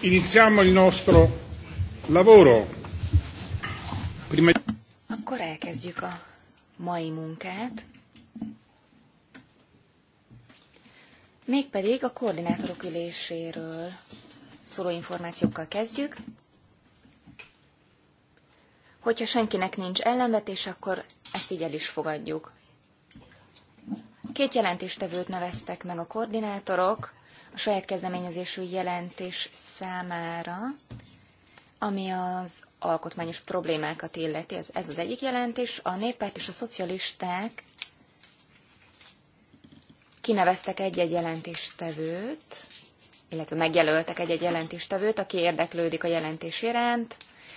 Iniziamo il nostro lavoro. Prima... Akkor elkezdjük a mai munkát. Mégpedig a koordinátorok üléséről szóló információkkal kezdjük. Hogyha senkinek nincs ellenvetés, akkor ezt így el is fogadjuk. Két jelentéstevőt neveztek meg a koordinátorok, a saját kezdeményezésű jelentés számára, ami az alkotmányos problémákat illeti. Ez, ez az egyik jelentés. A néppárt és a szocialisták kineveztek egy-egy jelentéstevőt, illetve megjelöltek egy-egy jelentéstevőt, aki érdeklődik a jelentés iránt.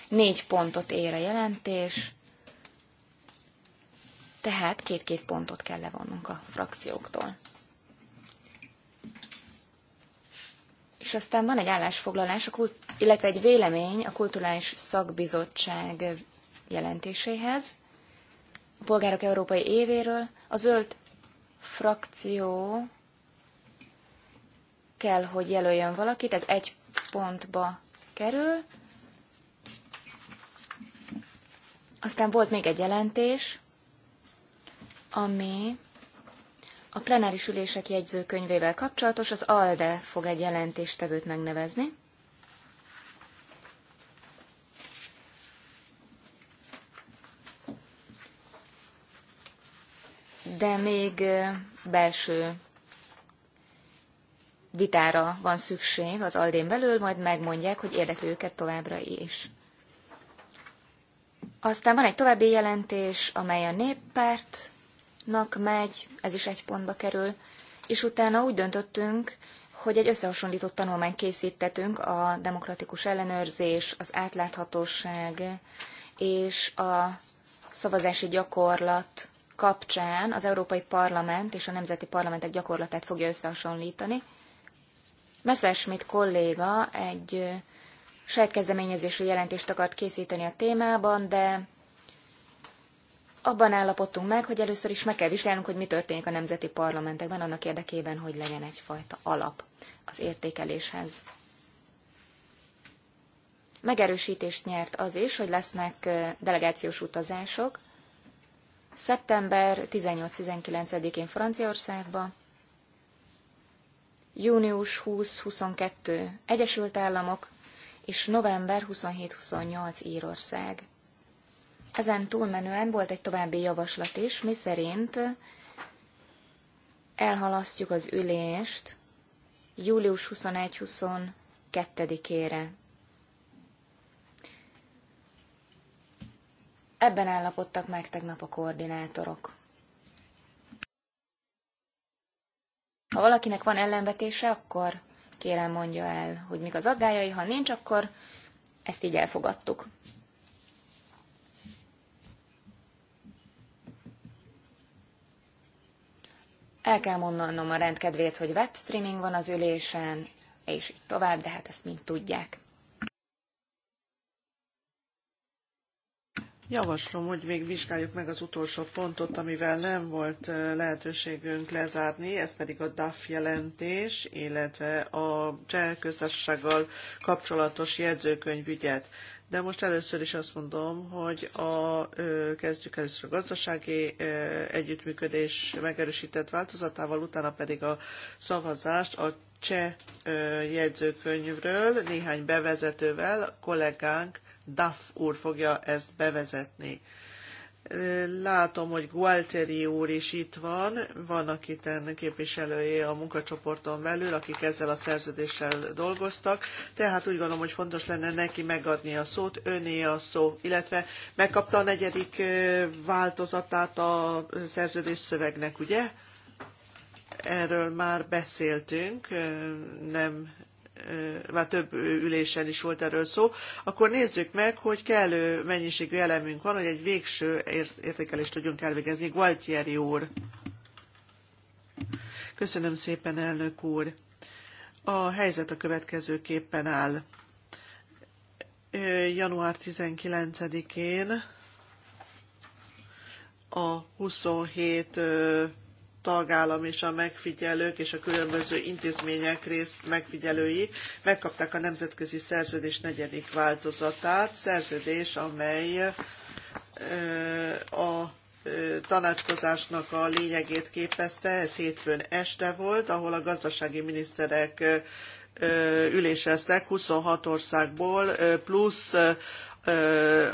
Négy pontot ér a jelentés, tehát két-két pontot kell levonnunk a frakcióktól. és aztán van egy állásfoglalás, a kult, illetve egy vélemény a Kulturális Szakbizottság jelentéséhez, a Polgárok Európai Évéről. A zöld frakció kell, hogy jelöljön valakit, ez egy pontba kerül. Aztán volt még egy jelentés, ami a plenáris ülések jegyzőkönyvével kapcsolatos az ALDE fog egy jelentéstevőt megnevezni. De még belső vitára van szükség az Aldén belül, majd megmondják, hogy érdekli őket továbbra is. Aztán van egy további jelentés, amely a néppárt nak megy, ez is egy pontba kerül, és utána úgy döntöttünk, hogy egy összehasonlított tanulmányt készítettünk a demokratikus ellenőrzés, az átláthatóság és a szavazási gyakorlat kapcsán az Európai Parlament és a nemzeti parlamentek gyakorlatát fogja összehasonlítani. Messerschmidt kolléga egy saját kezdeményezésű jelentést akart készíteni a témában, de abban állapodtunk meg, hogy először is meg kell vizsgálnunk, hogy mi történik a nemzeti parlamentekben annak érdekében, hogy legyen egyfajta alap az értékeléshez. Megerősítést nyert az is, hogy lesznek delegációs utazások. Szeptember 18-19-én Franciaországba, június 20-22 Egyesült Államok, és november 27-28 Írország ezen túlmenően volt egy további javaslat is, miszerint elhalasztjuk az ülést július 21-22-ére. Ebben állapodtak meg tegnap a koordinátorok. Ha valakinek van ellenvetése, akkor kérem mondja el, hogy mik az aggájai, ha nincs, akkor ezt így elfogadtuk. El kell mondanom a rendkedvét, hogy webstreaming van az ülésen, és így tovább, de hát ezt mind tudják. Javaslom, hogy még vizsgáljuk meg az utolsó pontot, amivel nem volt lehetőségünk lezárni, ez pedig a DAF jelentés, illetve a Cseh kapcsolatos jegyzőkönyvügyet de most először is azt mondom, hogy a, kezdjük először a gazdasági együttműködés megerősített változatával, utána pedig a szavazást a cseh jegyzőkönyvről néhány bevezetővel kollégánk Duff úr fogja ezt bevezetni. Látom, hogy Gualteri úr is itt van, vannak itt képviselői a munkacsoporton belül, akik ezzel a szerződéssel dolgoztak, tehát úgy gondolom, hogy fontos lenne neki megadni a szót, öné a szó, illetve megkapta a negyedik változatát a szerződés szövegnek, ugye? Erről már beszéltünk, nem már több ülésen is volt erről szó, akkor nézzük meg, hogy kellő mennyiségű elemünk van, hogy egy végső értékelést tudjunk elvégezni. Gualtieri úr. Köszönöm szépen, elnök úr. A helyzet a következőképpen áll. Január 19-én a 27 tagállam és a megfigyelők és a különböző intézmények rész megfigyelői megkapták a nemzetközi szerződés negyedik változatát, szerződés, amely a tanácskozásnak a lényegét képezte, ez hétfőn este volt, ahol a gazdasági miniszterek üléseztek 26 országból, plusz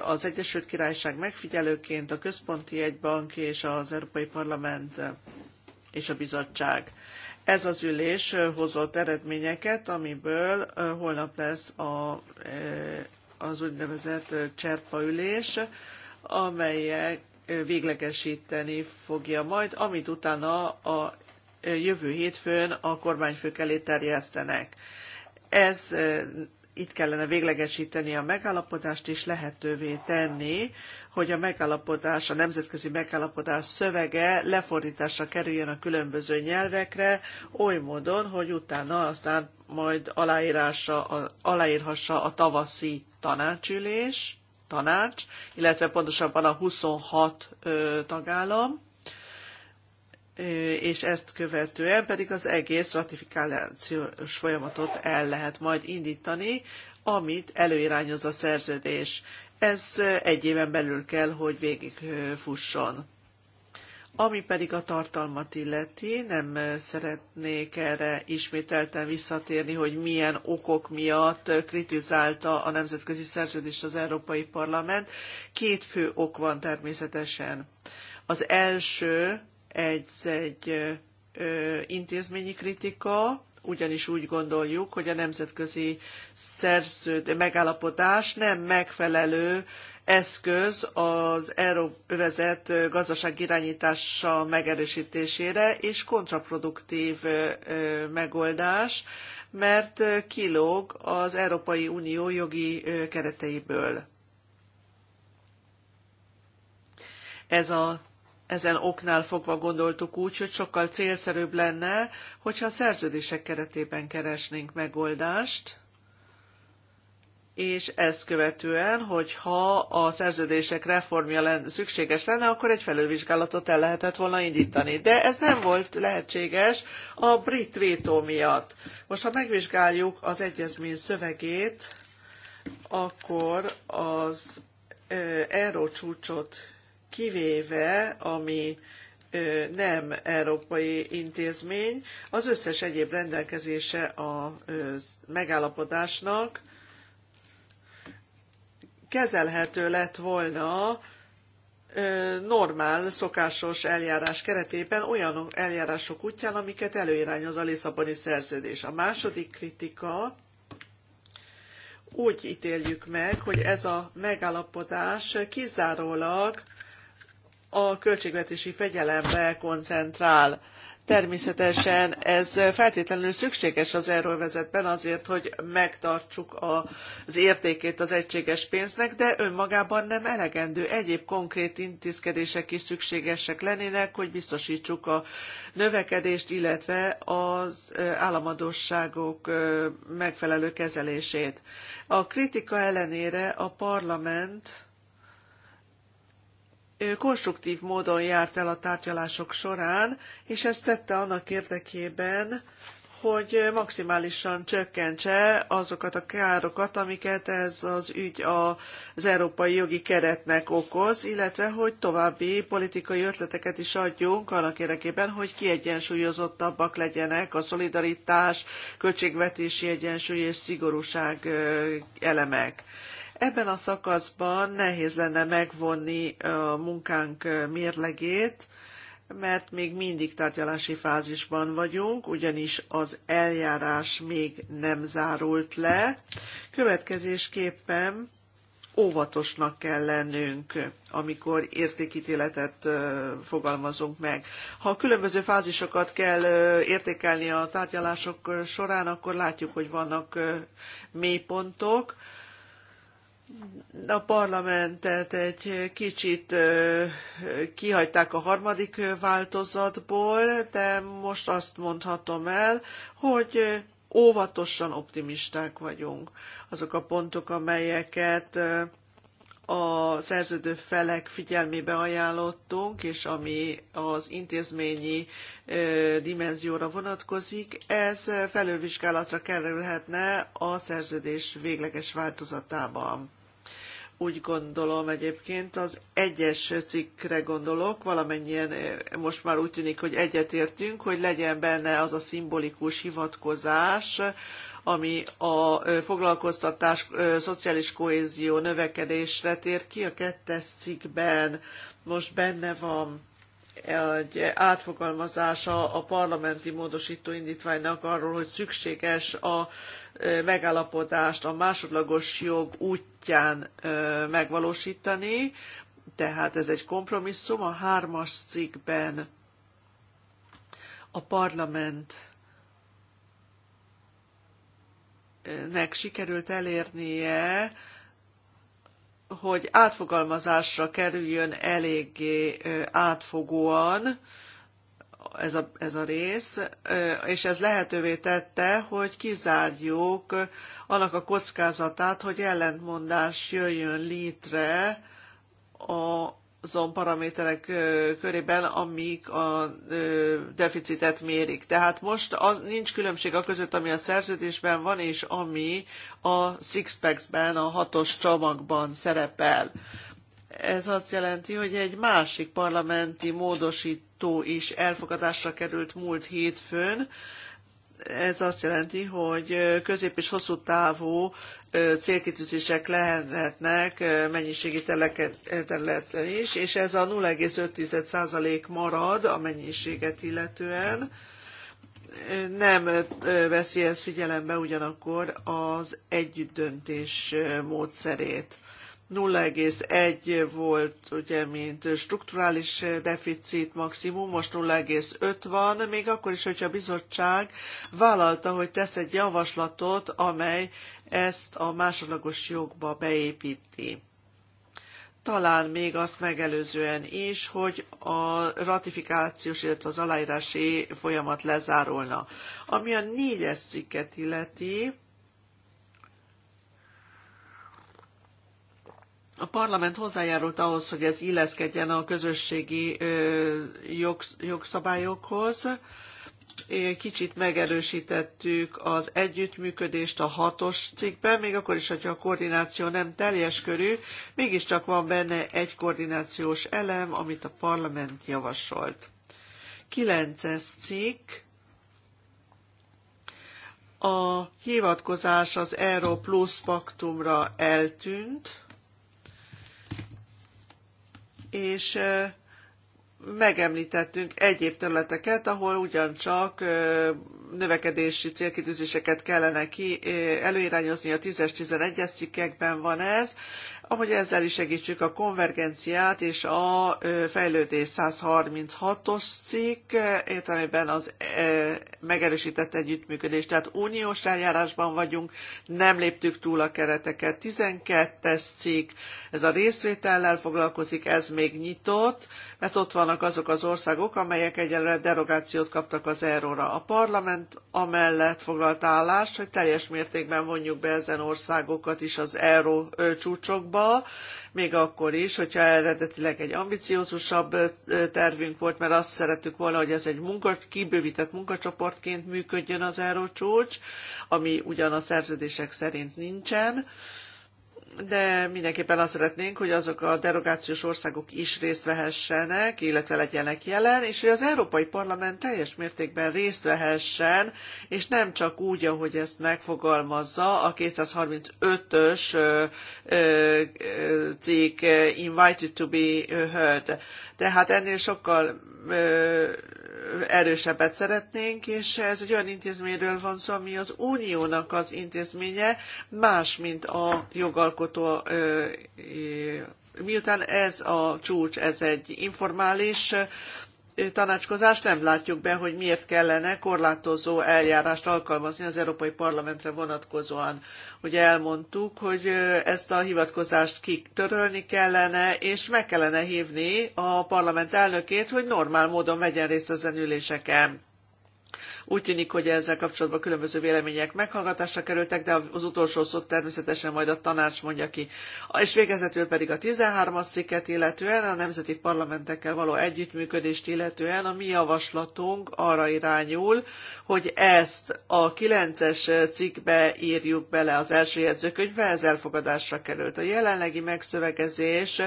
az Egyesült Királyság megfigyelőként, a Központi Egybank és az Európai Parlament és a bizottság. Ez az ülés hozott eredményeket, amiből holnap lesz a, az úgynevezett cserpa ülés, amelyek véglegesíteni fogja majd, amit utána a jövő hétfőn a kormányfők elé terjesztenek. Ez itt kellene véglegesíteni a megállapodást és lehetővé tenni, hogy a megállapodás, a nemzetközi megállapodás szövege lefordításra kerüljön a különböző nyelvekre, oly módon, hogy utána aztán majd aláírása, aláírhassa a tavaszi tanácsülés, tanács, illetve pontosabban a 26 tagállam, és ezt követően pedig az egész ratifikációs folyamatot el lehet majd indítani, amit előirányoz a szerződés. Ez egy éven belül kell, hogy végigfusson. Ami pedig a tartalmat illeti, nem szeretnék erre ismételten visszatérni, hogy milyen okok miatt kritizálta a nemzetközi szerződést az Európai Parlament. Két fő ok van természetesen. Az első, egy, egy ö, intézményi kritika, ugyanis úgy gondoljuk, hogy a nemzetközi szerződ megállapodás nem megfelelő eszköz az euróvezet gazdaság irányítása megerősítésére, és kontraproduktív megoldás, mert kilóg az Európai Unió jogi kereteiből. Ez a ezen oknál fogva gondoltuk úgy, hogy sokkal célszerűbb lenne, hogyha a szerződések keretében keresnénk megoldást, és ezt követően, hogyha a szerződések reformja lenne, szükséges lenne, akkor egy felülvizsgálatot el lehetett volna indítani. De ez nem volt lehetséges a brit vétó miatt. Most, ha megvizsgáljuk az egyezmény szövegét, akkor az euró csúcsot kivéve, ami nem európai intézmény, az összes egyéb rendelkezése a megállapodásnak kezelhető lett volna normál, szokásos eljárás keretében olyan eljárások útján, amiket előirányoz a Lisszaboni szerződés. A második kritika úgy ítéljük meg, hogy ez a megállapodás kizárólag a költségvetési fegyelemre koncentrál. Természetesen ez feltétlenül szükséges az euróvezetben azért, hogy megtartsuk az értékét az egységes pénznek, de önmagában nem elegendő. Egyéb konkrét intézkedések is szükségesek lennének, hogy biztosítsuk a növekedést, illetve az államadósságok megfelelő kezelését. A kritika ellenére a parlament konstruktív módon járt el a tárgyalások során, és ezt tette annak érdekében, hogy maximálisan csökkentse azokat a károkat, amiket ez az ügy az európai jogi keretnek okoz, illetve hogy további politikai ötleteket is adjunk annak érdekében, hogy kiegyensúlyozottabbak legyenek a szolidaritás, költségvetési egyensúly és szigorúság elemek. Ebben a szakaszban nehéz lenne megvonni a munkánk mérlegét, mert még mindig tárgyalási fázisban vagyunk, ugyanis az eljárás még nem zárult le. Következésképpen óvatosnak kell lennünk, amikor értékítéletet fogalmazunk meg. Ha a különböző fázisokat kell értékelni a tárgyalások során, akkor látjuk, hogy vannak mélypontok, a parlamentet egy kicsit kihagyták a harmadik változatból, de most azt mondhatom el, hogy óvatosan optimisták vagyunk. Azok a pontok, amelyeket a szerződő felek figyelmébe ajánlottunk, és ami az intézményi dimenzióra vonatkozik, ez felülvizsgálatra kerülhetne a szerződés végleges változatában úgy gondolom egyébként, az egyes cikkre gondolok, valamennyien eh, most már úgy tűnik, hogy egyetértünk, hogy legyen benne az a szimbolikus hivatkozás, ami a eh, foglalkoztatás, eh, szociális kohézió növekedésre tér ki a kettes cikkben. Most benne van egy átfogalmazása a parlamenti módosító indítványnak arról, hogy szükséges a megállapodást a másodlagos jog útján megvalósítani, tehát ez egy kompromisszum. A hármas cikkben a parlament nek sikerült elérnie, hogy átfogalmazásra kerüljön eléggé átfogóan, ez a, ez a rész, és ez lehetővé tette, hogy kizárjuk annak a kockázatát, hogy ellentmondás jöjjön létre azon paraméterek körében, amik a deficitet mérik. Tehát most az, nincs különbség a között, ami a szerződésben van, és ami a six ben a hatos csomagban szerepel ez azt jelenti, hogy egy másik parlamenti módosító is elfogadásra került múlt hétfőn. Ez azt jelenti, hogy közép- és hosszú távú célkitűzések lehetnek mennyiségi területen is, és ez a 0,5% marad a mennyiséget illetően. Nem veszi ez figyelembe ugyanakkor az együttdöntés módszerét. 0,1 volt, ugye, mint strukturális deficit maximum, most 0,5 van, még akkor is, hogyha a bizottság vállalta, hogy tesz egy javaslatot, amely ezt a másodlagos jogba beépíti talán még azt megelőzően is, hogy a ratifikációs, illetve az aláírási folyamat lezárulna. Ami a négyes cikket illeti, a parlament hozzájárult ahhoz, hogy ez illeszkedjen a közösségi jogszabályokhoz. Kicsit megerősítettük az együttműködést a hatos cikkben, még akkor is, hogyha a koordináció nem teljes körű, mégiscsak van benne egy koordinációs elem, amit a parlament javasolt. Kilences cikk a hivatkozás az Euró Plus paktumra eltűnt, és megemlítettünk egyéb területeket, ahol ugyancsak növekedési célkitűzéseket kellene ki előirányozni, a 10-11-es cikkekben van ez, ahogy ezzel is segítsük a konvergenciát és a fejlődés 136-os cikk értelmében az megerősített együttműködés. Tehát uniós eljárásban vagyunk, nem léptük túl a kereteket. 12-es cikk, ez a részvétellel foglalkozik, ez még nyitott, mert ott vannak azok az országok, amelyek egyelőre derogációt kaptak az euróra. A parlament amellett foglalt állást, hogy teljes mértékben vonjuk be ezen országokat is az euró csúcsokba, országba, még akkor is, hogyha eredetileg egy ambiciózusabb tervünk volt, mert azt szerettük volna, hogy ez egy munka, kibővített munkacsoportként működjön az Eurocsúcs, ami ugyan a szerződések szerint nincsen, de mindenképpen azt szeretnénk, hogy azok a derogációs országok is részt vehessenek, illetve legyenek jelen, és hogy az Európai Parlament teljes mértékben részt vehessen, és nem csak úgy, ahogy ezt megfogalmazza a 235-ös cikk Invited to be heard. Tehát ennél sokkal erősebbet szeretnénk, és ez egy olyan intézményről van szó, ami az uniónak az intézménye, más, mint a jogalkotó. Miután ez a csúcs, ez egy informális Tanácskozást nem látjuk be, hogy miért kellene korlátozó eljárást alkalmazni az Európai Parlamentre vonatkozóan. Ugye elmondtuk, hogy ezt a hivatkozást kitörölni kellene, és meg kellene hívni a parlament elnökét, hogy normál módon vegyen részt ezen üléseken úgy tűnik, hogy ezzel kapcsolatban különböző vélemények meghallgatásra kerültek, de az utolsó szót természetesen majd a tanács mondja ki. És végezetül pedig a 13-as cikket illetően, a nemzeti parlamentekkel való együttműködést illetően a mi javaslatunk arra irányul, hogy ezt a 9-es cikkbe írjuk bele az első jegyzőkönyvbe, ez elfogadásra került. A jelenlegi megszövegezés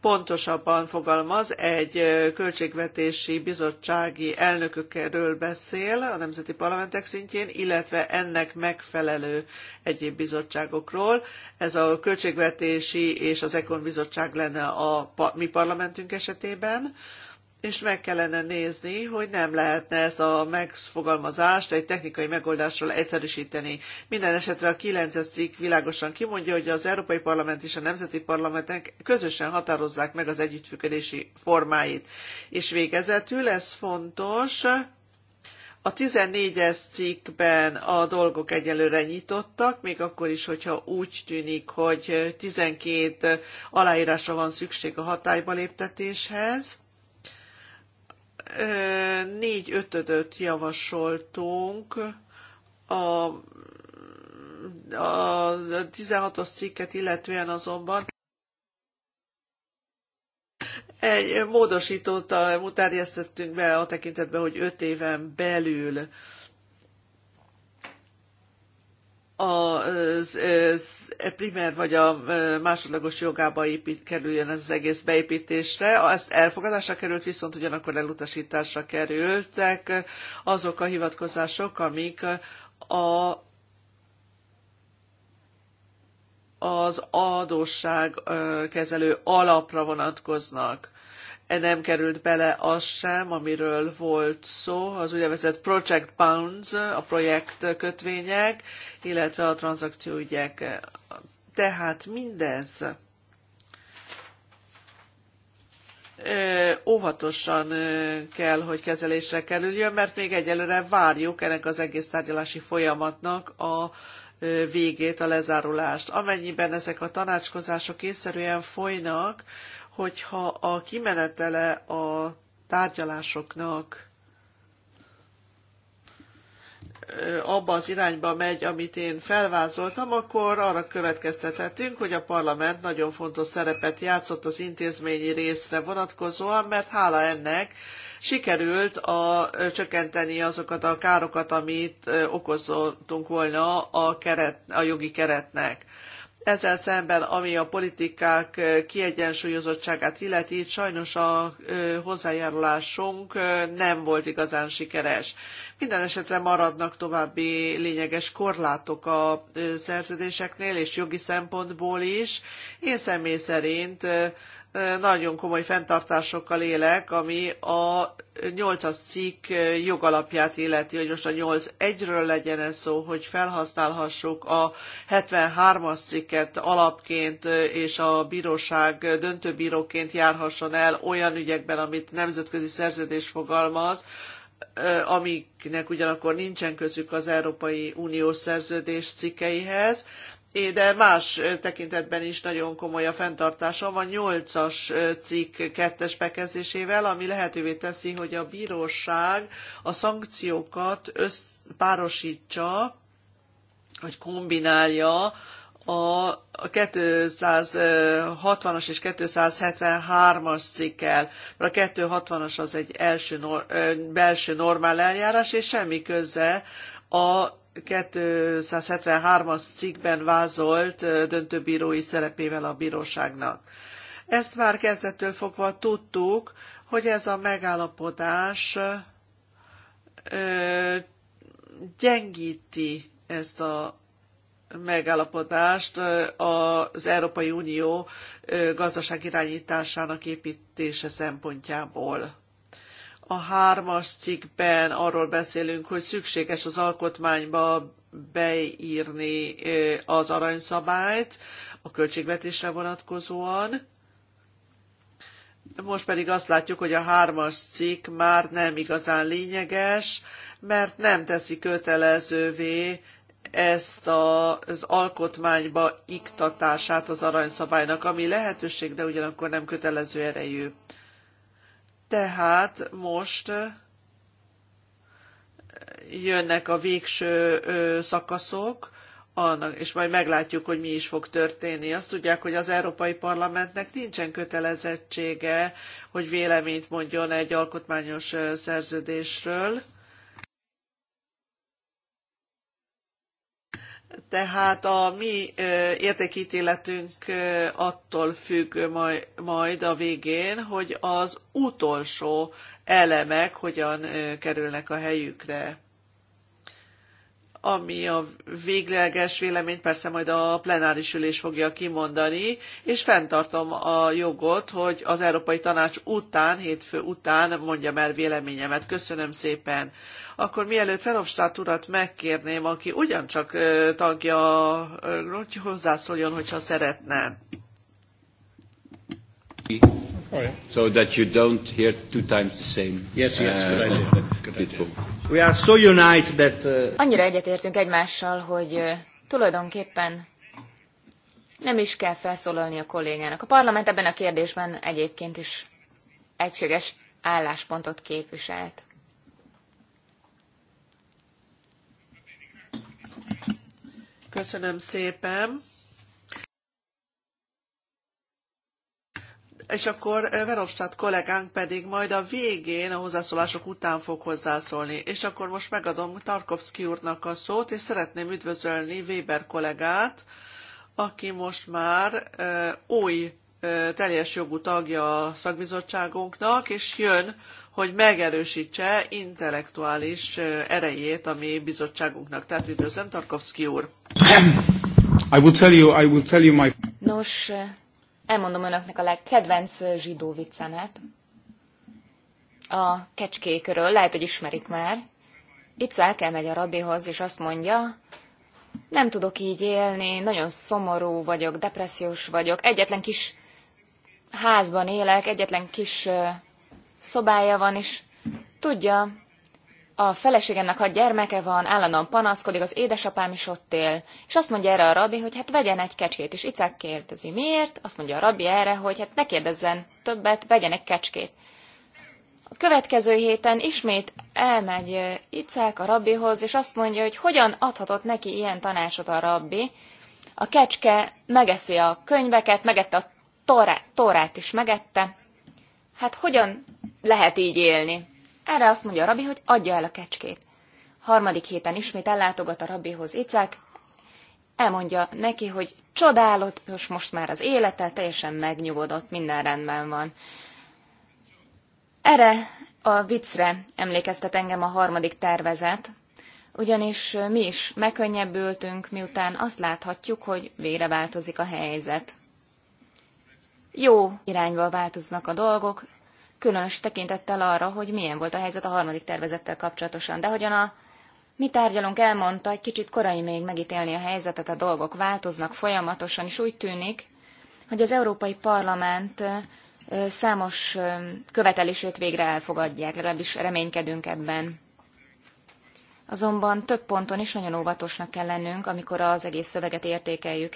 pontosabban fogalmaz, egy költségvetési bizottsági elnökökről beszél, nemzeti parlamentek szintjén, illetve ennek megfelelő egyéb bizottságokról. Ez a költségvetési és az Ekon bizottság lenne a mi parlamentünk esetében és meg kellene nézni, hogy nem lehetne ezt a megfogalmazást egy technikai megoldással egyszerűsíteni. Minden esetre a 9 cikk világosan kimondja, hogy az Európai Parlament és a Nemzeti Parlamentek közösen határozzák meg az együttműködési formáit. És végezetül ez fontos, a 14-es cikkben a dolgok egyelőre nyitottak, még akkor is, hogyha úgy tűnik, hogy 12 aláírásra van szükség a hatályba léptetéshez. négy ötödöt javasoltunk a a 16-os cikket illetően azonban egy módosítót eh, terjesztettünk be a tekintetben, hogy öt éven belül az, az e primer vagy a e, másodlagos jogába épít, kerüljön ez az egész beépítésre. Ezt elfogadásra került, viszont ugyanakkor elutasításra kerültek azok a hivatkozások, amik a az adósságkezelő alapra vonatkoznak. E Nem került bele az sem, amiről volt szó, az úgynevezett Project Bonds, a projekt kötvények, illetve a tranzakcióügyek. Tehát mindez óvatosan kell, hogy kezelésre kerüljön, mert még egyelőre várjuk ennek az egész tárgyalási folyamatnak a végét, a lezárulást. Amennyiben ezek a tanácskozások észszerűen folynak, hogyha a kimenetele a tárgyalásoknak abba az irányba megy, amit én felvázoltam, akkor arra következtethetünk, hogy a parlament nagyon fontos szerepet játszott az intézményi részre vonatkozóan, mert hála ennek sikerült a, csökkenteni azokat a károkat, amit okozottunk volna a, keret, a jogi keretnek. Ezzel szemben, ami a politikák kiegyensúlyozottságát illeti, itt sajnos a hozzájárulásunk nem volt igazán sikeres. Minden esetre maradnak további lényeges korlátok a szerződéseknél és jogi szempontból is. Én személy szerint nagyon komoly fenntartásokkal élek, ami a 8-as cikk jogalapját illeti, hogy most a 8.1-ről legyen ez szó, hogy felhasználhassuk a 73-as cikket alapként, és a bíróság döntőbíróként járhasson el olyan ügyekben, amit nemzetközi szerződés fogalmaz, amiknek ugyanakkor nincsen közük az Európai Uniós szerződés cikkeihez, de más tekintetben is nagyon komoly a fenntartásom. A nyolcas as cikk kettes bekezdésével, ami lehetővé teszi, hogy a bíróság a szankciókat összpárosítsa, vagy kombinálja a 260-as és 273-as cikkel, mert a 260-as az egy első belső normál eljárás, és semmi köze a 273-as cikkben vázolt döntőbírói szerepével a bíróságnak. Ezt már kezdettől fogva tudtuk, hogy ez a megállapodás gyengíti ezt a megállapodást az Európai Unió irányításának építése szempontjából. A hármas cikkben arról beszélünk, hogy szükséges az alkotmányba beírni az aranyszabályt a költségvetésre vonatkozóan. Most pedig azt látjuk, hogy a hármas cikk már nem igazán lényeges, mert nem teszi kötelezővé ezt a, az alkotmányba iktatását az aranyszabálynak, ami lehetőség, de ugyanakkor nem kötelező erejű. Tehát most jönnek a végső szakaszok, annak, és majd meglátjuk, hogy mi is fog történni. Azt tudják, hogy az Európai Parlamentnek nincsen kötelezettsége, hogy véleményt mondjon egy alkotmányos szerződésről, tehát a mi értékítéletünk attól függ majd a végén, hogy az utolsó elemek hogyan kerülnek a helyükre ami a végleges véleményt persze majd a plenáris ülés fogja kimondani, és fenntartom a jogot, hogy az Európai Tanács után, hétfő után mondjam el véleményemet. Köszönöm szépen. Akkor mielőtt Verhofstadt urat megkérném, aki ugyancsak tagja, hogy hozzászóljon, hogyha szeretne. Oh, So that you don't hear two times the same. Yes, yes, uh, good idea. Good idea. We are so united that... Uh... Annyira egyetértünk egymással, hogy uh, tulajdonképpen nem is kell felszólalni a kollégának. A parlament ebben a kérdésben egyébként is egységes álláspontot képviselt. Köszönöm szépen. és akkor eh, Verhofstadt kollégánk pedig majd a végén, a hozzászólások után fog hozzászólni. És akkor most megadom Tarkovszki úrnak a szót, és szeretném üdvözölni Weber kollégát, aki most már eh, új eh, teljes jogú tagja a szakbizottságunknak, és jön, hogy megerősítse intellektuális erejét a mi bizottságunknak. Tehát üdvözlöm, Tarkovszki úr! I will tell you, I will tell you my... Nos, Elmondom önöknek a legkedvenc zsidó viccemet. A kecskékről, lehet, hogy ismerik már. Itt kell megy a rabihoz, és azt mondja, nem tudok így élni, nagyon szomorú vagyok, depressziós vagyok, egyetlen kis házban élek, egyetlen kis szobája van, és tudja, a feleségemnek a gyermeke van, állandóan panaszkodik, az édesapám is ott él, és azt mondja erre a rabbi, hogy hát vegyen egy kecskét, és Icák kérdezi, miért? Azt mondja a rabbi erre, hogy hát ne kérdezzen többet, vegyen egy kecskét. A következő héten ismét elmegy Icák a rabbihoz, és azt mondja, hogy hogyan adhatott neki ilyen tanácsot a rabbi. A kecske megeszi a könyveket, megette a torát, torát is megette. Hát hogyan lehet így élni? Erre azt mondja a rabbi, hogy adja el a kecskét. Harmadik héten ismét ellátogat a rabbihoz Icák, elmondja neki, hogy csodálatos most már az élete, teljesen megnyugodott, minden rendben van. Erre a viccre emlékeztet engem a harmadik tervezet, ugyanis mi is megkönnyebbültünk, miután azt láthatjuk, hogy vére változik a helyzet. Jó irányba változnak a dolgok, különös tekintettel arra, hogy milyen volt a helyzet a harmadik tervezettel kapcsolatosan. De hogyan a mi tárgyalunk elmondta, egy kicsit korai még megítélni a helyzetet, a dolgok változnak folyamatosan, és úgy tűnik, hogy az Európai Parlament számos követelését végre elfogadják, legalábbis reménykedünk ebben. Azonban több ponton is nagyon óvatosnak kell lennünk, amikor az egész szöveget értékeljük.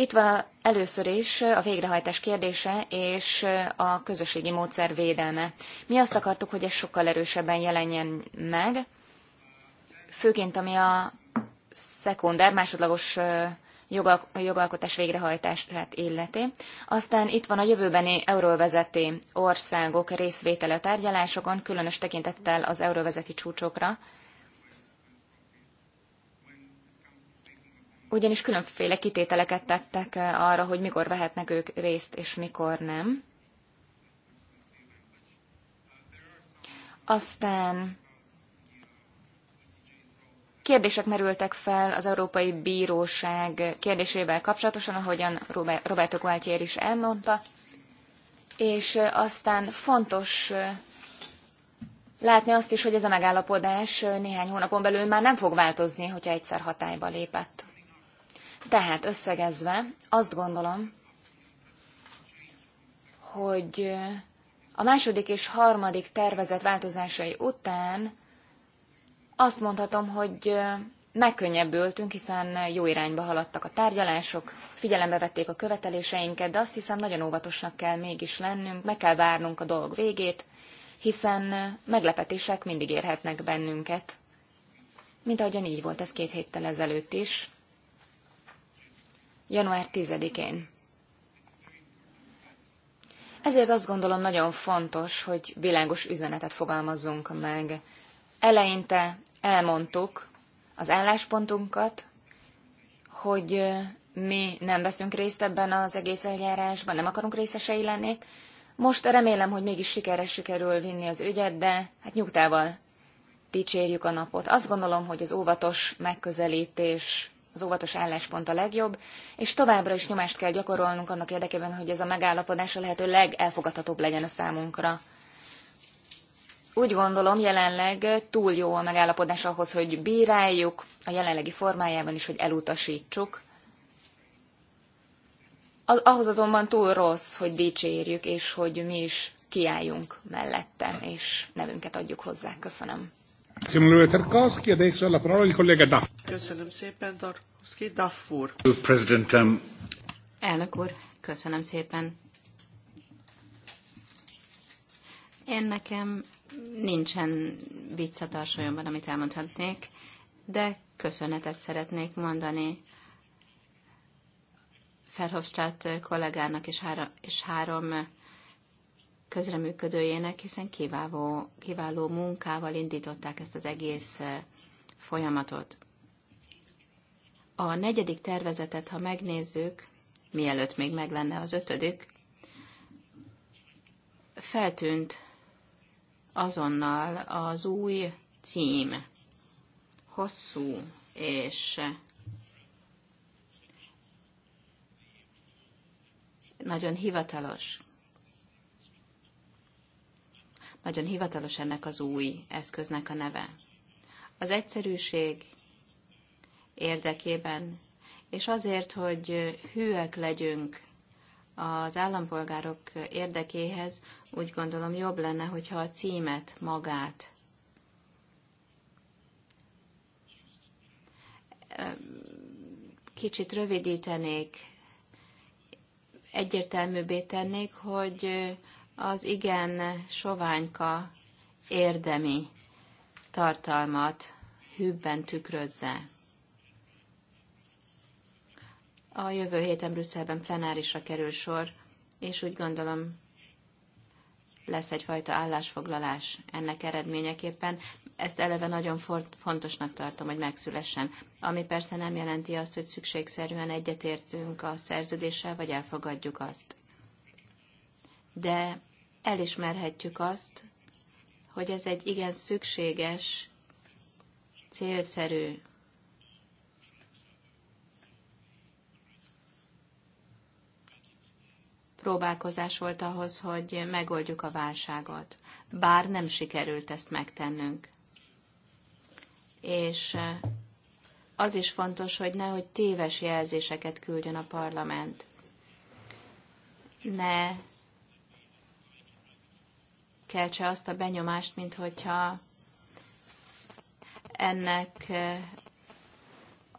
Itt van először is a végrehajtás kérdése és a közösségi módszer védelme. Mi azt akartuk, hogy ez sokkal erősebben jelenjen meg, főként ami a szekunder, másodlagos jogalkotás végrehajtását illeti. Aztán itt van a jövőbeni euróvezeti országok részvétele a tárgyalásokon, különös tekintettel az euróvezeti csúcsokra, ugyanis különféle kitételeket tettek eh, arra, hogy mikor vehetnek ők részt, és mikor nem. Aztán kérdések merültek fel az Európai Bíróság kérdésével kapcsolatosan, ahogyan Roberto Gualtier is elmondta, és eh, aztán fontos eh, látni azt is, hogy ez a megállapodás néhány hónapon belül már nem fog változni, hogyha egyszer hatályba lépett. Tehát összegezve azt gondolom, hogy a második és harmadik tervezet változásai után azt mondhatom, hogy megkönnyebbültünk, hiszen jó irányba haladtak a tárgyalások, figyelembe vették a követeléseinket, de azt hiszem nagyon óvatosnak kell mégis lennünk, meg kell várnunk a dolg végét, hiszen meglepetések mindig érhetnek bennünket. Mint ahogyan így volt ez két héttel ezelőtt is, január 10-én. Ezért azt gondolom nagyon fontos, hogy világos üzenetet fogalmazzunk meg. Eleinte elmondtuk az álláspontunkat, hogy mi nem veszünk részt ebben az egész eljárásban, nem akarunk részesei lenni. Most remélem, hogy mégis sikeres sikerül vinni az ügyet, de hát nyugtával dicsérjük a napot. Azt gondolom, hogy az óvatos megközelítés az óvatos álláspont a legjobb, és továbbra is nyomást kell gyakorolnunk annak érdekében, hogy ez a megállapodás a lehető legelfogadhatóbb legyen a számunkra. Úgy gondolom, jelenleg túl jó a megállapodás ahhoz, hogy bíráljuk, a jelenlegi formájában is, hogy elutasítsuk. Ahhoz azonban túl rossz, hogy dicsérjük, és hogy mi is kiálljunk mellette, és nevünket adjuk hozzá. Köszönöm. Köszönöm szépen, Tarkovsky. Duff úr. President, um... Elnök úr, köszönöm szépen. Én nekem nincsen vicc a tarsolyomban, amit elmondhatnék, de köszönetet szeretnék mondani Ferhofstadt kollégának és három, és három közreműködőjének, hiszen kiváló, kiváló munkával indították ezt az egész eh, folyamatot. A negyedik tervezetet, ha megnézzük, mielőtt még meg lenne az ötödik, feltűnt azonnal az új cím, hosszú és eh, nagyon hivatalos nagyon hivatalos ennek az új eszköznek a neve. Az egyszerűség érdekében, és azért, hogy hűek legyünk az állampolgárok érdekéhez, úgy gondolom jobb lenne, hogyha a címet magát kicsit rövidítenék, egyértelműbbé tennék, hogy az igen soványka érdemi tartalmat hűbben tükrözze. A jövő héten Brüsszelben plenárisra kerül sor, és úgy gondolom lesz egyfajta állásfoglalás ennek eredményeképpen. Ezt eleve nagyon fontosnak tartom, hogy megszülessen. Ami persze nem jelenti azt, hogy szükségszerűen egyetértünk a szerződéssel, vagy elfogadjuk azt. De elismerhetjük azt, hogy ez egy igen szükséges, célszerű próbálkozás volt ahhoz, hogy megoldjuk a válságot. Bár nem sikerült ezt megtennünk. És eh, az is fontos, hogy nehogy téves jelzéseket küldjön a parlament. Ne keltse azt a benyomást, mint hogyha ennek eh,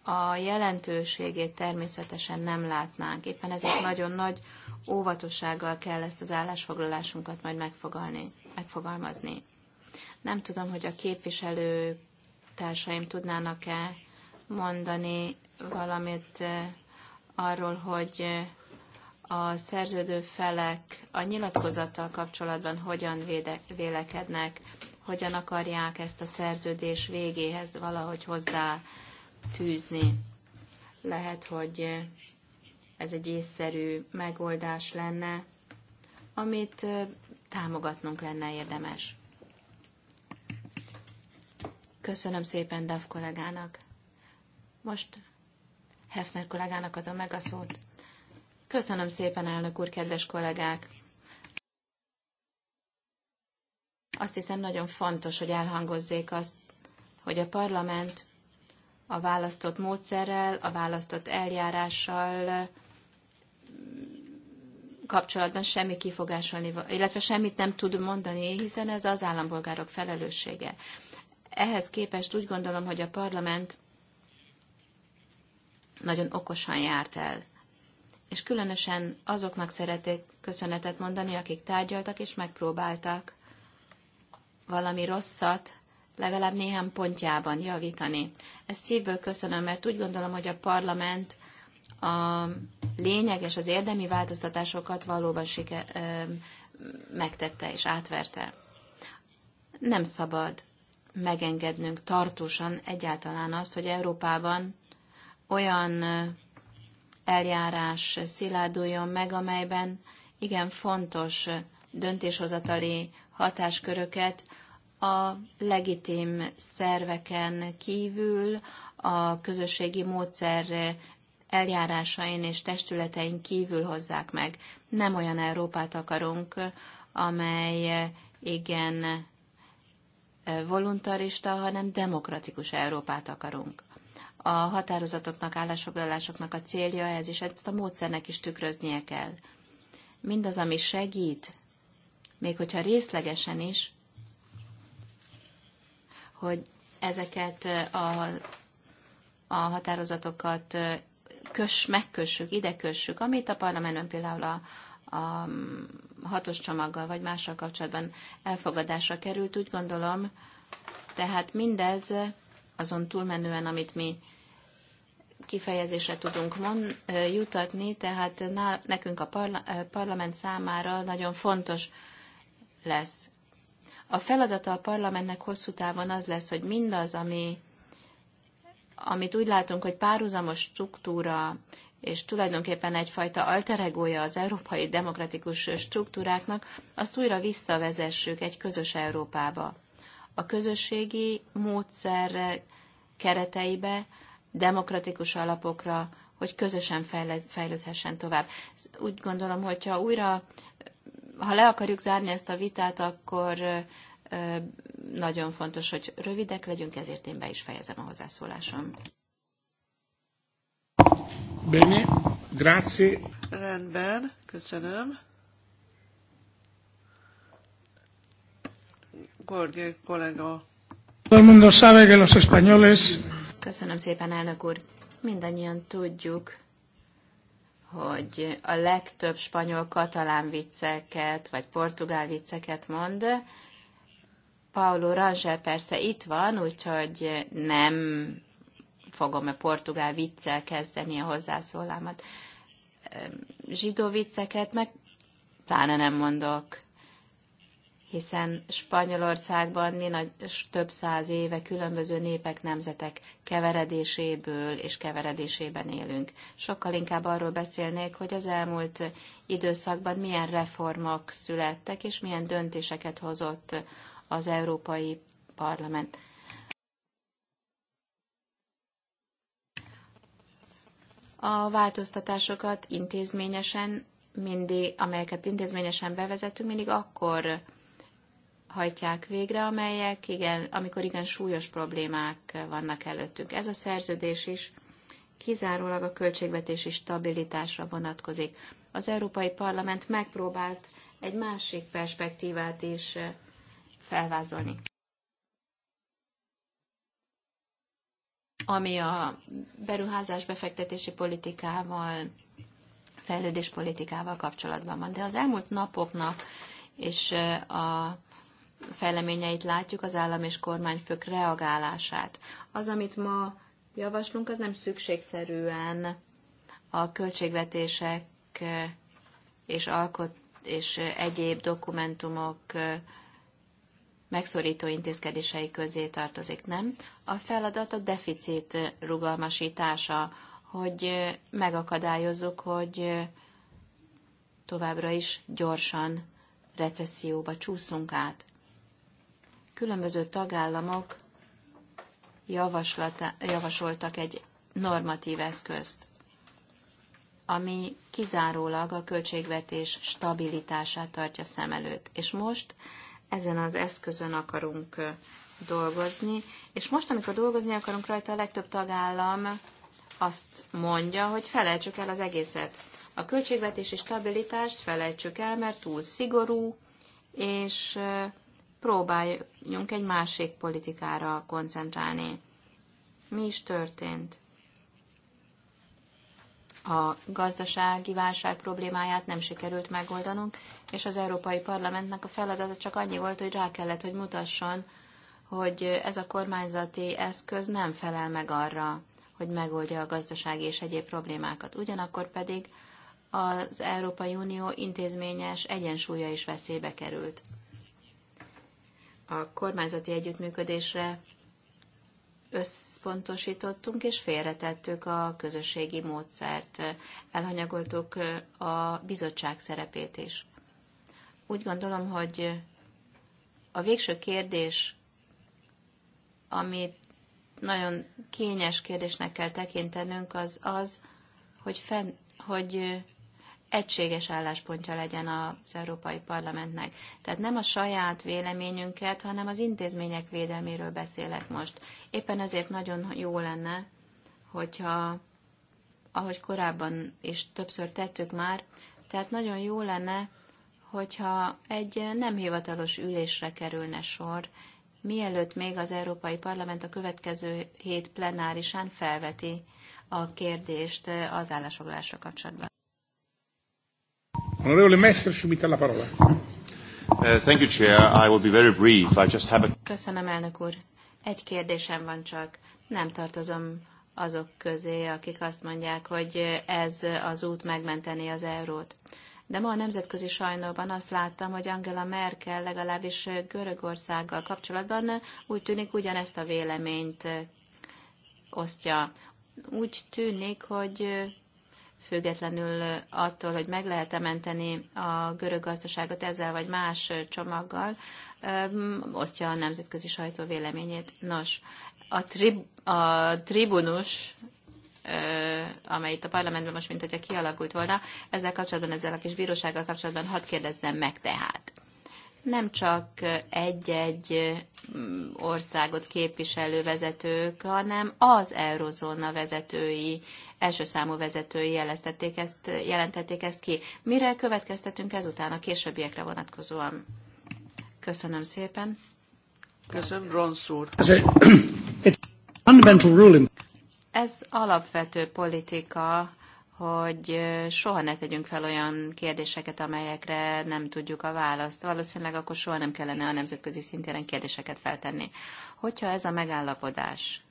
a jelentőségét természetesen nem látnánk. Éppen ezért nagyon nagy óvatossággal kell ezt az állásfoglalásunkat majd megfogalni, megfogalmazni. Nem tudom, hogy a képviselő társaim tudnának-e mondani valamit eh, arról, hogy eh, a szerződő felek a nyilatkozattal kapcsolatban hogyan véde, vélekednek, hogyan akarják ezt a szerződés végéhez valahogy hozzá fűzni. Lehet, hogy ez egy észszerű megoldás lenne, amit támogatnunk lenne érdemes. Köszönöm szépen Dav kollégának. Most Hefner kollégának adom meg a szót. Köszönöm szépen, elnök úr, kedves kollégák! Azt hiszem nagyon fontos, hogy elhangozzék azt, hogy a parlament a választott módszerrel, a választott eljárással mm, kapcsolatban semmi kifogásolni, illetve semmit nem tud mondani, hiszen ez az állampolgárok felelőssége. Ehhez képest úgy gondolom, hogy a parlament nagyon okosan járt el és különösen azoknak szeretek köszönetet mondani, akik tárgyaltak és megpróbáltak valami rosszat legalább néhány pontjában javítani. Ezt szívből köszönöm, mert úgy gondolom, hogy a parlament a lényeges, az érdemi változtatásokat valóban siker, ö, megtette és átverte. Nem szabad megengednünk tartósan egyáltalán azt, hogy Európában olyan eljárás szilárduljon meg, amelyben igen fontos döntéshozatali hatásköröket a legitim szerveken kívül, a közösségi módszer eljárásain és testületein kívül hozzák meg. Nem olyan Európát akarunk, amely igen eh, voluntarista, hanem demokratikus Európát akarunk a határozatoknak, állásfoglalásoknak a célja ez, és ezt a módszernek is tükröznie kell. Mindaz, ami segít, még hogyha részlegesen is, hogy ezeket a, a határozatokat kös, megkössük, ide kössük, amit a parlamentben például a, a hatos csomaggal vagy mással kapcsolatban elfogadásra került, úgy gondolom, tehát mindez azon túlmenően, amit mi kifejezésre tudunk mond, jutatni, tehát nál, nekünk a parla, parlament számára nagyon fontos lesz. A feladata a parlamentnek hosszú távon az lesz, hogy mindaz, ami, amit úgy látunk, hogy párhuzamos struktúra, és tulajdonképpen egyfajta alteregója az európai demokratikus struktúráknak, azt újra visszavezessük egy közös Európába. A közösségi módszer kereteibe, demokratikus alapokra, hogy közösen fejlődhessen tovább. Úgy gondolom, hogyha újra, ha le akarjuk zárni ezt a vitát, akkor nagyon fontos, hogy rövidek legyünk, ezért én be is fejezem a hozzászólásom. Bene, grazie. Rendben, köszönöm. Gorgé kollega. Todo el mundo sabe que los españoles Köszönöm szépen, elnök úr. Mindannyian tudjuk, hogy a legtöbb spanyol katalán vicceket, vagy portugál vicceket mond. Paulo Rangel persze itt van, úgyhogy nem fogom a portugál viccel kezdeni a hozzászólámat. Ehm, zsidó vicceket meg pláne nem mondok hiszen Spanyolországban mi nagy, több száz éve különböző népek, nemzetek keveredéséből és keveredésében élünk. Sokkal inkább arról beszélnék, hogy az elmúlt időszakban milyen reformok születtek, és milyen döntéseket hozott az Európai Parlament. A változtatásokat intézményesen mindig, amelyeket intézményesen bevezetünk, mindig akkor hajtják végre, amelyek, igen, amikor igen súlyos problémák vannak előttünk. Ez a szerződés is kizárólag a költségvetési stabilitásra vonatkozik. Az Európai Parlament megpróbált egy másik perspektívát is felvázolni. Ami a beruházás befektetési politikával, fejlődés politikával kapcsolatban van. De az elmúlt napoknak és a fejleményeit látjuk, az állam és kormányfők reagálását. Az, amit ma javaslunk, az nem szükségszerűen a költségvetések és alkot és egyéb dokumentumok megszorító intézkedései közé tartozik, nem? A feladat a deficit rugalmasítása, hogy megakadályozzuk, hogy továbbra is gyorsan recesszióba csúszunk át különböző tagállamok javasoltak egy normatív eszközt, ami kizárólag a költségvetés stabilitását tartja szem előtt. És most ezen az eszközön akarunk dolgozni, és most, amikor dolgozni akarunk rajta, a legtöbb tagállam azt mondja, hogy felejtsük el az egészet. A költségvetési stabilitást felejtsük el, mert túl szigorú, és próbáljunk egy másik politikára koncentrálni. Mi is történt? A gazdasági válság problémáját nem sikerült megoldanunk, és az Európai Parlamentnek a feladata csak annyi volt, hogy rá kellett, hogy mutasson, hogy ez a kormányzati eszköz nem felel meg arra, hogy megoldja a gazdasági és egyéb problémákat. Ugyanakkor pedig az Európai Unió intézményes egyensúlya is veszélybe került a kormányzati együttműködésre összpontosítottunk és félretettük a közösségi módszert, elhanyagoltuk a bizottság szerepét is. Úgy gondolom, hogy a végső kérdés, amit nagyon kényes kérdésnek kell tekintenünk, az az, hogy, fenn, hogy egységes álláspontja legyen az Európai Parlamentnek. Tehát nem a saját véleményünket, hanem az intézmények védelméről beszélek most. Éppen ezért nagyon jó lenne, hogyha, ahogy korábban is többször tettük már, tehát nagyon jó lenne, hogyha egy nem hivatalos ülésre kerülne sor, mielőtt még az Európai Parlament a következő hét plenárisán felveti a kérdést az állásfoglalásra kapcsolatban. Messerschmidt, la parola. Uh, thank you, Chair. I will be very brief. I just have a... Köszönöm, elnök úr. Egy kérdésem van csak. Nem tartozom azok közé, akik azt mondják, hogy ez az út megmenteni az eurót. De ma a nemzetközi sajnóban azt láttam, hogy Angela Merkel legalábbis Görögországgal kapcsolatban úgy tűnik ugyanezt a véleményt osztja. Úgy tűnik, hogy függetlenül attól, hogy meg lehet-e menteni a görög gazdaságot ezzel vagy más csomaggal, osztja a nemzetközi sajtó véleményét. Nos, a, tri, a tribunus, amely itt a parlamentben most, mint hogyha kialakult volna, ezzel kapcsolatban, ezzel a kis bírósággal kapcsolatban hadd kérdeznem meg tehát nem csak egy-egy mm, országot képviselő vezetők, hanem az eurozóna vezetői, első számú vezetői jeleztették ezt, jelentették ezt ki. Mire következtetünk ezután a későbbiekre vonatkozóan? Köszönöm szépen. Köszönöm, Ronsz úr. Ez alapvető politika hogy soha ne tegyünk fel olyan kérdéseket, amelyekre nem tudjuk a választ. Valószínűleg akkor soha nem kellene a nemzetközi szintéren kérdéseket feltenni. Hogyha ez a megállapodás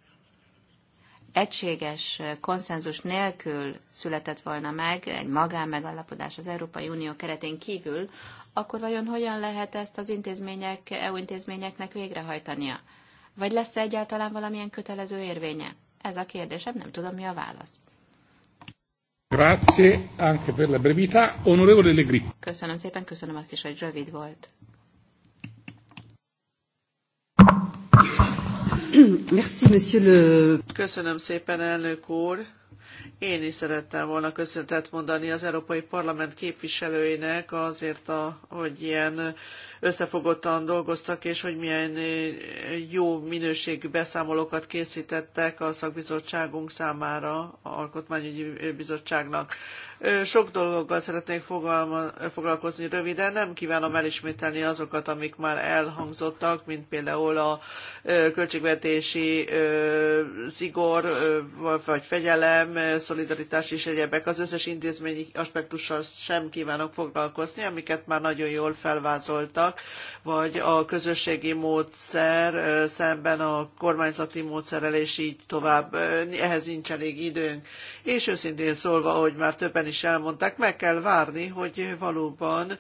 egységes konszenzus nélkül született volna meg, egy magánmegállapodás az Európai Unió keretén kívül, akkor vajon hogyan lehet ezt az intézmények, EU intézményeknek végrehajtania? Vagy lesz -e egyáltalán valamilyen kötelező érvénye? Ez a kérdésem, nem tudom, mi a válasz. Grazie anche per la brevità. Onorevole Le Köszönöm szépen, köszönöm azt is, hogy rövid volt. Merci, monsieur le... Köszönöm szépen, elnök úr. Én is szerettem volna köszöntet mondani az Európai Parlament képviselőinek azért, a, hogy ilyen összefogottan dolgoztak, és hogy milyen eh, jó minőségű beszámolókat készítettek a szakbizottságunk számára, a Alkotmányügyi Bizottságnak. Sok dologgal szeretnék fogalma, foglalkozni röviden, nem kívánom elismételni azokat, amik már elhangzottak, mint például a költségvetési szigor vagy fegyelem, szolidaritás és egyebek. Az összes intézményi aspektussal sem kívánok foglalkozni, amiket már nagyon jól felvázoltak, vagy a közösségi módszer szemben a kormányzati módszerrel, és így tovább. Ehhez nincs elég időnk. És őszintén szólva, ahogy már többen is elmondták, meg kell várni, hogy valóban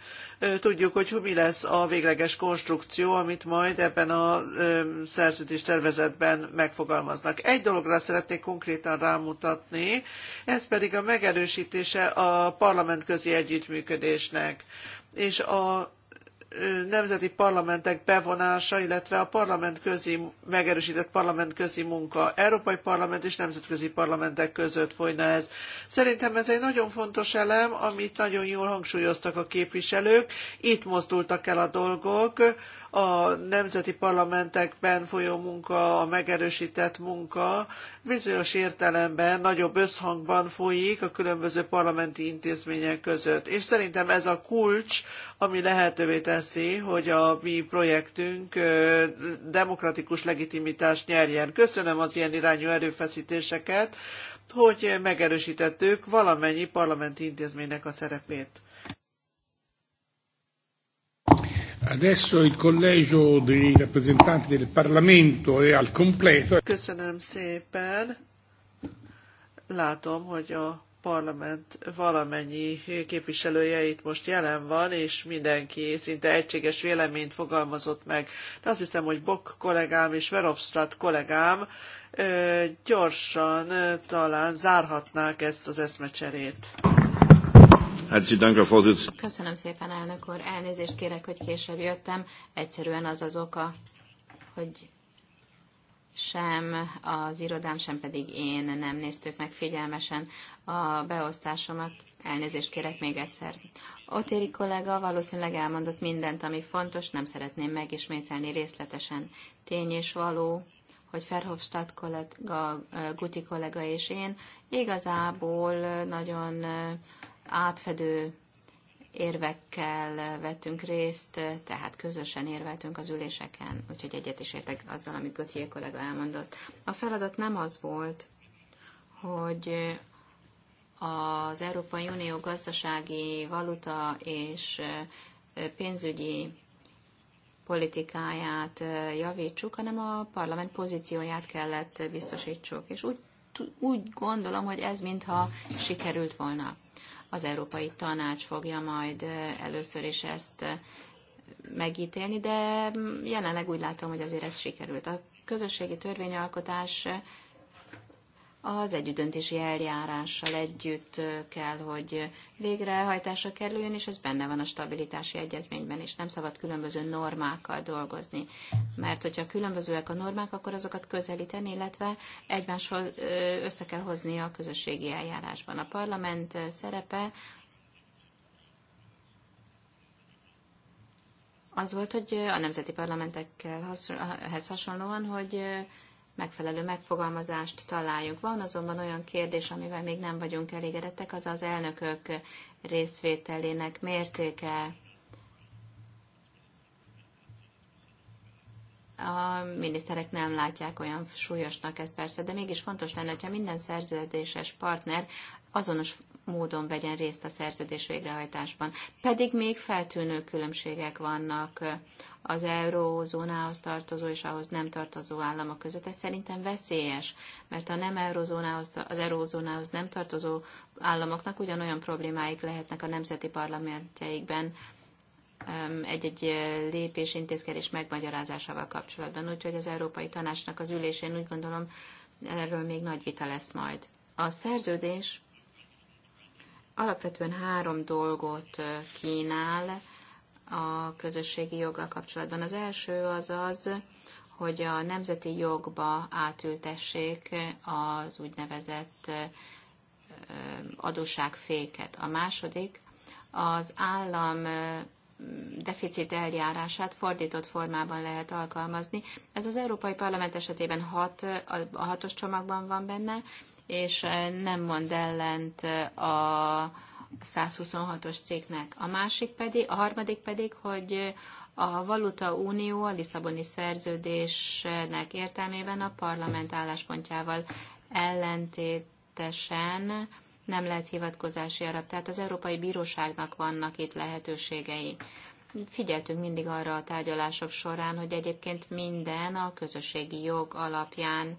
tudjuk, hogy mi lesz a végleges konstrukció, amit majd ebben a szerződés tervezetben megfogalmaznak. Egy dologra szeretnék konkrétan rámutatni, ez pedig a megerősítése a parlamentközi együttműködésnek. És a nemzeti parlamentek bevonása, illetve a parlament közi, megerősített parlament közi munka Európai Parlament és nemzetközi parlamentek között folyna ez. Szerintem ez egy nagyon fontos elem, amit nagyon jól hangsúlyoztak a képviselők, itt mozdultak el a dolgok, a nemzeti parlamentekben folyó munka, a megerősített munka bizonyos értelemben nagyobb összhangban folyik a különböző parlamenti intézmények között. És szerintem ez a kulcs, ami lehetővé teszi, hogy a mi projektünk demokratikus legitimitást nyerjen. Köszönöm az ilyen irányú erőfeszítéseket, hogy megerősítettük valamennyi parlamenti intézménynek a szerepét. Adesso il collegio dei rappresentanti del Parlamento è al completo. Köszönöm szépen. Látom, hogy a parlament valamennyi képviselője itt most jelen van, és mindenki szinte egységes véleményt fogalmazott meg. De azt hiszem, hogy Bok kollégám és Verhofstadt kollégám gyorsan talán zárhatnák ezt az eszmecserét. Köszönöm szépen, elnök úr. Elnézést kérek, hogy később jöttem. Egyszerűen az az oka, hogy sem az irodám, sem pedig én nem néztük meg figyelmesen a beosztásomat. Elnézést kérek még egyszer. Otéri kollega valószínűleg elmondott mindent, ami fontos, nem szeretném megismételni részletesen. Tény és való, hogy Ferhofstadt kollega, Guti kollega és én igazából nagyon átfedő érvekkel vettünk részt, tehát közösen érveltünk az üléseken, úgyhogy egyet is értek azzal, amit Götjé kollega elmondott. A feladat nem az volt, hogy az Európai Unió gazdasági, valuta és pénzügyi politikáját javítsuk, hanem a parlament pozícióját kellett biztosítsuk. És úgy, úgy gondolom, hogy ez mintha sikerült volna. Az Európai Tanács fogja majd először is ezt megítélni, de mm, jelenleg úgy látom, hogy azért ez sikerült. A közösségi törvényalkotás az együttdöntési eljárással együtt kell, hogy végrehajtásra kerüljön, és ez benne van a stabilitási egyezményben is. Nem szabad különböző normákkal dolgozni, mert hogyha különbözőek a normák, akkor azokat közelíteni, illetve egymáshoz össze kell hozni a közösségi eljárásban. A parlament szerepe az volt, hogy a nemzeti parlamentekhez hasonlóan, hogy megfelelő megfogalmazást találjunk. Van azonban olyan kérdés, amivel még nem vagyunk elégedettek, az az elnökök részvételének mértéke. A miniszterek nem látják olyan súlyosnak ezt persze, de mégis fontos lenne, hogyha minden szerződéses partner azonos módon vegyen részt a szerződés végrehajtásban. Pedig még feltűnő különbségek vannak az eurózónához tartozó és ahhoz nem tartozó államok között. Ez szerintem veszélyes, mert a nem eurózónához, az eurózónához nem tartozó államoknak ugyanolyan problémáik lehetnek a nemzeti parlamentjeikben, egy-egy lépés, intézkedés megmagyarázásával kapcsolatban. Úgyhogy az Európai Tanácsnak az ülésén úgy gondolom, erről még nagy vita lesz majd. A szerződés alapvetően három dolgot kínál a közösségi joggal kapcsolatban. Az első az az, hogy a nemzeti jogba átültessék az úgynevezett adósságféket. A második az állam deficit eljárását fordított formában lehet alkalmazni. Ez az Európai Parlament esetében hat, a hatos csomagban van benne, és nem mond ellent a 126-os cégnek. A másik pedig, a harmadik pedig, hogy a Valuta Unió a Lisszaboni szerződésnek értelmében a parlament álláspontjával ellentétesen nem lehet hivatkozási arab. Tehát az Európai Bíróságnak vannak itt lehetőségei. Figyeltünk mindig arra a tárgyalások során, hogy egyébként minden a közösségi jog alapján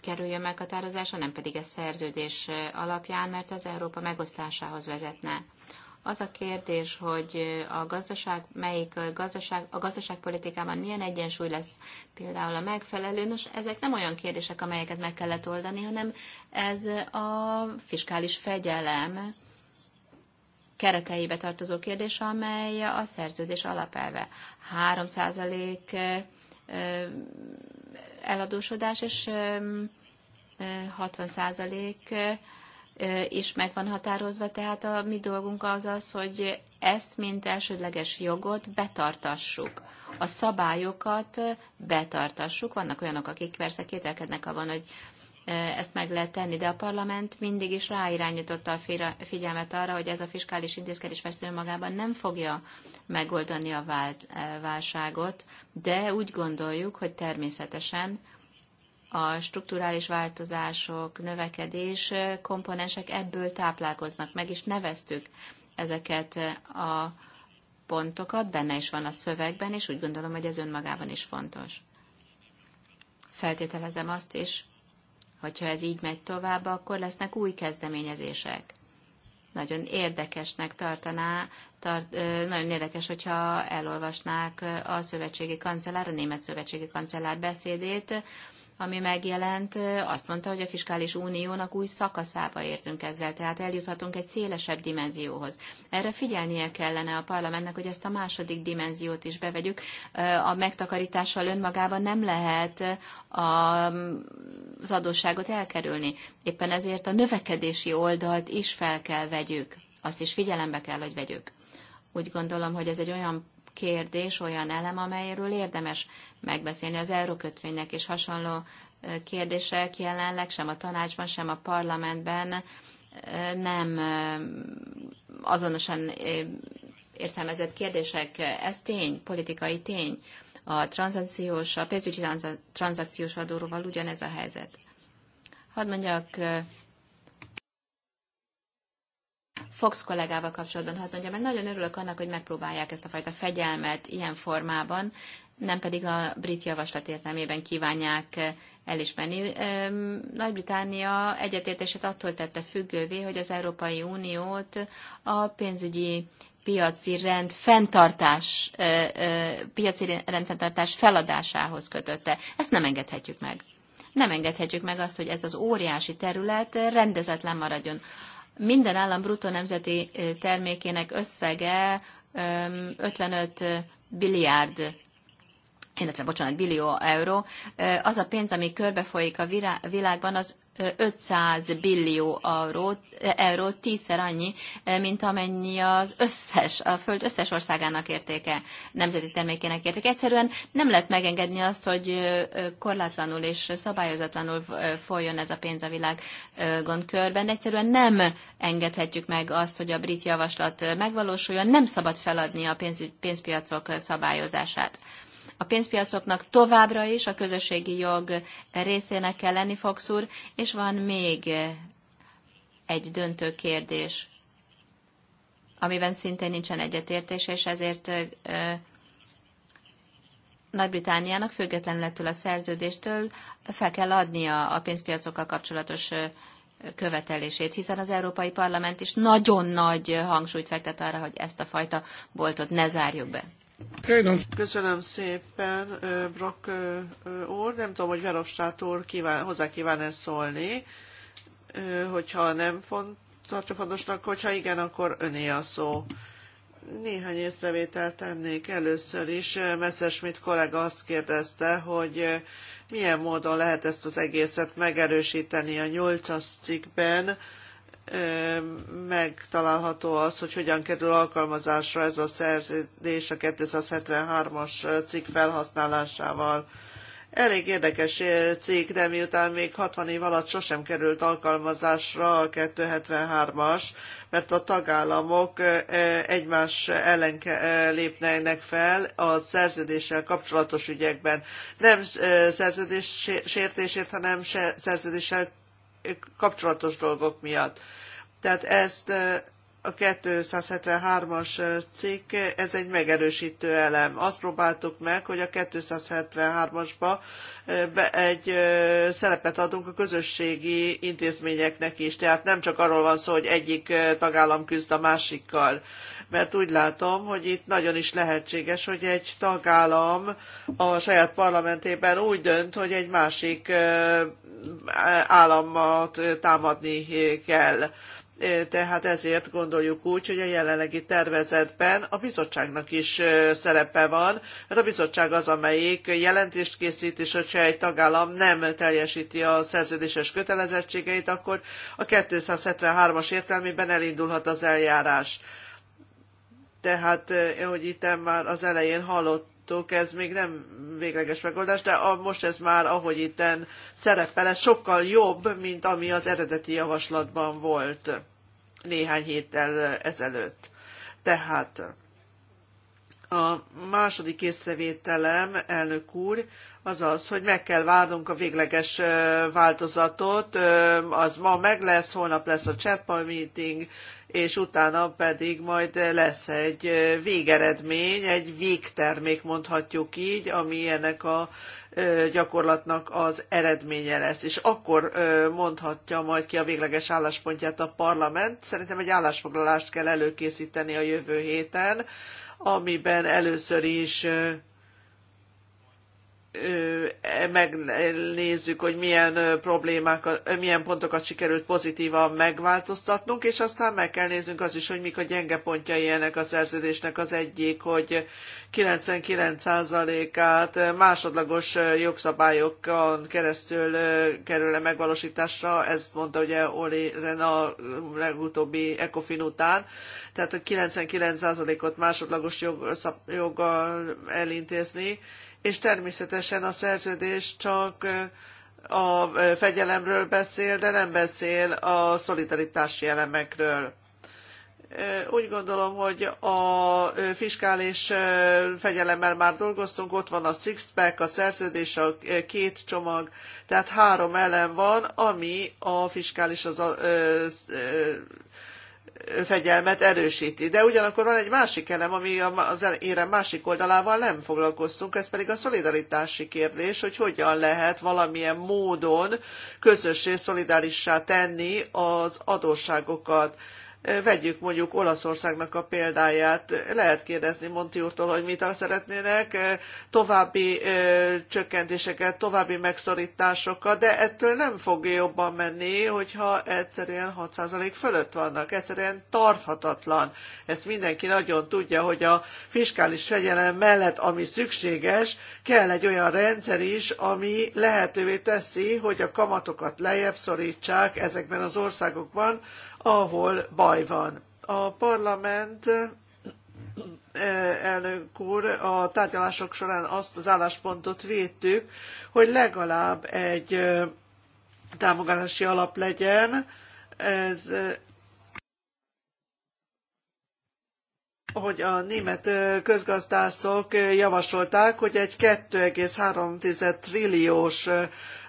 kerüljön meghatározása, nem pedig ez szerződés alapján, mert ez Európa megosztásához vezetne. Az a kérdés, hogy a gazdaság, melyik gazdaság, a gazdaságpolitikában milyen egyensúly lesz például a megfelelő, nos, ezek nem olyan kérdések, amelyeket meg kellett oldani, hanem ez a fiskális fegyelem kereteibe tartozó kérdés, amely a szerződés alapelve. 3 eladósodás, és 60 százalék is meg van határozva, tehát a mi dolgunk az az, hogy ezt, mint elsődleges jogot betartassuk. A szabályokat betartassuk. Vannak olyanok, akik persze kételkednek abban, hogy Eh, ezt meg lehet tenni, de a parlament mindig is ráirányította a figyelmet arra, hogy ez a fiskális intézkedés persze önmagában nem fogja megoldani a eh, válságot, de úgy gondoljuk, hogy természetesen a strukturális változások, növekedés eh, komponensek ebből táplálkoznak meg, és neveztük ezeket a pontokat, benne is van a szövegben, és úgy gondolom, hogy ez önmagában is fontos. Feltételezem azt is, Hogyha ez így megy tovább, akkor lesznek új kezdeményezések. Nagyon érdekesnek tartaná, tart, nagyon érdekes, hogyha elolvasnák a szövetségi kancellár, a német szövetségi kancellár beszédét, ami megjelent, azt mondta, hogy a fiskális uniónak új szakaszába értünk ezzel, tehát eljuthatunk egy szélesebb dimenzióhoz. Erre figyelnie kellene a parlamentnek, hogy ezt a második dimenziót is bevegyük. A megtakarítással önmagában nem lehet az adósságot elkerülni. Éppen ezért a növekedési oldalt is fel kell vegyük. Azt is figyelembe kell, hogy vegyük. Úgy gondolom, hogy ez egy olyan kérdés olyan elem, amelyről érdemes megbeszélni az eurókötvénynek és hasonló kérdések jelenleg sem a tanácsban, sem a parlamentben nem azonosan értelmezett kérdések. Ez tény, politikai tény. A tranzakciós, a pénzügyi tranzakciós adóról ugyanez a helyzet. Hadd mondjak Fox kollégával kapcsolatban hadd mondjam, mert nagyon örülök annak, hogy megpróbálják ezt a fajta fegyelmet ilyen formában, nem pedig a brit javaslat értelmében kívánják eh, elismerni. Nagy-Británia egyetértését attól tette függővé, hogy az Európai Uniót a pénzügyi piaci rend fenntartás, eh, eh, piaci rendfenntartás feladásához kötötte. Ezt nem engedhetjük meg. Nem engedhetjük meg azt, hogy ez az óriási terület rendezetlen maradjon minden állam bruttó nemzeti termékének összege 55 billiárd, illetve bocsánat, billió euró, az a pénz, ami körbefolyik a világban, az 500 billió eurót, eurót tízszer annyi, eh, mint amennyi az összes, a föld összes országának értéke, nemzeti termékének értéke. Egyszerűen nem lehet megengedni azt, hogy eh, eh, korlátlanul és szabályozatlanul folyjon ez a pénz a világ körben. Egyszerűen nem engedhetjük meg azt, hogy a brit javaslat megvalósuljon, nem szabad feladni a pénz, pénzpiacok szabályozását. A pénzpiacoknak továbbra is a közösségi jog részének kell lenni, Fox úr, és van még egy döntő kérdés, amiben szintén nincsen egyetértés, és ezért nagy-Britániának függetlenül ettől a szerződéstől fel kell adnia a pénzpiacokkal kapcsolatos követelését, hiszen az Európai Parlament is nagyon nagy hangsúlyt fektet arra, hogy ezt a fajta boltot ne zárjuk be. Köszönöm szépen, Brock úr. Nem tudom, hogy Verhofstadt úr kíván, hozzá kíván-e szólni, hogyha nem font, tartja fontosnak, hogyha igen, akkor öné a szó. Néhány észrevételt tennék először is. Messerschmidt kollega azt kérdezte, hogy milyen módon lehet ezt az egészet megerősíteni a nyolcas cikkben, megtalálható az, hogy hogyan kerül alkalmazásra ez a szerződés a 273-as cikk felhasználásával. Elég érdekes cikk, de miután még 60 év alatt sosem került alkalmazásra a 273-as, mert a tagállamok egymás ellen lépnek fel a szerződéssel kapcsolatos ügyekben. Nem szerződés sértésért, hanem szerződéssel kapcsolatos dolgok miatt. Tehát ezt a 273-as cikk, ez egy megerősítő elem. Azt próbáltuk meg, hogy a 273-asba egy szerepet adunk a közösségi intézményeknek is. Tehát nem csak arról van szó, hogy egyik tagállam küzd a másikkal mert úgy látom, hogy itt nagyon is lehetséges, hogy egy tagállam a saját parlamentében úgy dönt, hogy egy másik államot támadni kell. Tehát ezért gondoljuk úgy, hogy a jelenlegi tervezetben a bizottságnak is szerepe van, mert a bizottság az, amelyik jelentést készít, és hogyha egy tagállam nem teljesíti a szerződéses kötelezettségeit, akkor a 273-as értelmében elindulhat az eljárás. Tehát, eh, hogy itt már az elején hallott ez még nem végleges megoldás, de a, most ez már, ahogy itten szerepel, ez sokkal jobb, mint ami az eredeti javaslatban volt néhány héttel ezelőtt. Tehát a második észrevételem, elnök úr, az az, hogy meg kell várnunk a végleges eh, változatot, eh, az ma meg lesz, holnap lesz a chatpal meeting, és utána pedig majd lesz egy végeredmény, egy végtermék mondhatjuk így, ami ennek a gyakorlatnak az eredménye lesz. És akkor mondhatja majd ki a végleges álláspontját a parlament. Szerintem egy állásfoglalást kell előkészíteni a jövő héten, amiben először is megnézzük, hogy milyen problémák, milyen pontokat sikerült pozitívan megváltoztatnunk, és aztán meg kell néznünk az is, hogy mik a gyenge pontjai ennek a szerződésnek az egyik, hogy 99%-át másodlagos jogszabályokon keresztül kerül-e megvalósításra, ezt mondta ugye Oli Ren a legutóbbi ECOFIN után, tehát a 99%-ot másodlagos jog, joggal elintézni, és természetesen a szerződés csak a fegyelemről beszél, de nem beszél a szolidaritási elemekről. Úgy gondolom, hogy a fiskális fegyelemmel már dolgoztunk, ott van a six-pack, a szerződés, a két csomag, tehát három elem van, ami a fiskális az a, fegyelmet erősíti. De ugyanakkor van egy másik elem, ami az érem másik oldalával nem foglalkoztunk, ez pedig a szolidaritási kérdés, hogy hogyan lehet valamilyen módon közössé szolidárissá tenni az adósságokat. Vegyük mondjuk Olaszországnak a példáját. Lehet kérdezni Monti úrtól, hogy mit szeretnének, eh, további eh, csökkentéseket, további megszorításokat, de ettől nem fog jobban menni, hogyha egyszerűen 6% fölött vannak. Egyszerűen tarthatatlan. Ezt mindenki nagyon tudja, hogy a fiskális fegyelem mellett, ami szükséges, kell egy olyan rendszer is, ami lehetővé teszi, hogy a kamatokat lejjebb szorítsák ezekben az országokban, ahol baj van. A parlament eh, elnök úr, a tárgyalások során azt az álláspontot védtük, hogy legalább egy eh, támogatási alap legyen. Ez eh, hogy a német közgazdászok javasolták, hogy egy 2,3 trilliós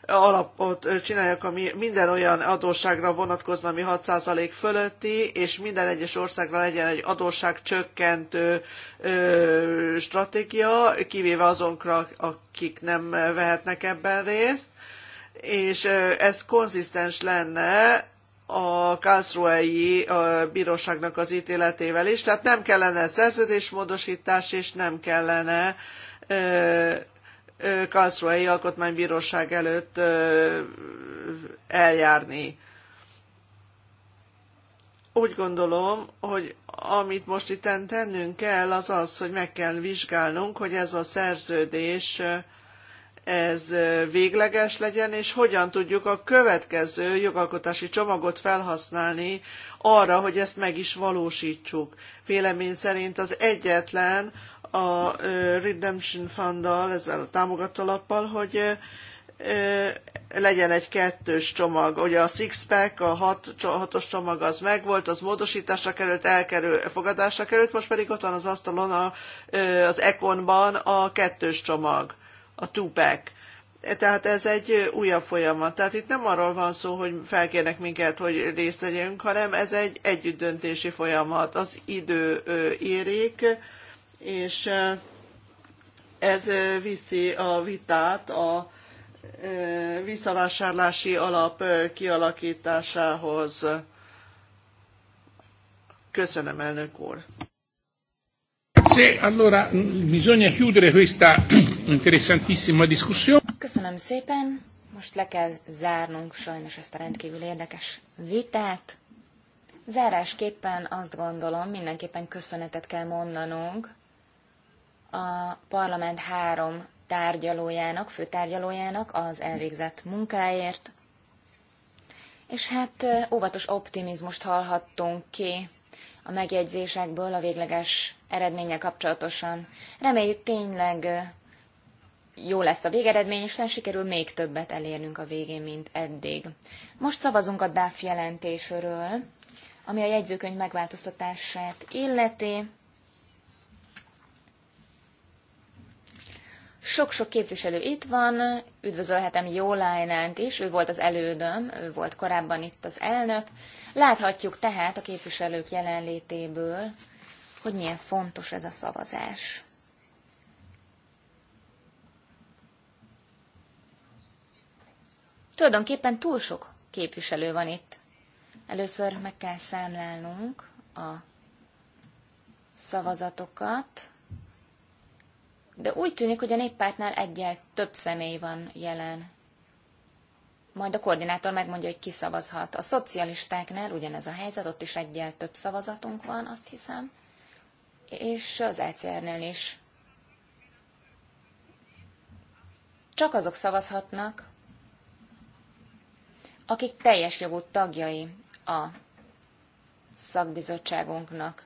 alapot csinálják, ami minden olyan adósságra vonatkozna, ami 6% fölötti, és minden egyes országra legyen egy adósság csökkentő stratégia, kivéve azonkra, akik nem vehetnek ebben részt, és ez konzisztens lenne a Karlsruhei bíróságnak az ítéletével is, tehát nem kellene szerződésmódosítás, és nem kellene Karlsruhei Alkotmánybíróság előtt eljárni. Úgy gondolom, hogy amit most itt tennünk kell, az az, hogy meg kell vizsgálnunk, hogy ez a szerződés ez végleges legyen, és hogyan tudjuk a következő jogalkotási csomagot felhasználni arra, hogy ezt meg is valósítsuk. Vélemény szerint az egyetlen, a Redemption Fund-dal, ezzel a támogatólappal, hogy legyen egy kettős csomag. Ugye a six-pack, a hat, hatos csomag az megvolt, az módosításra került, elkerül, fogadásra került, most pedig ott van az asztalon a, az Econban a kettős csomag, a two-pack. Tehát ez egy újabb folyamat. Tehát itt nem arról van szó, hogy felkérnek minket, hogy részt vegyünk, hanem ez egy együttdöntési folyamat. Az idő érik, és ez viszi a vitát a visszavásárlási alap kialakításához. Köszönöm, elnök úr. Köszönöm szépen. Most le kell zárnunk sajnos ezt a rendkívül érdekes vitát. Zárásképpen azt gondolom, mindenképpen köszönetet kell mondanunk a parlament három tárgyalójának, főtárgyalójának az elvégzett munkáért, és hát óvatos optimizmust hallhattunk ki a megjegyzésekből a végleges eredménye kapcsolatosan. Reméljük tényleg jó lesz a végeredmény, és nem sikerül még többet elérnünk a végén, mint eddig. Most szavazunk a DAF jelentésről, ami a jegyzőkönyv megváltoztatását illeti. Sok-sok képviselő itt van, üdvözölhetem Jó Lájnánt is, ő volt az elődöm, ő volt korábban itt az elnök. Láthatjuk tehát a képviselők jelenlétéből, hogy milyen fontos ez a szavazás. Tulajdonképpen túl sok képviselő van itt. Először meg kell számlálnunk a szavazatokat. De úgy tűnik, hogy a néppártnál egyel több személy van jelen. Majd a koordinátor megmondja, hogy ki szavazhat. A szocialistáknál ugyanez a helyzet, ott is egyel több szavazatunk van, azt hiszem. És az ECR-nél is. Csak azok szavazhatnak, akik teljes jogú tagjai a szakbizottságunknak.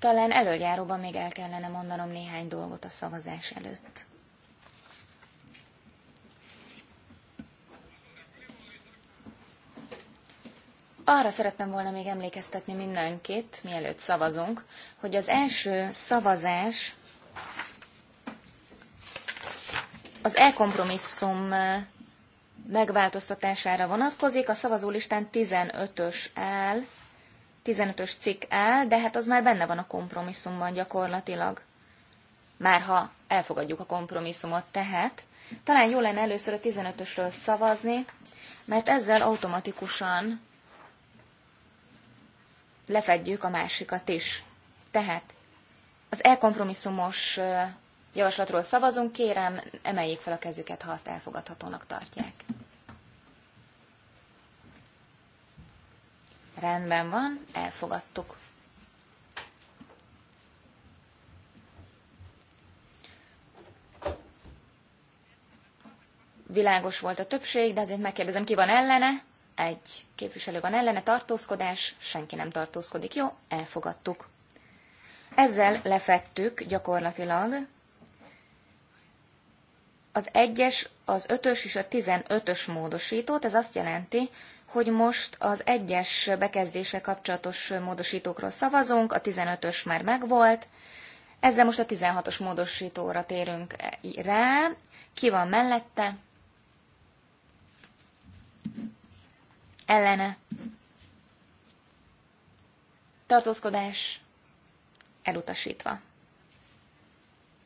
Talán előjáróban még el kellene mondanom néhány dolgot a szavazás előtt. Arra szerettem volna még emlékeztetni mindenkit, mielőtt szavazunk, hogy az első szavazás az elkompromisszum megváltoztatására vonatkozik, a szavazólistán 15-ös áll, 15-ös cikk el, de hát az már benne van a kompromisszumban gyakorlatilag. Már ha elfogadjuk a kompromisszumot, tehát talán jó lenne először a 15-ösről szavazni, mert ezzel automatikusan lefedjük a másikat is. Tehát az elkompromisszumos javaslatról szavazunk, kérem, emeljék fel a kezüket, ha azt elfogadhatónak tartják. Rendben van, elfogadtuk. Világos volt a többség, de azért megkérdezem, ki van ellene? Egy képviselő van ellene, tartózkodás, senki nem tartózkodik. Jó, elfogadtuk. Ezzel lefettük gyakorlatilag az egyes az ötös és a tizenötös módosítót, ez azt jelenti, hogy most az egyes bekezdése kapcsolatos módosítókról szavazunk, a 15-ös már megvolt, ezzel most a 16-os módosítóra térünk rá. Ki van mellette? Ellene. Tartózkodás. Elutasítva.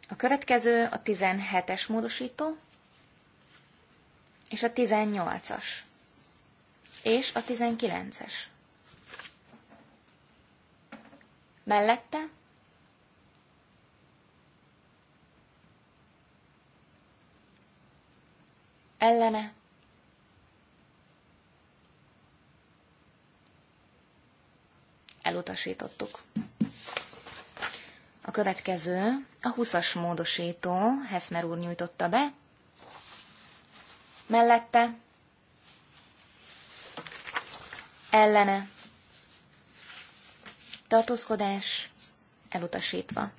A következő a 17-es módosító, és a 18-as és a 19-es. Mellette ellene elutasítottuk. A következő, a 20-as módosító, Hefner úr nyújtotta be, mellette ellene, tartózkodás elutasítva.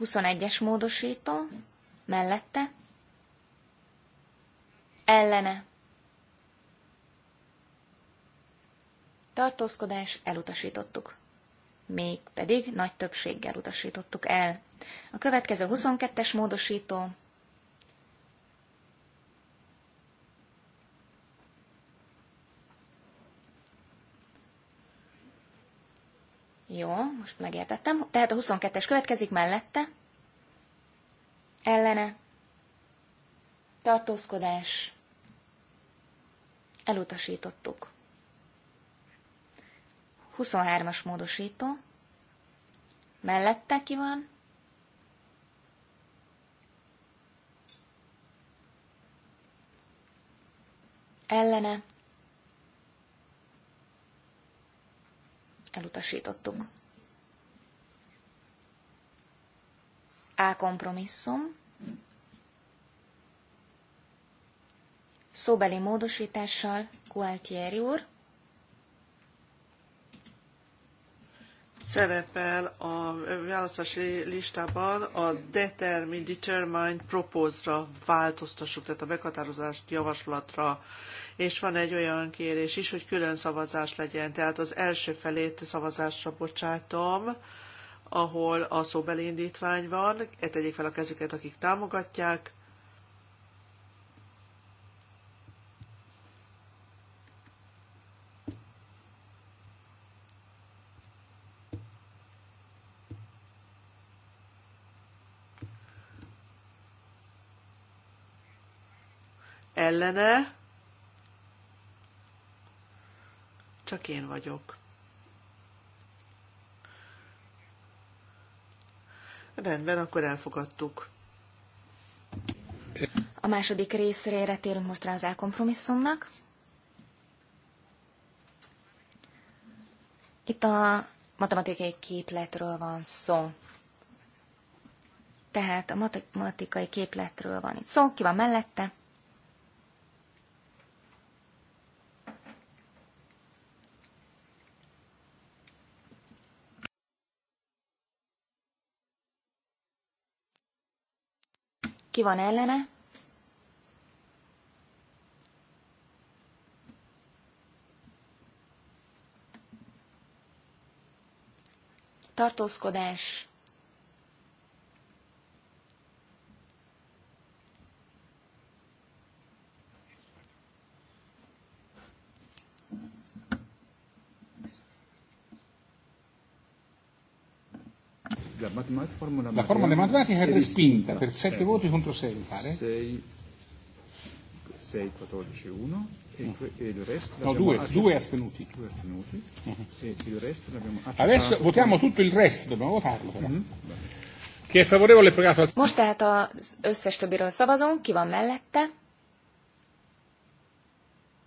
21-es módosító, mellette, ellene, tartózkodás elutasítottuk. Még pedig nagy többséggel utasítottuk el. A következő 22-es módosító Jó, most megértettem. Tehát a 22-es következik mellette. Ellene. Tartózkodás. Elutasítottuk. 23-as módosító. Mellette ki van? Ellene. elutasítottuk. A kompromisszum. Szóbeli módosítással Gualtieri úr. Szerepel a választási listában a determine, determine, propose-ra változtassuk, tehát a meghatározást javaslatra és van egy olyan kérés is, hogy külön szavazás legyen. Tehát az első felét szavazásra bocsátom, ahol a szóbeli indítvány van. E tegyék fel a kezüket, akik támogatják. ellene csak én vagyok. Rendben, akkor elfogadtuk. A második részére térünk most rá az elkompromisszumnak. Itt a matematikai képletről van szó. Tehát a matematikai képletről van itt szó, ki van mellette, Ki van ellene? Tartózkodás La, matematica formula la formula matematica matematica è respinta per 7 eh. voti contro 6, mi pare. 6, 6 14, 1 e, no. Mm. e il resto no, due, accettato. due astenuti. Due astenuti uh-huh. e il resto l'abbiamo accettato. Adesso votiamo tutto il resto, dobbiamo votarlo però. Uh-huh. Chi è favorevole è pregato al... Most tehát az összes többiről szavazunk, ki van mellette?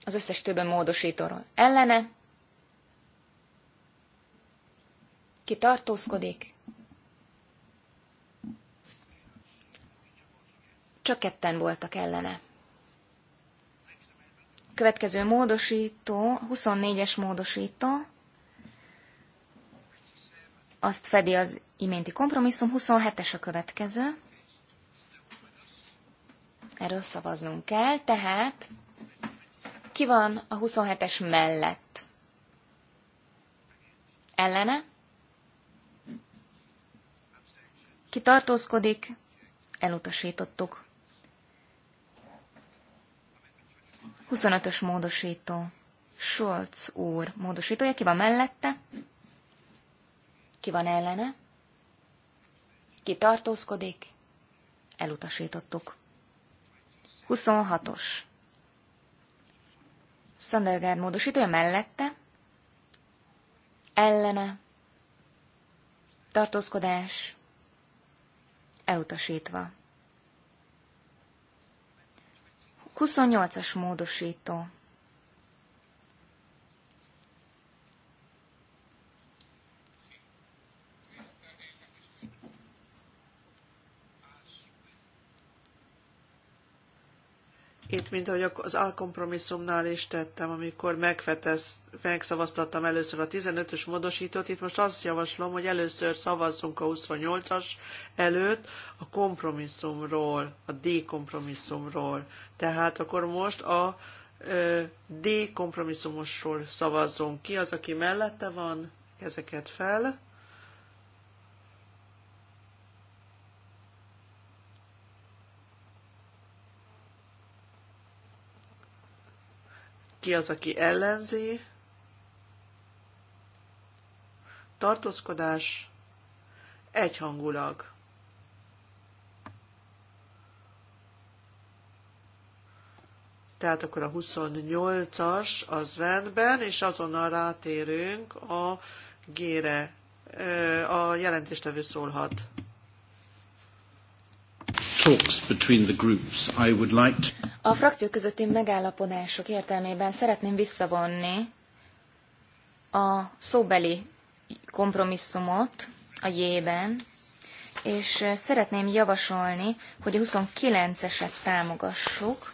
Az összes többen módosítóról. Ellene? Ki tartózkodik? csak ketten voltak ellene. Következő módosító, 24-es módosító, azt fedi az iménti kompromisszum, 27-es a következő. Erről szavaznunk kell, tehát ki van a 27-es mellett? Ellene? Ki tartózkodik? Elutasítottuk. 25-ös módosító. Scholz úr módosítója. Ki van mellette? Ki van ellene? Ki tartózkodik? Elutasítottuk. 26-os. Sandergaard módosítója mellette? Ellene? Tartózkodás? Elutasítva. 28-as módosító. itt, mint ahogy az alkompromisszumnál is tettem, amikor megfetez, megszavaztattam először a 15-ös módosítót, itt most azt javaslom, hogy először szavazzunk a 28-as előtt a kompromisszumról, a D kompromisszumról. Tehát akkor most a D kompromisszumosról szavazzunk ki, az, aki mellette van, ezeket fel ki az, aki ellenzi, tartózkodás egyhangulag. Tehát akkor a 28-as az rendben, és azonnal rátérünk a gére. A jelentéstevő szólhat talks between the groups, I would like to... A frakciók közötti megállapodások értelmében szeretném visszavonni a szóbeli kompromisszumot a J-ben, és szeretném javasolni, hogy a 29-eset támogassuk,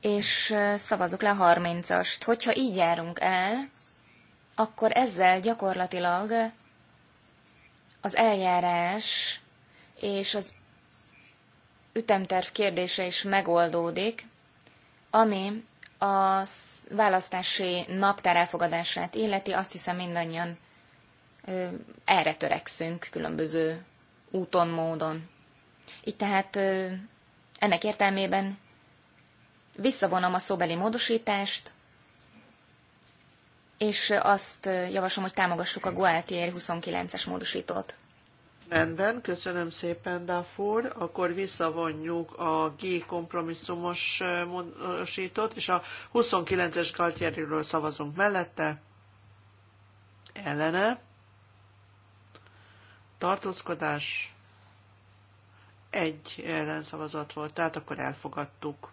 és szavazok le a 30-ast. Hogyha így járunk el, akkor ezzel gyakorlatilag az eljárás és az ütemterv kérdése is megoldódik, ami a választási naptár elfogadását illeti, azt hiszem mindannyian erre törekszünk különböző úton, módon. Így tehát ennek értelmében visszavonom a szóbeli módosítást, és azt javaslom, hogy támogassuk a Gualtieri 29-es módosítót. Rendben, köszönöm szépen, Dáfor. Akkor visszavonjuk a G kompromisszumos módosítót, és a 29-es Galtieriről szavazunk mellette. Ellene. Tartózkodás. Egy ellenszavazat volt, tehát akkor elfogadtuk.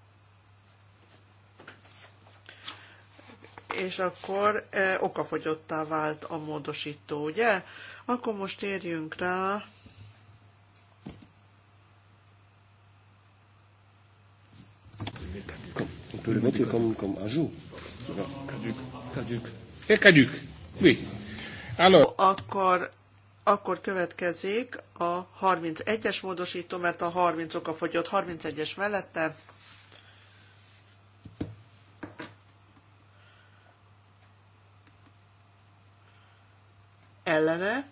és akkor e, okafogyottá vált a módosító, ugye? Akkor most térjünk rá. On peut Akkor akkor következik a 31-es módosító, mert a 30 oka fogyott, 31-es mellette ellene,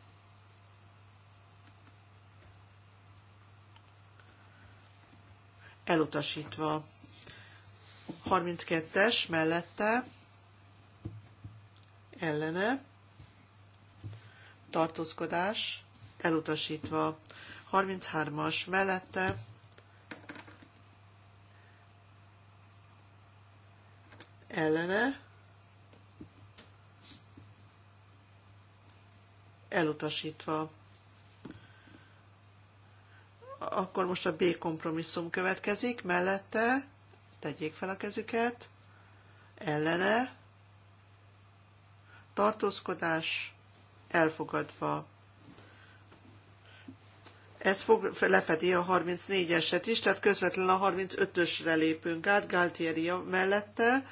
elutasítva. 32-es mellette, ellene, tartózkodás, elutasítva. 33-as mellette, ellene, elutasítva. Akkor most a B kompromisszum következik, mellette tegyék fel a kezüket, ellene, tartózkodás elfogadva. Ez fog, lefedi a 34-eset is, tehát közvetlenül a 35-ösre lépünk át, Galtieri mellette,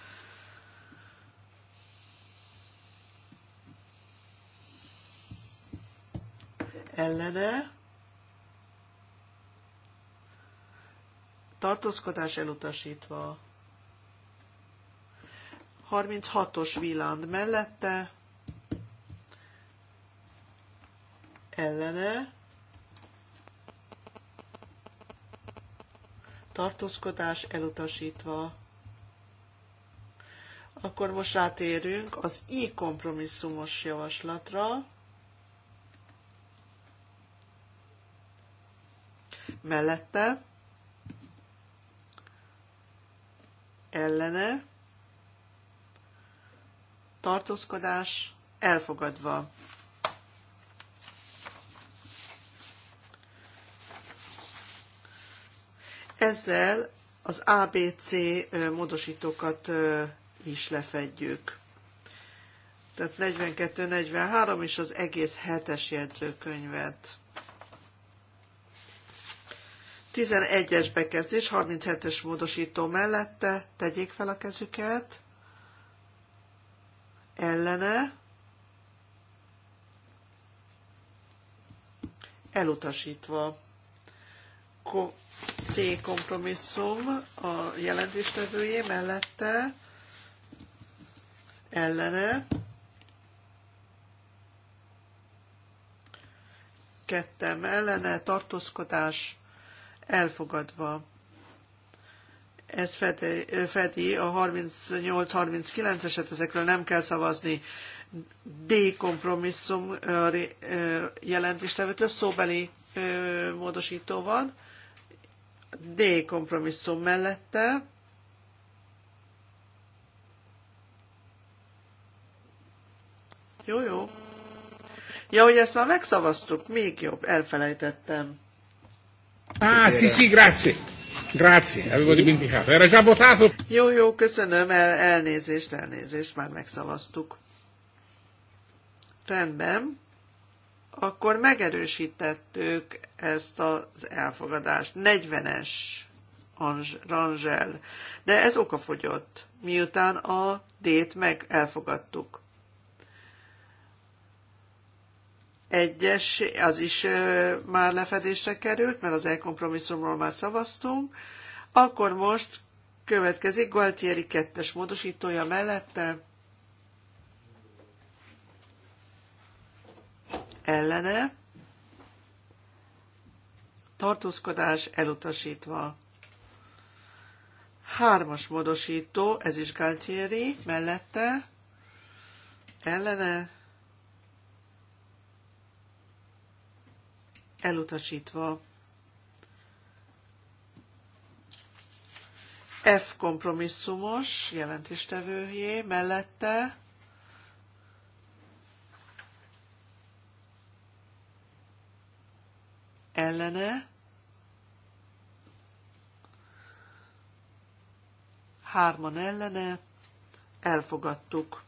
ellene, tartózkodás elutasítva. 36-os Viland mellette, ellene, tartózkodás elutasítva. Akkor most rátérünk az i kompromisszumos javaslatra. mellette, ellene, tartózkodás elfogadva. Ezzel az ABC módosítókat is lefedjük. Tehát 42-43 és az egész hetes jegyzőkönyvet. 11-es bekezdés, 37-es módosító mellette, tegyék fel a kezüket, ellene, elutasítva. C kompromisszum a jelentéstevőjé mellette, ellene, kettem ellene, tartózkodás, elfogadva. Ez fedi, a 38-39-eset, ezekről nem kell szavazni. D kompromisszum jelentéstevőtől szóbeli módosító van. D kompromisszum mellette. Jó, jó. Ja, hogy ezt már megszavaztuk, még jobb, elfelejtettem. Ah, sì, sì, grazie. Grazie, avevo dimenticato. Era già votato. Jó, jó, köszönöm, el, elnézést, elnézést, már megszavaztuk. Rendben. Akkor megerősítettük ezt az elfogadást. 40-es Rangel. De ez okafogyott, miután a D-t meg elfogadtuk. egyes, az is már lefedésre került, mert az elkompromisszumról már szavaztunk. Akkor most következik Gualtieri kettes módosítója mellette. Ellene. Tartózkodás elutasítva. Hármas módosító, ez is Galtieri, mellette, ellene, elutasítva. F kompromisszumos jelentéstevőjé mellette ellene hárman ellene elfogadtuk.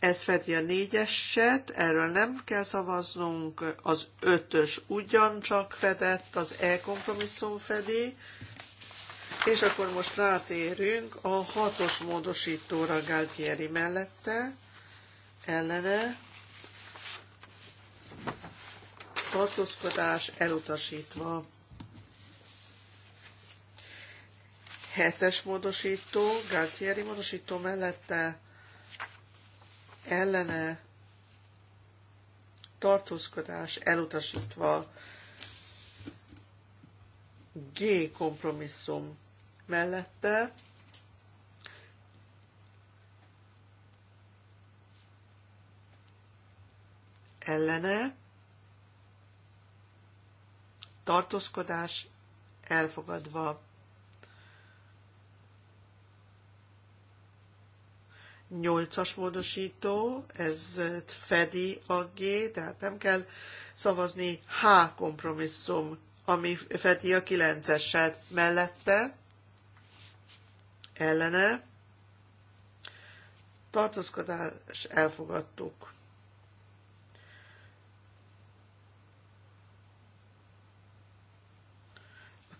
Ez fedi a négyeset, erről nem kell szavaznunk, az ötös ugyancsak fedett, az e-kompromisszum fedi, és akkor most rátérünk a hatos módosítóra Galtieri mellette, ellene, tartózkodás elutasítva. Hetes módosító, Galtieri módosító mellette, ellene tartózkodás elutasítva G kompromisszum mellette ellene tartózkodás elfogadva nyolcas módosító, ez fedi a G, tehát nem kell szavazni H kompromisszum, ami fedi a 9 mellette, ellene. Tartózkodás elfogadtuk.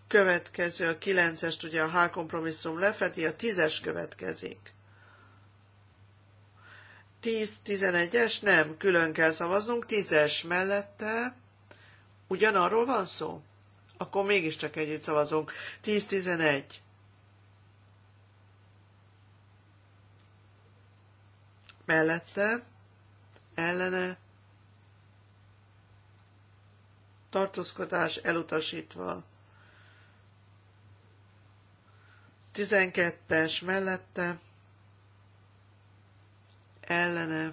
következő, a 9-est ugye a H kompromisszum lefedi, a 10-es következik. 10-11-es? Nem, külön kell szavaznunk. 10-es mellette ugyanarról van szó? Akkor mégiscsak együtt szavazunk. 10-11. Mellette, ellene, tartózkodás elutasítva. 12-es mellette, ellene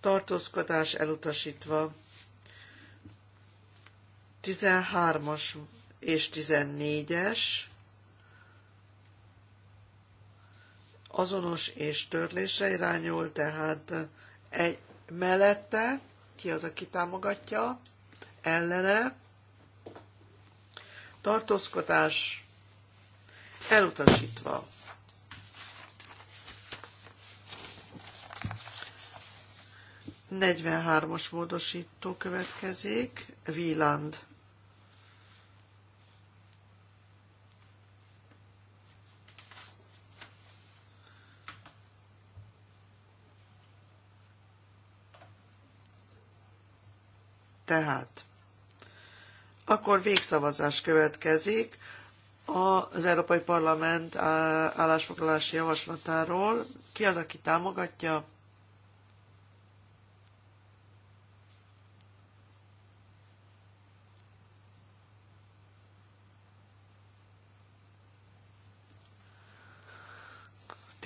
tartózkodás elutasítva. 13-as és 14-es azonos és törlésre irányul, tehát egy mellette, ki az, aki támogatja, ellene, tartózkodás elutasítva. 43-as módosító következik, Wieland. Tehát, akkor végszavazás következik az Európai Parlament állásfoglalási javaslatáról. Ki az, aki támogatja?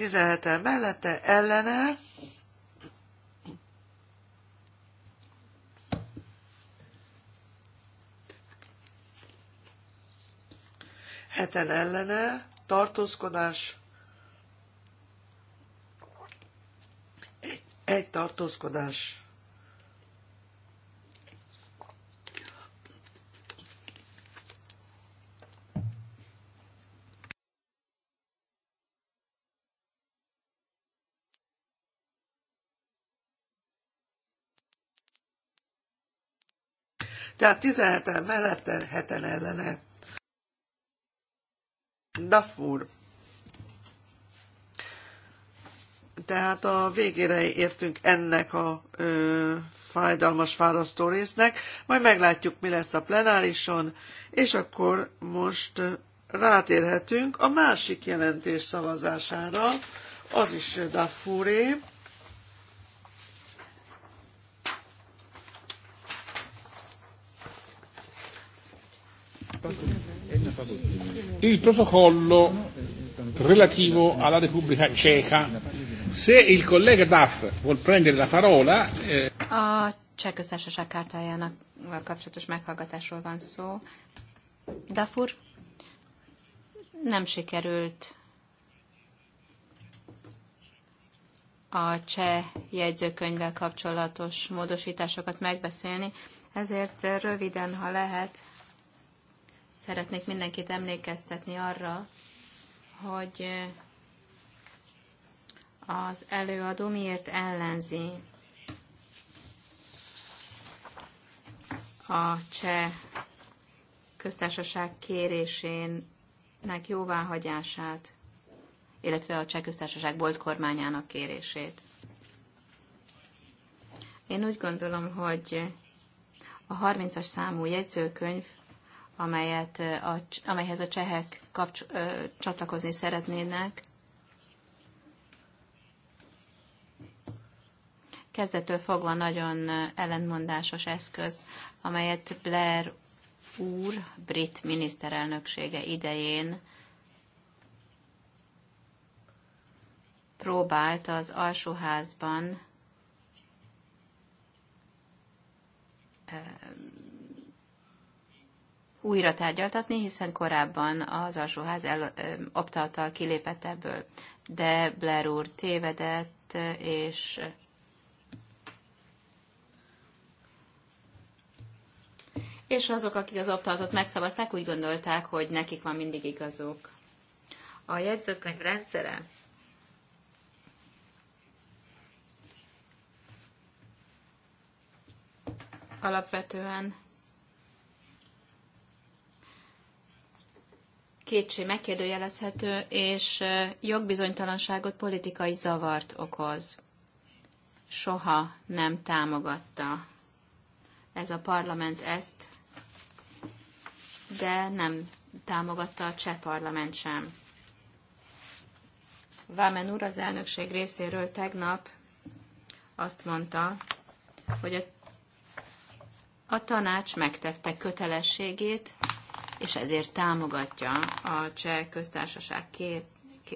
17-en mellette ellene. Heten ellene, tartózkodás, egy, egy tartózkodás. Tehát 17-en mellette, 7-en ellene. Dafur. Tehát a végére értünk ennek a ö, fájdalmas fárasztó résznek, majd meglátjuk, mi lesz a plenárison, és akkor most rátérhetünk a másik jelentés szavazására, az is Dafuré. il protocollo relativo alla Repubblica Ceca. Se il collega Duff vuol prendere la parola... Eh... A Cseh köztársaság kártájának kapcsolatos meghallgatásról van szó. Duff úr, nem sikerült a cseh jegyzőkönyvvel kapcsolatos módosításokat megbeszélni, ezért röviden, ha lehet, Szeretnék mindenkit emlékeztetni arra, hogy az előadó miért ellenzi a cseh köztársaság kérésének jóváhagyását, illetve a cseh köztársaság volt kormányának kérését. Én úgy gondolom, hogy a 30-as számú jegyzőkönyv amelyet a, amelyhez a csehek kapcs, ö, csatlakozni szeretnének. Kezdettől fogva nagyon ellentmondásos eszköz, amelyet Blair úr brit miniszterelnöksége idején próbált az alsóházban újra tárgyaltatni, hiszen korábban az alsóház optaltal kilépett ebből. De Blair úr tévedett, és és azok, akik az optaltot megszavazták, úgy gondolták, hogy nekik van mindig igazuk. A jegyzőkönyv rendszere alapvetően kétség megkérdőjelezhető, és jogbizonytalanságot, politikai zavart okoz. Soha nem támogatta ez a parlament ezt, de nem támogatta a cseh parlament sem. Vámen úr az elnökség részéről tegnap azt mondta, hogy a, a tanács megtette kötelességét, és ezért támogatja a cseh köztársaság kér,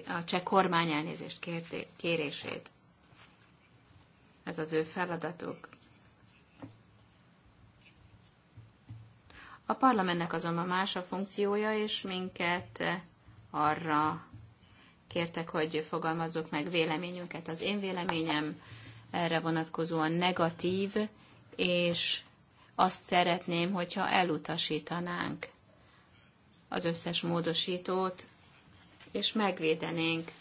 a cseh kormány elnézést kérését. Ez az ő feladatuk. A parlamentnek azonban más a funkciója, és minket arra kértek, hogy fogalmazzuk meg véleményünket. Az én véleményem erre vonatkozóan negatív, és azt szeretném, hogyha elutasítanánk az összes módosítót, és megvédenénk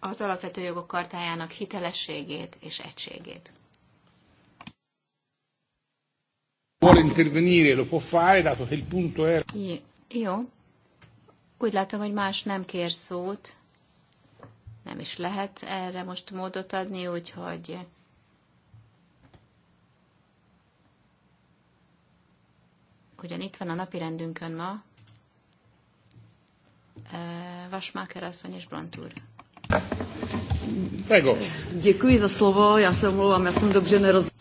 az alapvető jogok kartájának hitelességét és egységét. Vuole intervenire, lo può fare, dato che il punto era... Jó. Úgy látom, hogy más nem kér szót. Nem is lehet erre most módot adni, úgyhogy ugyan itt van a napi rendünkön ma Vasmáker asszony és Brantúr. Prego.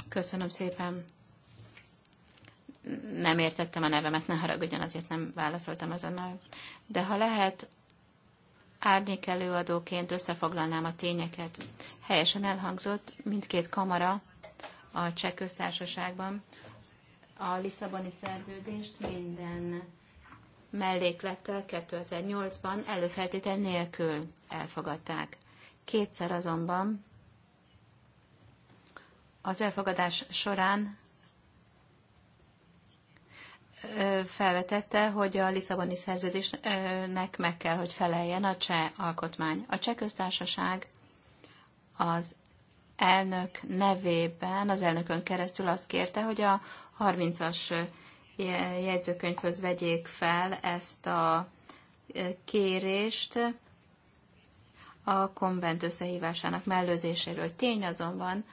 Köszönöm szépen. Nem értettem a nevemet, ne haragudjon, azért nem válaszoltam azonnal. De ha lehet, árnyék előadóként összefoglalnám a tényeket. Helyesen elhangzott mindkét kamara a cseh köztársaságban, a Lisszaboni szerződést minden melléklettel 2008-ban előfeltétel nélkül elfogadták. Kétszer azonban az elfogadás során felvetette, hogy a Lisszaboni szerződésnek meg kell, hogy feleljen a cseh alkotmány. A cseh köztársaság az elnök nevében, az elnökön keresztül azt kérte, hogy a 30-as jegyzőkönyvhöz vegyék fel ezt a kérést a konvent összehívásának mellőzéséről. Tény azonban,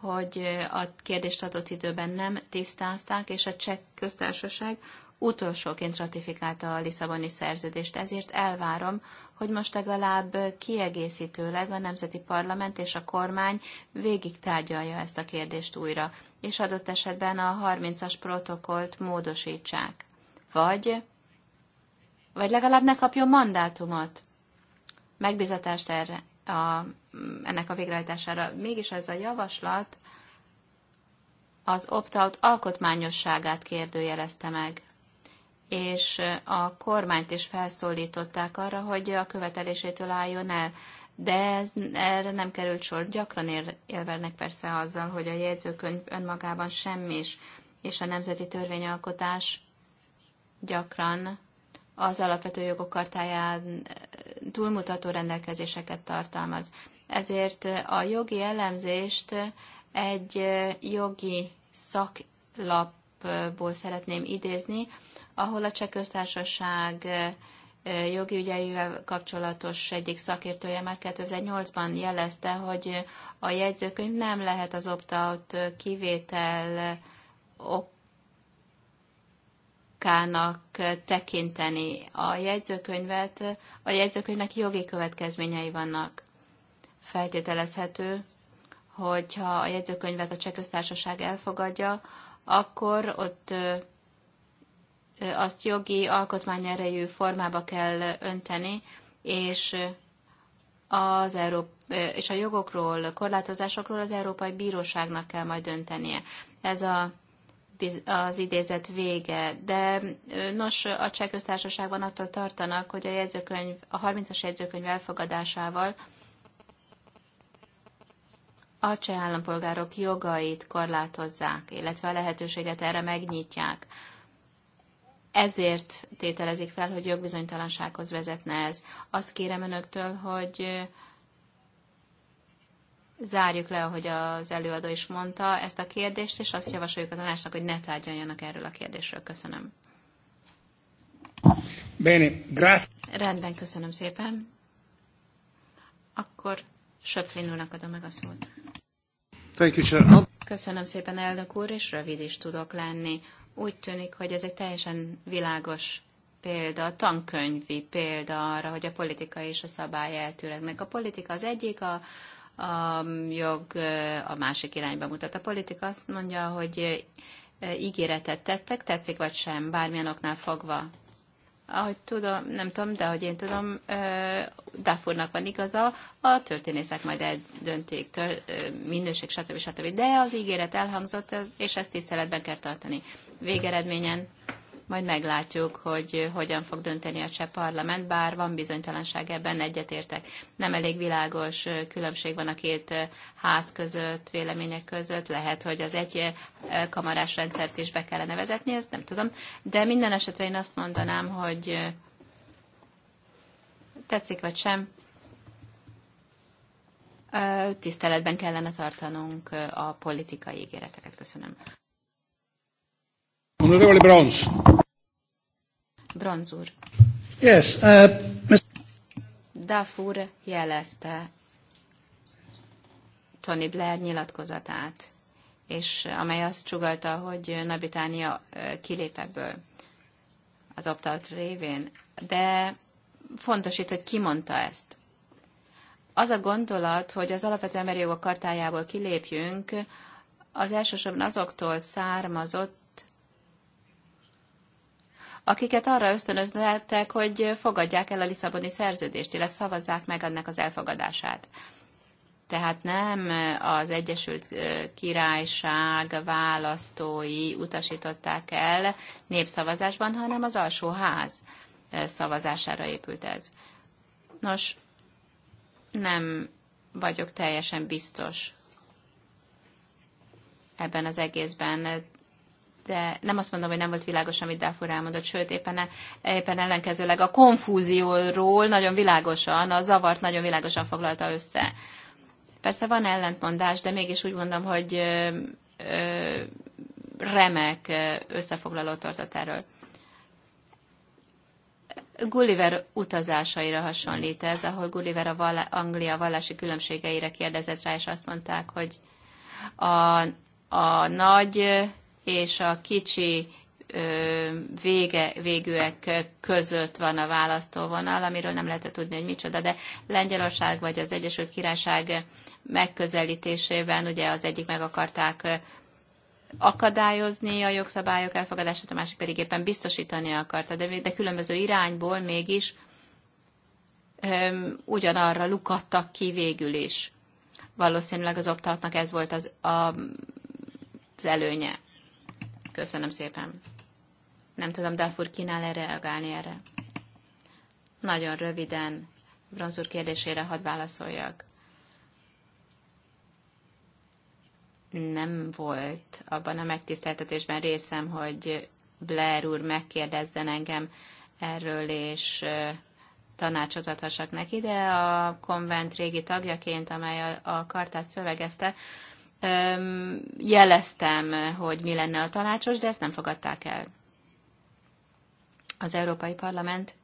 hogy a kérdést adott időben nem tisztázták, és a cseh köztársaság utolsóként ratifikálta a Lisszaboni szerződést, ezért elvárom, hogy most legalább kiegészítőleg a Nemzeti Parlament és a kormány végig tárgyalja ezt a kérdést újra, és adott esetben a 30-as protokolt módosítsák. Vagy, vagy legalább ne kapjon mandátumot, megbizatást erre, a, ennek a végrehajtására. Mégis ez a javaslat az opt-out alkotmányosságát kérdőjelezte meg és a kormányt is felszólították arra, hogy a követelésétől álljon el. De ez, erre nem került sor. Gyakran élvernek persze azzal, hogy a jegyzőkönyv önmagában semmis, és a nemzeti törvényalkotás gyakran az alapvető jogok kartáján túlmutató rendelkezéseket tartalmaz. Ezért a jogi elemzést egy jogi szaklapból szeretném idézni, ahol a Cseh Köztársaság jogi ügyeivel kapcsolatos egyik szakértője már 2008-ban jelezte, hogy a jegyzőkönyv nem lehet az opt-out kivétel okának tekinteni. A jegyzőkönyvet, a jegyzőkönyvnek jogi következményei vannak. Feltételezhető, hogyha a jegyzőkönyvet a cseh köztársaság elfogadja, akkor ott azt jogi erejű formába kell önteni, és az Európa és a jogokról, korlátozásokról az Európai Bíróságnak kell majd döntenie. Ez a, az idézet vége. De nos, a cseh köztársaságban attól tartanak, hogy a jegyzőkönyv, a 30-as jegyzőkönyv elfogadásával a cseh állampolgárok jogait korlátozzák, illetve a lehetőséget erre megnyitják ezért tételezik fel, hogy jogbizonytalansághoz vezetne ez. Azt kérem önöktől, hogy zárjuk le, ahogy az előadó is mondta, ezt a kérdést, és azt javasoljuk a tanácsnak, hogy ne tárgyaljanak erről a kérdésről. Köszönöm. Bene, grazie. Rendben, köszönöm szépen. Akkor Söpflin úrnak adom meg a szót. Thank you, Köszönöm szépen, elnök úr, és rövid is tudok lenni. Úgy tűnik, hogy ez egy teljesen világos példa, tankönyvi példa arra, hogy a politika és a szabály eltűnnek. A politika az egyik, a, a jog a másik irányba mutat. A politika azt mondja, hogy ígéretet tettek, tetszik vagy sem, bármilyen oknál fogva ahogy tudom, nem tudom, de ahogy én tudom, Dafurnak van igaza, a történészek majd eldöntik, tör, minőség, stb. stb. De az ígéret elhangzott, és ezt tiszteletben kell tartani. Végeredményen majd meglátjuk, hogy hogyan fog dönteni a cseh parlament, bár van bizonytalanság ebben, egyetértek. Nem elég világos különbség van a két ház között, vélemények között, lehet, hogy az egy kamarás rendszert is be kellene vezetni, ezt nem tudom, de minden esetre én azt mondanám, hogy tetszik vagy sem, tiszteletben kellene tartanunk a politikai ígéreteket. Köszönöm. Onorevole úr. Yes, uh, Mr. Dafur jelezte Tony Blair nyilatkozatát, és amely azt csugalta, hogy Nabitánia kilép ebből az optalt révén. De fontos itt, hogy ki mondta ezt. Az a gondolat, hogy az alapvető emberi jogok kartájából kilépjünk, az elsősorban azoktól származott, akiket arra ösztönözletek, hogy fogadják el a Lisszaboni szerződést, illetve szavazzák meg ennek az elfogadását. Tehát nem az Egyesült Királyság választói utasították el népszavazásban, hanem az alsóház szavazására épült ez. Nos, nem vagyok teljesen biztos ebben az egészben de nem azt mondom, hogy nem volt világos, amit Dáfor elmondott, sőt, éppen, éppen ellenkezőleg a konfúzióról nagyon világosan, a zavart nagyon világosan foglalta össze. Persze van ellentmondás, de mégis úgy mondom, hogy ö, ö, remek összefoglaló tartott erről. Gulliver utazásaira hasonlít ez, ahol Gulliver a vala, Anglia vallási különbségeire kérdezett rá, és azt mondták, hogy a, a nagy és a kicsi vége, végűek között van a választóvonal, amiről nem lehet tudni, hogy micsoda, de Lengyelország vagy az Egyesült Királyság megközelítésében ugye az egyik meg akarták akadályozni a jogszabályok elfogadását, a másik pedig éppen biztosítani akarta, de, de különböző irányból mégis öm, ugyanarra lukadtak ki végül is. Valószínűleg az optatnak ez volt az, a, az előnye. Köszönöm szépen. Nem tudom, Dafur kínál-e reagálni erre? Nagyon röviden Bronzúr kérdésére hadd válaszoljak. Nem volt abban a megtiszteltetésben részem, hogy Blair úr megkérdezzen engem erről, és tanácsot adhassak neki, de a konvent régi tagjaként, amely a, a kartát szövegezte, jeleztem, hogy mi lenne a tanácsos, de ezt nem fogadták el. Az Európai Parlament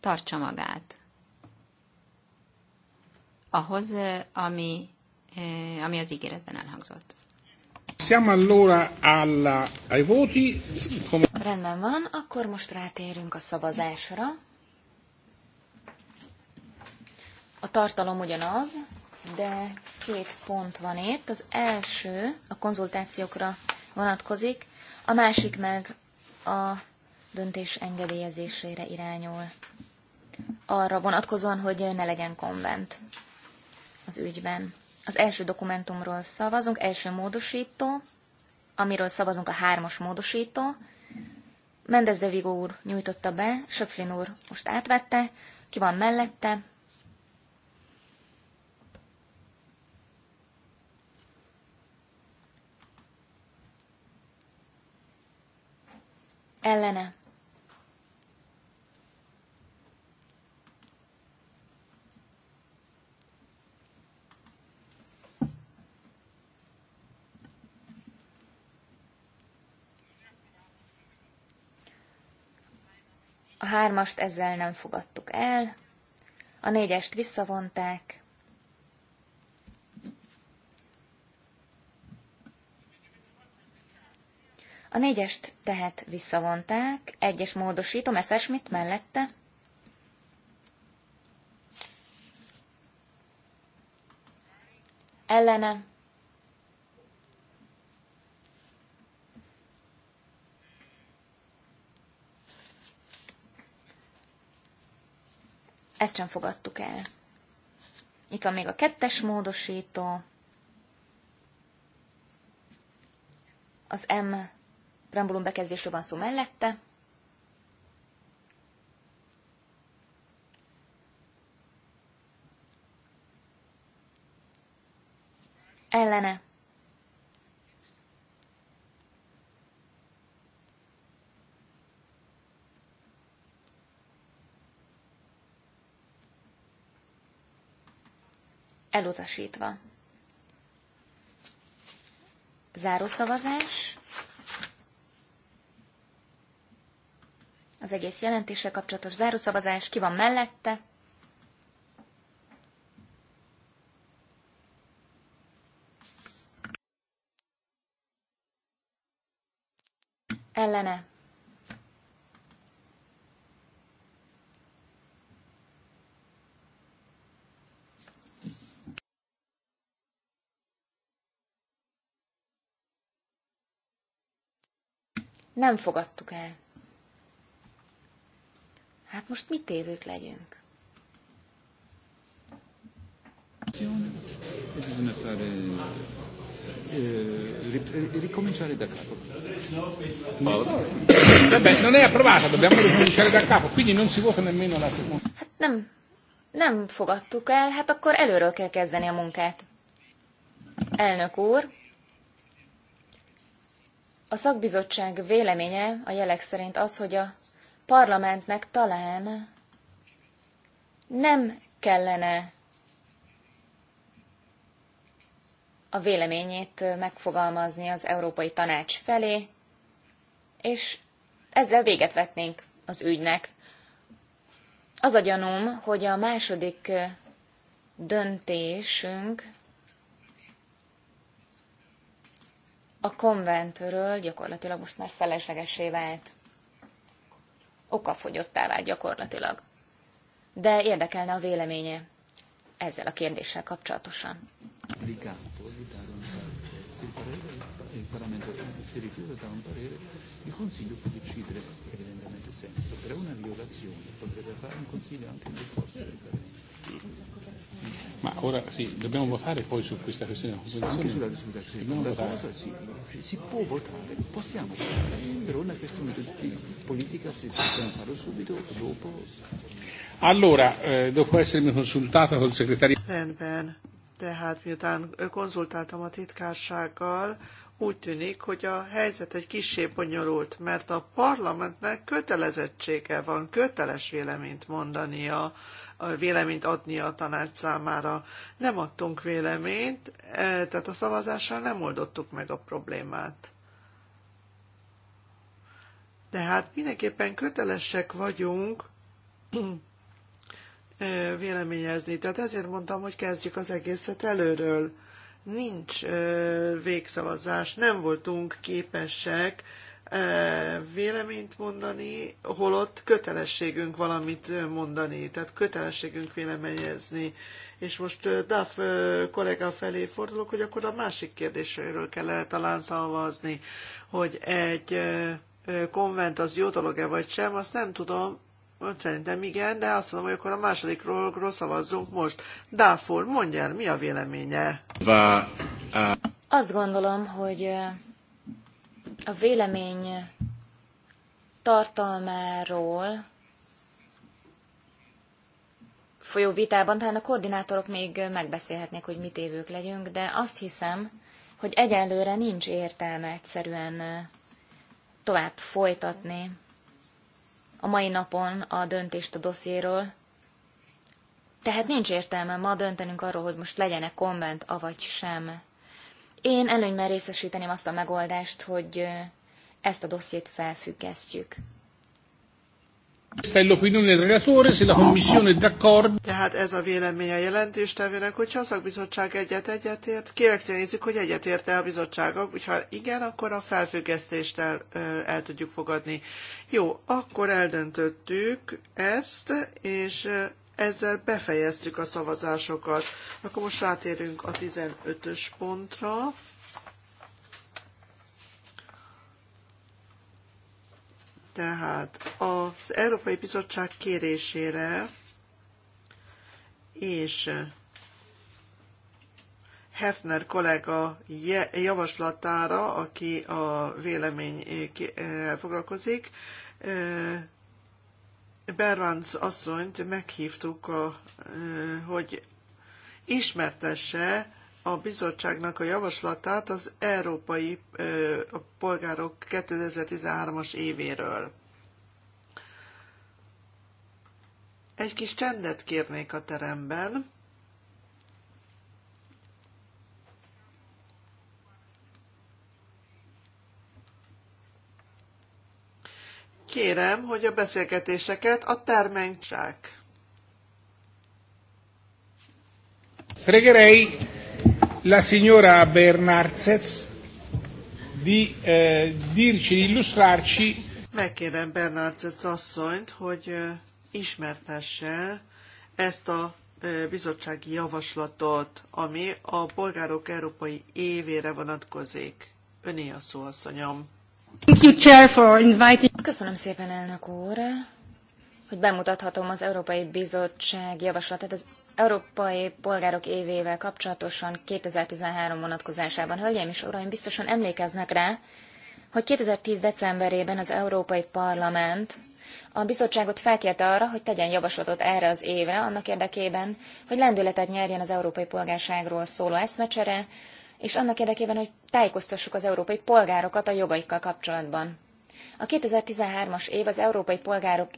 tartsa magát ahhoz, ami, ami az ígéretben elhangzott. Siamo allora alla, ai voti. Come... Rendben van, akkor most rátérünk a szavazásra. A tartalom ugyanaz, de két pont van itt. Az első a konzultációkra vonatkozik, a másik meg a döntés engedélyezésére irányul. Arra vonatkozóan, hogy ne legyen konvent az ügyben. Az első dokumentumról szavazunk, első módosító, amiről szavazunk a hármas módosító. Mendez de Vigo úr nyújtotta be, Söflin úr most átvette, ki van mellette, ellene. A hármast ezzel nem fogadtuk el, a négyest visszavonták, A négyest tehát visszavonták, egyes módosító, Messerschmitt mellette. Ellene. Ezt sem fogadtuk el. Itt van még a kettes módosító. Az M Rambulum bekezdésről van szó mellette. Ellene. Elutasítva. Zárószavazás. az egész jelentéssel kapcsolatos zárószavazás, ki van mellette, ellene. Nem fogadtuk el. Hát most mit tévők legyünk? ricominciare da capo. Vabbè, non è approvata, dobbiamo ricominciare da capo, quindi non si vota nemmeno la seconda. Hát nem, nem fogadtuk el, hát akkor előről kell kezdeni a munkát. Elnök úr, a szakbizottság véleménye a jelek szerint az, hogy a parlamentnek talán nem kellene a véleményét megfogalmazni az Európai Tanács felé, és ezzel véget vetnénk az ügynek. Az a gyanúm, hogy a második döntésünk a konventről gyakorlatilag most már feleslegesé vált okafogyottá vált gyakorlatilag. De érdekelne a véleménye ezzel a kérdéssel kapcsolatosan. Grazie. Ma ora sì, dobbiamo votare poi su questa questione della Anche sulla discussione votare. cosa sì, si può votare, possiamo votare, però è una questione di politica se possiamo farlo subito o dopo. Allora, eh, dopo essermi consultato col segretario... Rendben, tehát miután konzultáltam a titkársággal, úgy tűnik, hogy a helyzet egy kissé bonyolult, mert a parlamentnek kötelezettsége van, köteles véleményt mondania véleményt adni a tanács számára. Nem adtunk véleményt, e, tehát a szavazással nem oldottuk meg a problémát. De hát mindenképpen kötelesek vagyunk e, véleményezni. Tehát ezért mondtam, hogy kezdjük az egészet előről. Nincs e, végszavazás, nem voltunk képesek véleményt mondani, holott kötelességünk valamit mondani, tehát kötelességünk véleményezni. És most Duff kollega felé fordulok, hogy akkor a másik kérdésről kellene talán szavazni, hogy egy konvent az jó dolog-e vagy sem, azt nem tudom, Szerintem igen, de azt mondom, hogy akkor a másodikról szavazzunk most. Dáfor, mondjál, mi a véleménye? Azt gondolom, hogy a vélemény tartalmáról folyó vitában talán a koordinátorok még megbeszélhetnék, hogy mit évők legyünk, de azt hiszem, hogy egyelőre nincs értelme egyszerűen tovább folytatni a mai napon a döntést a dossziéről. Tehát nincs értelme ma döntenünk arról, hogy most legyen-e konvent, avagy sem. Én előnyben részesíteném azt a megoldást, hogy ezt a dossziét felfüggesztjük. Tehát ez a vélemény a jelentéstevőnek, hogyha a szakbizottság egyet egyetért, kivexenézzük, hogy egyetért-e a bizottságok, hogyha igen, akkor a felfüggesztést el, el tudjuk fogadni. Jó, akkor eldöntöttük ezt, és ezzel befejeztük a szavazásokat. Akkor most rátérünk a 15-ös pontra. Tehát az Európai Bizottság kérésére és Hefner kollega javaslatára, aki a vélemény eh, eh, foglalkozik, eh, Berranc asszonyt meghívtuk, a, hogy ismertesse a bizottságnak a javaslatát az európai a polgárok 2013-as évéről. Egy kis csendet kérnék a teremben. kérem, hogy a beszélgetéseket a termen Pregerei la signora Bernarcez di eh, dirci, illustrarci. Megkérem Bernarcez asszonyt, hogy eh, ismertesse ezt a eh, bizottsági javaslatot, ami a polgárok európai évére vonatkozik. Öné a szó, asszonyom. Thank you, Chair, for inviting... Köszönöm szépen, elnök úr, hogy bemutathatom az Európai Bizottság javaslatát az Európai Polgárok évével kapcsolatosan 2013 vonatkozásában. Hölgyeim és uraim, biztosan emlékeznek rá, hogy 2010. decemberében az Európai Parlament a bizottságot felkérte arra, hogy tegyen javaslatot erre az évre, annak érdekében, hogy lendületet nyerjen az európai polgárságról szóló eszmecsere, és annak érdekében, hogy tájékoztassuk az európai polgárokat a jogaikkal kapcsolatban. A 2013-as év az európai polgárok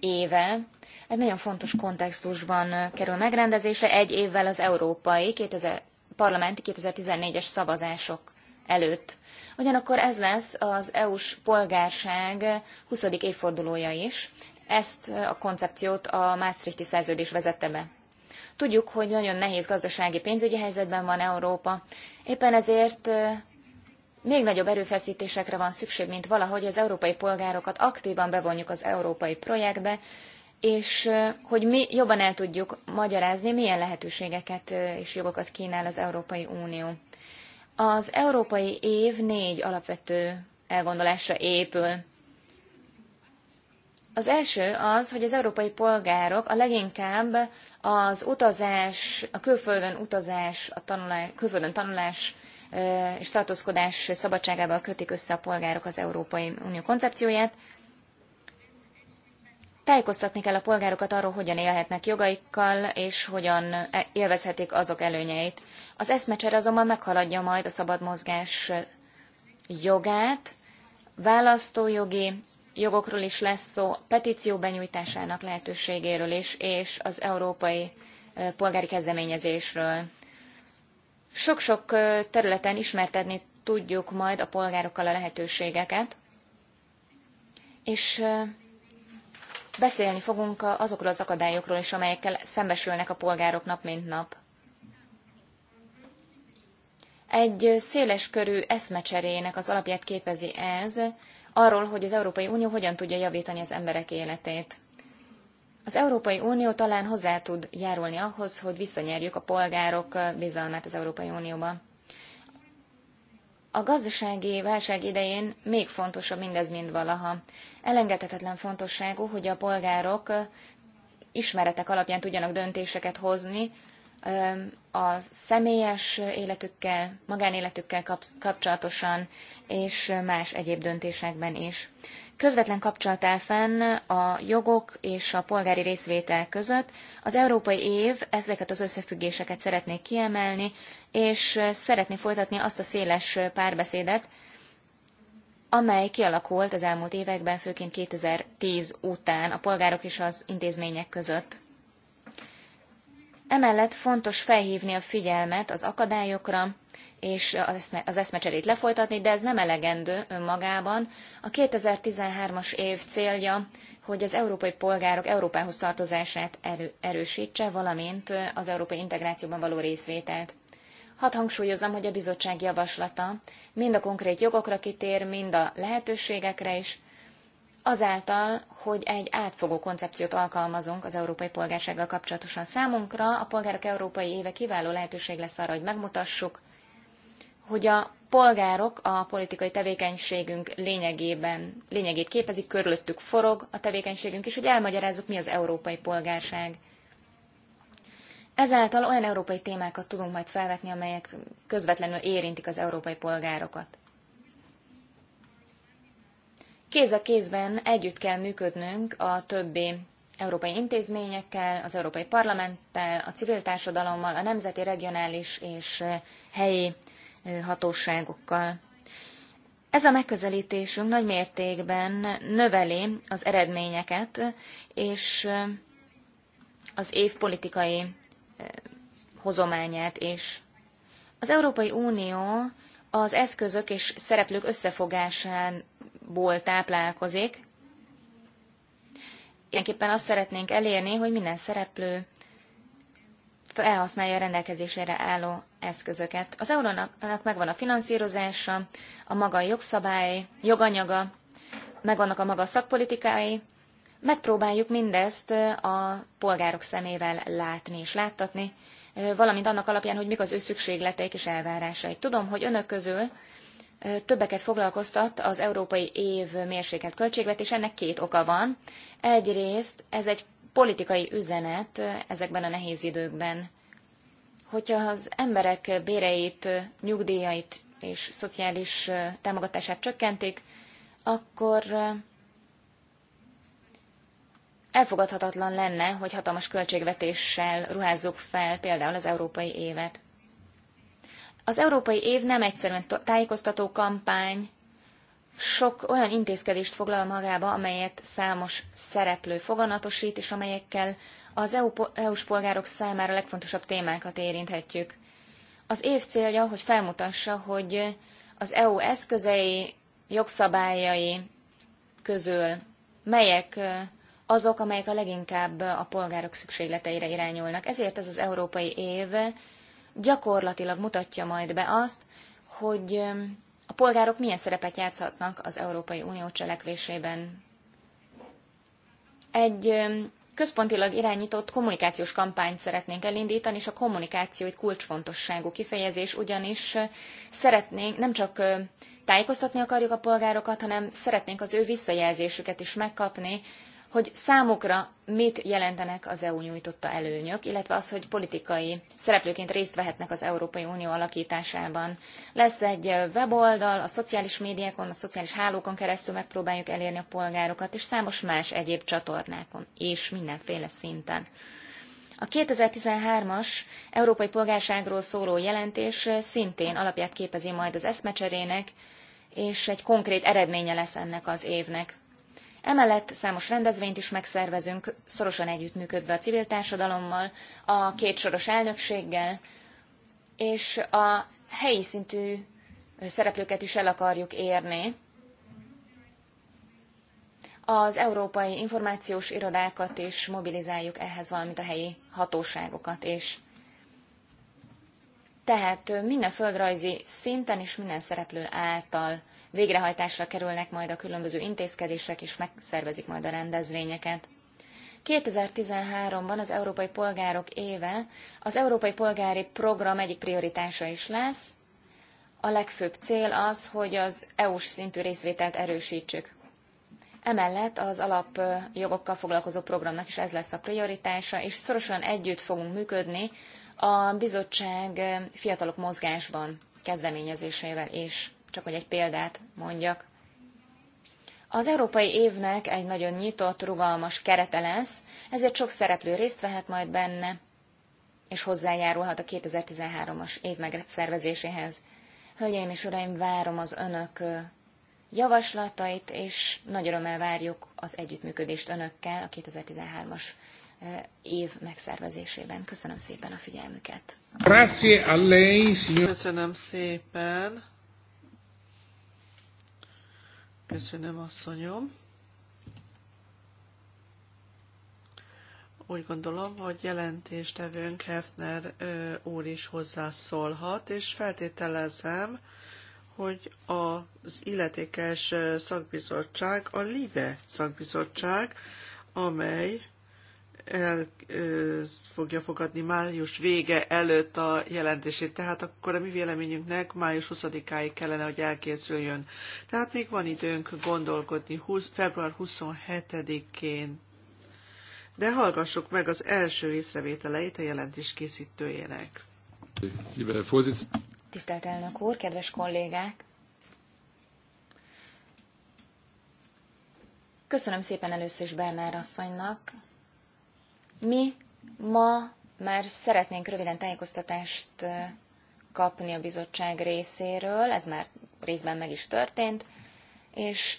éve egy nagyon fontos kontextusban kerül megrendezésre, egy évvel az európai 2000, parlamenti 2014-es szavazások előtt. Ugyanakkor ez lesz az EU-s polgárság 20. évfordulója is. Ezt a koncepciót a Maastrichti szerződés vezette be. Tudjuk, hogy nagyon nehéz gazdasági pénzügyi helyzetben van Európa, éppen ezért még nagyobb erőfeszítésekre van szükség, mint valahogy az európai polgárokat aktívan bevonjuk az európai projektbe, és hogy mi jobban el tudjuk magyarázni, milyen lehetőségeket és jogokat kínál az Európai Unió. Az Európai Év négy alapvető elgondolásra épül. Az első az, hogy az európai polgárok a leginkább az utazás, a külföldön utazás, a tanulás, külföldön tanulás és tartózkodás szabadságával kötik össze a polgárok az Európai Unió koncepcióját. Tájékoztatni kell a polgárokat arról, hogyan élhetnek jogaikkal, és hogyan e- élvezhetik azok előnyeit. Az eszmecsere azonban meghaladja majd a szabad mozgás jogát, választójogi, jogokról is lesz szó, petíció benyújtásának lehetőségéről is, és az európai polgári kezdeményezésről. Sok-sok területen ismertetni tudjuk majd a polgárokkal a lehetőségeket, és beszélni fogunk azokról az akadályokról is, amelyekkel szembesülnek a polgárok nap mint nap. Egy széles körű eszmecserének az alapját képezi ez, arról, hogy az Európai Unió hogyan tudja javítani az emberek életét. Az Európai Unió talán hozzá tud járulni ahhoz, hogy visszanyerjük a polgárok bizalmát az Európai Unióban. A gazdasági válság idején még fontosabb mindez, mint valaha. Elengedhetetlen fontosságú, hogy a polgárok ismeretek alapján tudjanak döntéseket hozni, a személyes életükkel, magánéletükkel kapcsolatosan, és más egyéb döntésekben is. Közvetlen kapcsolat áll fenn a jogok és a polgári részvétel között. Az Európai Év ezeket az összefüggéseket szeretné kiemelni, és szeretné folytatni azt a széles párbeszédet, amely kialakult az elmúlt években, főként 2010 után a polgárok és az intézmények között. Emellett fontos felhívni a figyelmet az akadályokra, és az eszmecserét lefolytatni, de ez nem elegendő önmagában. A 2013-as év célja, hogy az európai polgárok Európához tartozását erő, erősítse, valamint az európai integrációban való részvételt. Hadd hangsúlyozom, hogy a bizottság javaslata mind a konkrét jogokra kitér, mind a lehetőségekre is, azáltal, hogy egy átfogó koncepciót alkalmazunk az európai polgársággal kapcsolatosan számunkra, a polgárok európai éve kiváló lehetőség lesz arra, hogy megmutassuk, hogy a polgárok a politikai tevékenységünk lényegében, lényegét képezik, körülöttük forog a tevékenységünk, és hogy elmagyarázzuk, mi az európai polgárság. Ezáltal olyan európai témákat tudunk majd felvetni, amelyek közvetlenül érintik az európai polgárokat. Kéz a kézben együtt kell működnünk a többi európai intézményekkel, az Európai Parlamenttel, a civil társadalommal, a nemzeti, regionális és helyi hatóságokkal. Ez a megközelítésünk nagy mértékben növeli az eredményeket, és az év politikai hozományát is. Az Európai Unió az eszközök és szereplők összefogásán ból táplálkozik. Ilyenképpen azt szeretnénk elérni, hogy minden szereplő felhasználja a rendelkezésére álló eszközöket. Az eurónak megvan a finanszírozása, a maga jogszabály, joganyaga, megvannak a maga szakpolitikái, megpróbáljuk mindezt a polgárok szemével látni és láttatni, valamint annak alapján, hogy mik az ő szükségleteik és elvárásaik. Tudom, hogy önök közül többeket foglalkoztat az európai év mérsékelt költségvetés, ennek két oka van. Egyrészt ez egy politikai üzenet ezekben a nehéz időkben. Hogyha az emberek béreit, nyugdíjait és szociális támogatását csökkentik, akkor elfogadhatatlan lenne, hogy hatalmas költségvetéssel ruházzuk fel például az európai évet. Az európai év nem egyszerűen tájékoztató kampány, sok olyan intézkedést foglal magába, amelyet számos szereplő foganatosít, és amelyekkel az EU-s polgárok számára legfontosabb témákat érinthetjük. Az év célja, hogy felmutassa, hogy az EU eszközei, jogszabályai közül melyek azok, amelyek a leginkább a polgárok szükségleteire irányulnak. Ezért ez az európai év gyakorlatilag mutatja majd be azt, hogy a polgárok milyen szerepet játszhatnak az Európai Unió cselekvésében. Egy központilag irányított kommunikációs kampányt szeretnénk elindítani, és a kommunikáció egy kulcsfontosságú kifejezés, ugyanis szeretnénk nem csak tájékoztatni akarjuk a polgárokat, hanem szeretnénk az ő visszajelzésüket is megkapni hogy számukra mit jelentenek az EU nyújtotta előnyök, illetve az, hogy politikai szereplőként részt vehetnek az Európai Unió alakításában. Lesz egy weboldal, a szociális médiákon, a szociális hálókon keresztül megpróbáljuk elérni a polgárokat, és számos más egyéb csatornákon, és mindenféle szinten. A 2013-as Európai Polgárságról szóló jelentés szintén alapját képezi majd az eszmecserének, és egy konkrét eredménye lesz ennek az évnek. Emellett számos rendezvényt is megszervezünk, szorosan együttműködve a civil társadalommal, a két soros elnökséggel, és a helyi szintű szereplőket is el akarjuk érni. Az európai információs irodákat is mobilizáljuk ehhez, valamint a helyi hatóságokat is. Tehát minden földrajzi szinten és minden szereplő által végrehajtásra kerülnek majd a különböző intézkedések, és megszervezik majd a rendezvényeket. 2013-ban az Európai Polgárok éve az Európai Polgári Program egyik prioritása is lesz. A legfőbb cél az, hogy az EU-s szintű részvételt erősítsük. Emellett az alapjogokkal foglalkozó programnak is ez lesz a prioritása, és szorosan együtt fogunk működni a bizottság fiatalok mozgásban kezdeményezésével is csak hogy egy példát mondjak. Az európai évnek egy nagyon nyitott, rugalmas kerete lesz, ezért sok szereplő részt vehet majd benne, és hozzájárulhat a 2013-as év megszervezéséhez. Hölgyeim és uraim, várom az önök javaslatait, és nagy örömmel várjuk az együttműködést önökkel a 2013-as év megszervezésében. Köszönöm szépen a figyelmüket. Köszönöm szépen. Köszönöm, asszonyom. Úgy gondolom, hogy jelentéstevőnk Hefner úr is hozzászólhat, és feltételezem, hogy az illetékes szakbizottság, a LIBE szakbizottság, amely el fogja fogadni május vége előtt a jelentését, tehát akkor a mi véleményünknek május 20-áig kellene, hogy elkészüljön. Tehát még van időnk gondolkodni 20, február 27-én. De hallgassuk meg az első észrevételeit a jelentés készítőjének. Tisztelt elnök úr, kedves kollégák! Köszönöm szépen először is Bernár asszonynak, mi ma már szeretnénk röviden tájékoztatást kapni a bizottság részéről, ez már részben meg is történt, és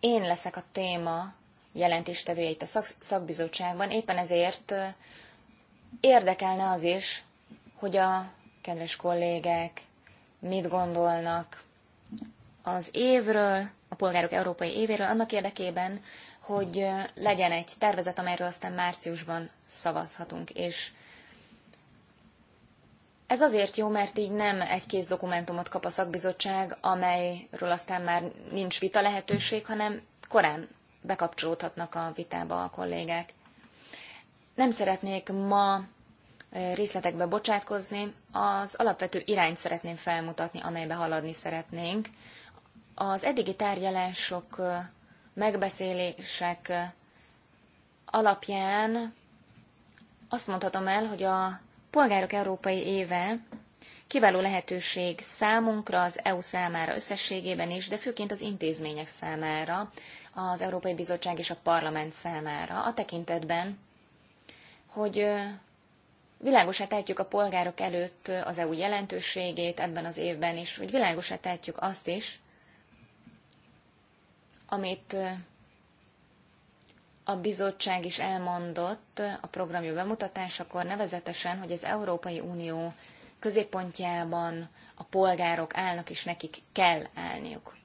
én leszek a téma jelentéstevője itt a szak- szakbizottságban, éppen ezért érdekelne az is, hogy a kedves kollégek mit gondolnak az évről, a polgárok európai évéről, annak érdekében, hogy legyen egy tervezet, amelyről aztán márciusban szavazhatunk, és ez azért jó, mert így nem egy kész dokumentumot kap a szakbizottság, amelyről aztán már nincs vita lehetőség, hanem korán bekapcsolódhatnak a vitába a kollégák. Nem szeretnék ma részletekbe bocsátkozni, az alapvető irányt szeretném felmutatni, amelybe haladni szeretnénk. Az eddigi tárgyalások megbeszélések alapján azt mondhatom el, hogy a Polgárok Európai Éve kiváló lehetőség számunkra, az EU számára összességében is, de főként az intézmények számára, az Európai Bizottság és a Parlament számára, a tekintetben, hogy világosá tehetjük a polgárok előtt az EU jelentőségét ebben az évben, is, hogy világosá tehetjük azt is, amit a bizottság is elmondott a programja bemutatásakor, nevezetesen, hogy az Európai Unió középpontjában a polgárok állnak, és nekik kell állniuk.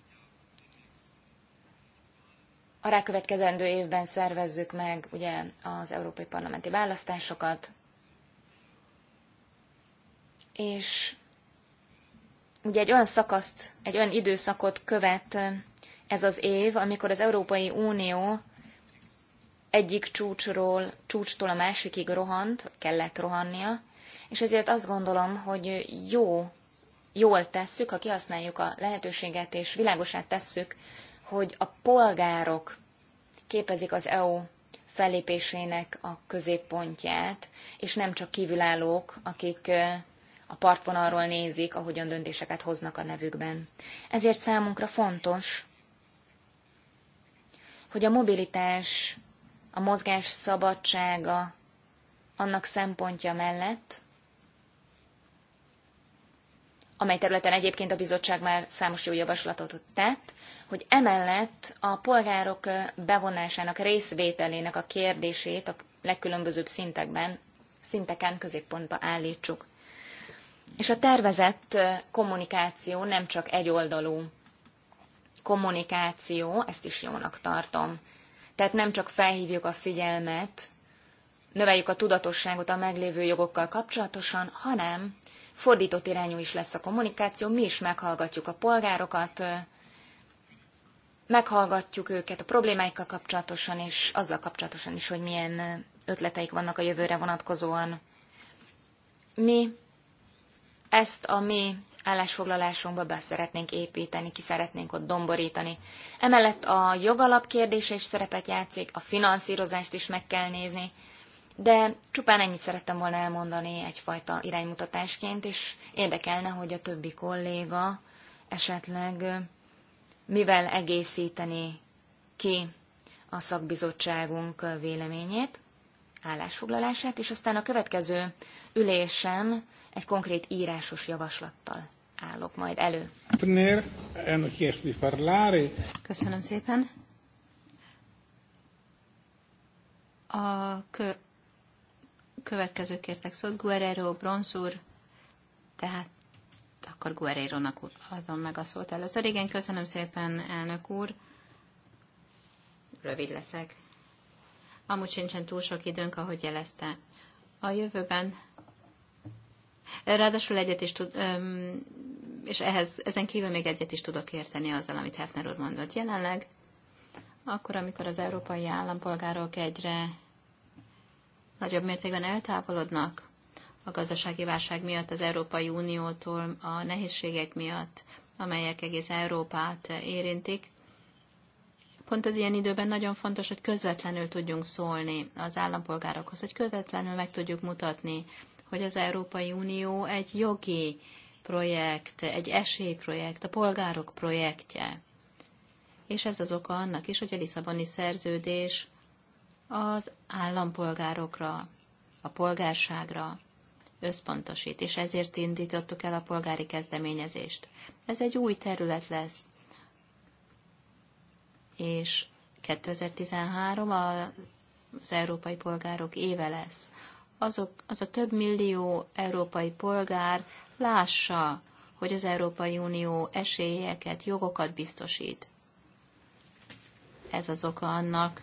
A rákövetkezendő évben szervezzük meg ugye az európai parlamenti választásokat, és ugye egy olyan szakaszt, egy olyan időszakot követ ez az év, amikor az Európai Unió egyik csúcsról, csúcstól a másikig rohant, kellett rohannia, és ezért azt gondolom, hogy jó, jól tesszük, ha kihasználjuk a lehetőséget, és világosát tesszük, hogy a polgárok képezik az EU fellépésének a középpontját, és nem csak kívülállók, akik a partvonalról nézik, ahogyan döntéseket hoznak a nevükben. Ezért számunkra fontos, hogy a mobilitás, a mozgás szabadsága annak szempontja mellett, amely területen egyébként a bizottság már számos jó javaslatot tett, hogy emellett a polgárok bevonásának, részvételének a kérdését a legkülönbözőbb szintekben, szinteken középpontba állítsuk. És a tervezett kommunikáció nem csak egyoldalú kommunikáció, ezt is jónak tartom. Tehát nem csak felhívjuk a figyelmet, növeljük a tudatosságot a meglévő jogokkal kapcsolatosan, hanem fordított irányú is lesz a kommunikáció, mi is meghallgatjuk a polgárokat, meghallgatjuk őket a problémáikkal kapcsolatosan, és azzal kapcsolatosan is, hogy milyen ötleteik vannak a jövőre vonatkozóan. Mi ezt a mi állásfoglalásunkba be szeretnénk építeni, ki szeretnénk ott domborítani. Emellett a jogalap kérdése is szerepet játszik, a finanszírozást is meg kell nézni, de csupán ennyit szerettem volna elmondani egyfajta iránymutatásként, és érdekelne, hogy a többi kolléga esetleg mivel egészíteni ki a szakbizottságunk véleményét, állásfoglalását, és aztán a következő ülésen egy konkrét írásos javaslattal állok majd elő. Eh, köszönöm szépen. A kö következő kértek szót, Guerrero, Bronz úr, tehát akkor Guerrero-nak adom meg a szót először. Igen, köszönöm szépen, elnök úr. Rövid leszek. Amúgy sincsen túl sok időnk, ahogy jelezte. A jövőben Ráadásul egyet is tud, és ehhez, ezen kívül még egyet is tudok érteni azzal, amit Hefner úr mondott jelenleg. Akkor, amikor az európai állampolgárok egyre nagyobb mértékben eltávolodnak a gazdasági válság miatt, az Európai Uniótól, a nehézségek miatt, amelyek egész Európát érintik, Pont az ilyen időben nagyon fontos, hogy közvetlenül tudjunk szólni az állampolgárokhoz, hogy közvetlenül meg tudjuk mutatni hogy az Európai Unió egy jogi projekt, egy esélyprojekt, a polgárok projektje. És ez az oka annak is, hogy a Lisszaboni szerződés az állampolgárokra, a polgárságra összpontosít, és ezért indítottuk el a polgári kezdeményezést. Ez egy új terület lesz, és 2013 az európai polgárok éve lesz azok, az a több millió európai polgár lássa, hogy az Európai Unió esélyeket, jogokat biztosít. Ez az oka annak,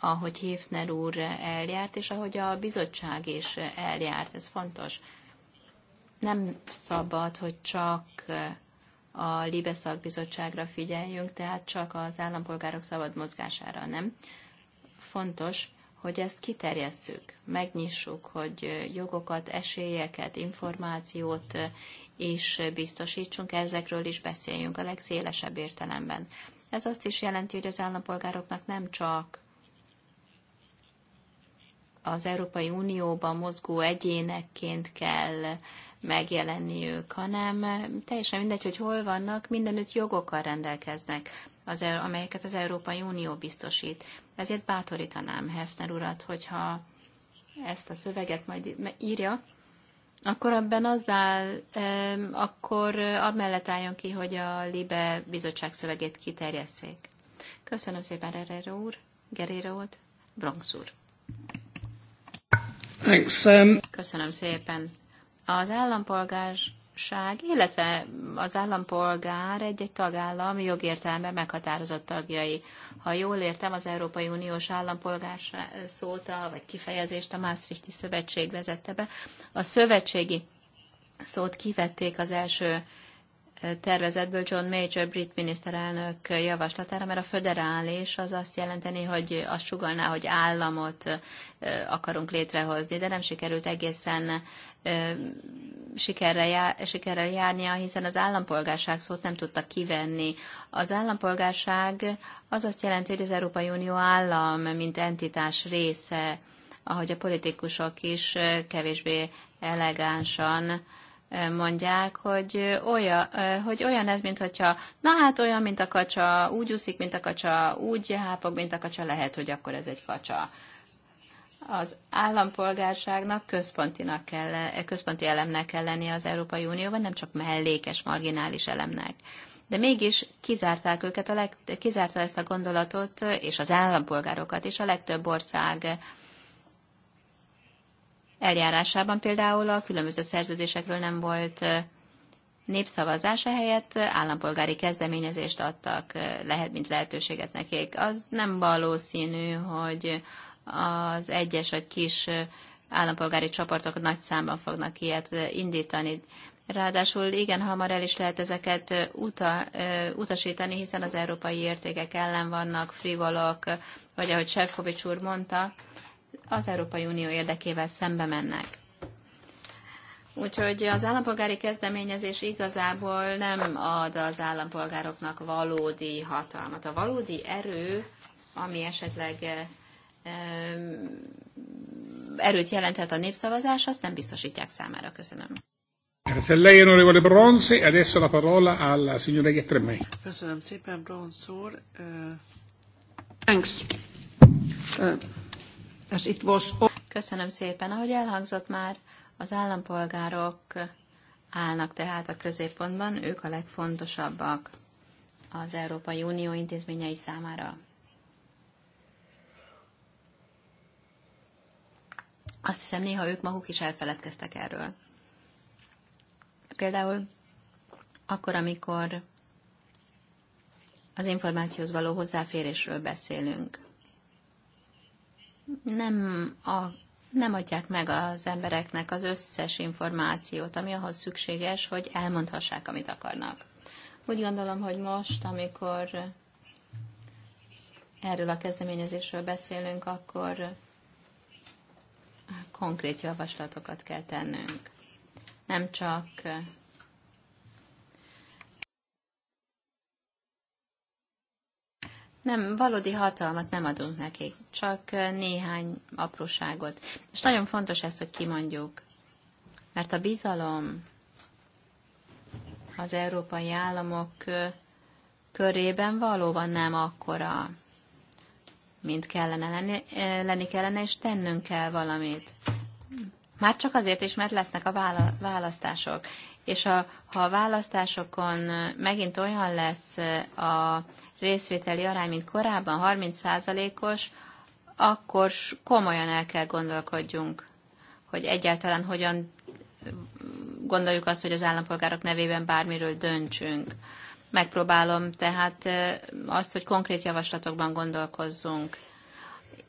ahogy Héfner úr eljárt, és ahogy a bizottság is eljárt. Ez fontos. Nem szabad, hogy csak a Libeszak bizottságra figyeljünk, tehát csak az állampolgárok szabad mozgására, nem? Fontos, hogy ezt kiterjesszük, megnyissuk, hogy jogokat, esélyeket, információt is biztosítsunk, ezekről is beszéljünk a legszélesebb értelemben. Ez azt is jelenti, hogy az állampolgároknak nem csak az Európai Unióban mozgó egyénekként kell megjelenniük, hanem teljesen mindegy, hogy hol vannak, mindenütt jogokkal rendelkeznek az, e- amelyeket az Európai Unió biztosít. Ezért bátorítanám Hefner urat, hogyha ezt a szöveget majd írja, akkor abban az áll, akkor amellett álljon ki, hogy a Libe bizottság szövegét kiterjesszék. Köszönöm szépen, erre, úr, Gerére volt, Bronx úr. Thanks, um, Köszönöm szépen. Az állampolgár illetve az állampolgár egy-egy tagállam jogértelme meghatározott tagjai. Ha jól értem, az Európai Uniós állampolgár szóta, vagy kifejezést a Maastrichti Szövetség vezette be. A szövetségi szót kivették az első tervezetből John Major brit miniszterelnök javaslatára, mert a föderális az azt jelenteni, hogy azt sugalná, hogy államot akarunk létrehozni, de nem sikerült egészen sikerrel, jár, sikerrel járnia, hiszen az állampolgárság szót nem tudta kivenni. Az állampolgárság az azt jelenti, hogy az Európai Unió állam, mint entitás része, ahogy a politikusok is kevésbé elegánsan mondják, hogy olyan, hogy olyan ez, mint hogyha, na hát olyan, mint a kacsa, úgy úszik, mint a kacsa, úgy hápog, mint a kacsa, lehet, hogy akkor ez egy kacsa. Az állampolgárságnak központinak kell, e, központi elemnek kell lenni az Európai Unióban, nem csak mellékes, marginális elemnek. De mégis kizárták őket, a leg, kizárta ezt a gondolatot, és az állampolgárokat is a legtöbb ország eljárásában például a különböző szerződésekről nem volt népszavazása helyett állampolgári kezdeményezést adtak, lehet, mint lehetőséget nekik. Az nem valószínű, hogy az egyes vagy kis állampolgári csoportok nagy számban fognak ilyet indítani. Ráadásul igen hamar el is lehet ezeket uta, utasítani, hiszen az európai értékek ellen vannak frivolok, vagy ahogy Sefcovics úr mondta, az Európai Unió érdekével szembe mennek. Úgyhogy az állampolgári kezdeményezés igazából nem ad az állampolgároknak valódi hatalmat. A valódi erő, ami esetleg eh, erőt jelenthet a népszavazás, azt nem biztosítják számára. Köszönöm. Köszönöm szépen, Bronz úr. Eh, Thanks. Eh, Köszönöm szépen. Ahogy elhangzott már, az állampolgárok állnak tehát a középpontban, ők a legfontosabbak az Európai Unió intézményei számára. Azt hiszem, néha ők maguk is elfeledkeztek erről. Például akkor, amikor az információhoz való hozzáférésről beszélünk nem, a, nem adják meg az embereknek az összes információt, ami ahhoz szükséges, hogy elmondhassák, amit akarnak. Úgy gondolom, hogy most, amikor erről a kezdeményezésről beszélünk, akkor konkrét javaslatokat kell tennünk. Nem csak Nem, valódi hatalmat nem adunk nekik, csak néhány apróságot. És nagyon fontos ezt, hogy kimondjuk, mert a bizalom az európai államok körében valóban nem akkora, mint kellene lenni, lenni kellene, és tennünk kell valamit. Már csak azért is, mert lesznek a választások. És a, ha a választásokon megint olyan lesz a részvételi arány, mint korábban, 30%-os, akkor komolyan el kell gondolkodjunk, hogy egyáltalán hogyan mm, gondoljuk azt, hogy az állampolgárok nevében bármiről döntsünk. Megpróbálom tehát azt, hogy konkrét javaslatokban gondolkozzunk.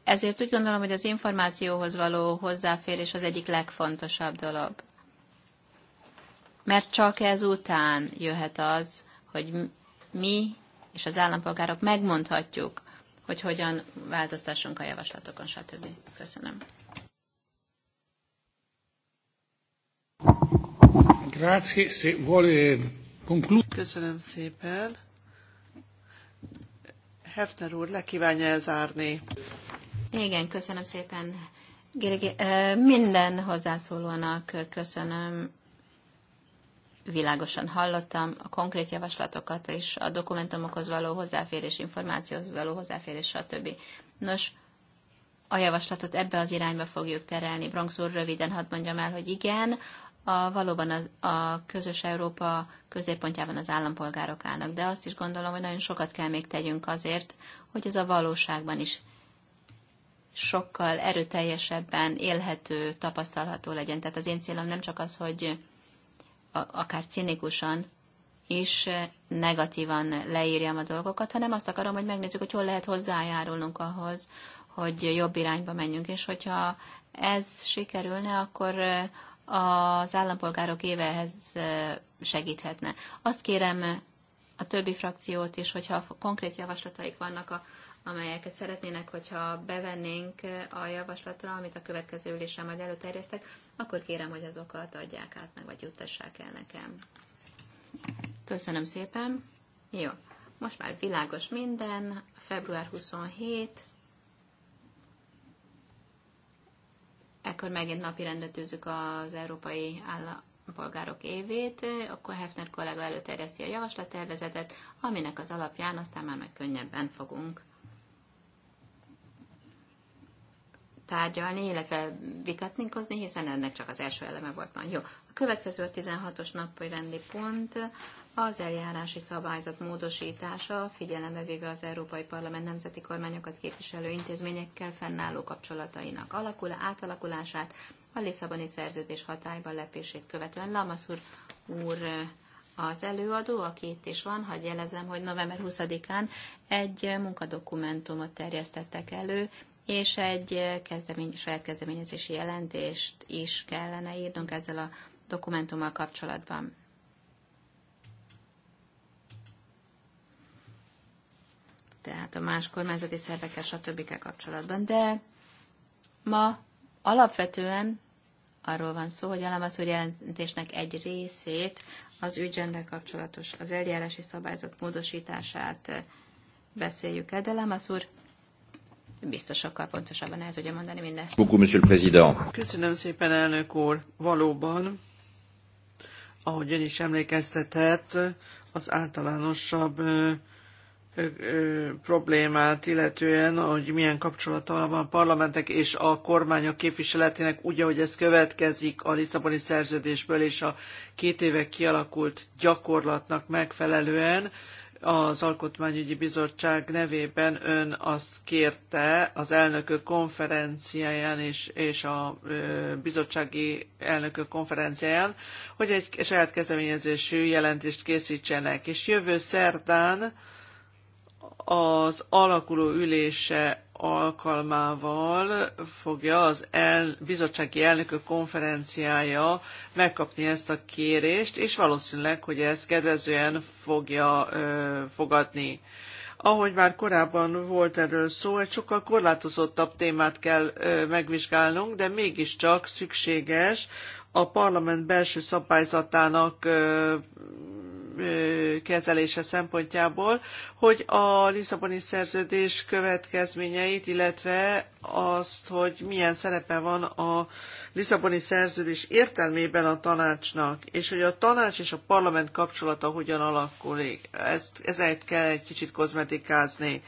Ezért úgy gondolom, hogy az információhoz való hozzáférés az egyik legfontosabb dolog. Mert csak ezután jöhet az, hogy mi és az állampolgárok megmondhatjuk, hogy hogyan változtassunk a javaslatokon, stb. Köszönöm. se Köszönöm szépen. Hefner úr, lekívánja ez elzárni. Igen, köszönöm szépen. Minden hozzászólónak köszönöm világosan hallottam a konkrét javaslatokat és a dokumentumokhoz való hozzáférés, információhoz való hozzáférés, stb. Nos, a javaslatot ebbe az irányba fogjuk terelni. Bronx úr, röviden hadd mondjam el, hogy igen, a, valóban a, a közös Európa középpontjában az állampolgárok állnak, de azt is gondolom, hogy nagyon sokat kell még tegyünk azért, hogy ez a valóságban is sokkal erőteljesebben élhető, tapasztalható legyen. Tehát az én célom nem csak az, hogy akár cinikusan is negatívan leírjam a dolgokat, hanem azt akarom, hogy megnézzük, hogy hol lehet hozzájárulnunk ahhoz, hogy jobb irányba menjünk, és hogyha ez sikerülne, akkor eh, az állampolgárok évehez eh, segíthetne. Azt kérem a többi frakciót is, hogyha konkrét javaslataik vannak a amelyeket szeretnének, hogyha bevennénk eh, a javaslatra, amit a következő ülésen majd előterjesztek, akkor kérem, hogy azokat adják át meg, vagy juttassák el nekem. Köszönöm szépen. Jó. Most már világos minden. Február 27. Ekkor megint napirendre tűzük az európai állam polgárok évét, akkor Hefner kollega előterjeszti a javaslattervezetet, aminek az alapján aztán már meg könnyebben fogunk tárgyalni, illetve vitatnikozni, hiszen ennek csak az első eleme volt már. Jó, a következő a 16-os napi rendi pont az eljárási szabályzat módosítása, figyelembe véve az Európai Parlament nemzeti kormányokat képviselő intézményekkel fennálló kapcsolatainak alakul, átalakulását, a Lisszaboni szerződés hatályba lepését követően. Lamaszur úr az előadó, aki itt is van, hagyj jelezem, hogy november 20-án egy munkadokumentumot terjesztettek elő, és egy kezdemény, saját kezdeményezési jelentést is kellene írnunk ezzel a dokumentummal kapcsolatban. Tehát a más kormányzati szervekkel, stb. kapcsolatban. De ma alapvetően arról van szó, hogy államaszúr jelentésnek egy részét az ügyrendel kapcsolatos, az eljárási szabályzat módosítását beszéljük el, de Lámaszúr biztos sokkal pontosabban el tudja mondani mindezt. Köszönöm szépen, elnök úr. Valóban, ahogy ön is emlékeztetett, az általánosabb ö, ö, ö, problémát, illetően, hogy milyen kapcsolata van a parlamentek és a kormányok képviseletének, úgy, ahogy ez következik a Lisszaboni szerződésből és a két éve kialakult gyakorlatnak megfelelően, az Alkotmányügyi Bizottság nevében ön azt kérte az elnökök konferenciáján és, és a bizottsági elnökök konferenciáján, hogy egy saját kezdeményezésű jelentést készítsenek. És jövő szerdán az alakuló ülése alkalmával fogja az el, bizottsági elnökök konferenciája megkapni ezt a kérést, és valószínűleg, hogy ezt kedvezően fogja ö, fogadni. Ahogy már korábban volt erről szó, egy sokkal korlátozottabb témát kell ö, megvizsgálnunk, de mégiscsak szükséges a parlament belső szabályzatának ö, kezelése szempontjából, hogy a Lisszaboni szerződés következményeit, illetve azt, hogy milyen szerepe van a Lisszaboni szerződés értelmében a tanácsnak, és hogy a tanács és a parlament kapcsolata hogyan alakulik. Ezt, ezért kell egy kicsit kozmetikázni.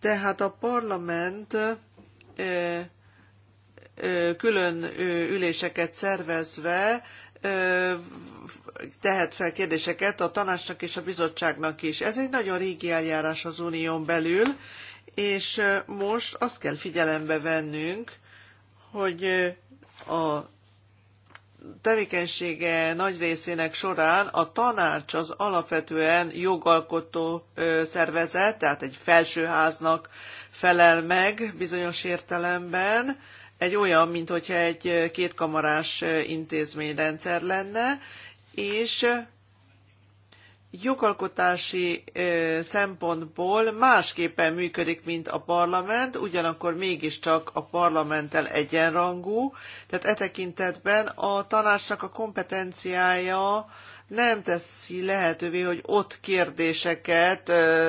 Tehát a parlament külön üléseket szervezve tehet fel kérdéseket a tanácsnak és a bizottságnak is. Ez egy nagyon régi eljárás az unión belül, és most azt kell figyelembe vennünk, hogy a tevékenysége nagy részének során a tanács az alapvetően jogalkotó szervezet, tehát egy felsőháznak felel meg bizonyos értelemben, egy olyan, mint hogyha egy kétkamarás intézményrendszer lenne, és jogalkotási szempontból másképpen működik, mint a parlament, ugyanakkor mégiscsak a parlamenttel egyenrangú, tehát e tekintetben a tanácsnak a kompetenciája nem teszi lehetővé, hogy ott kérdéseket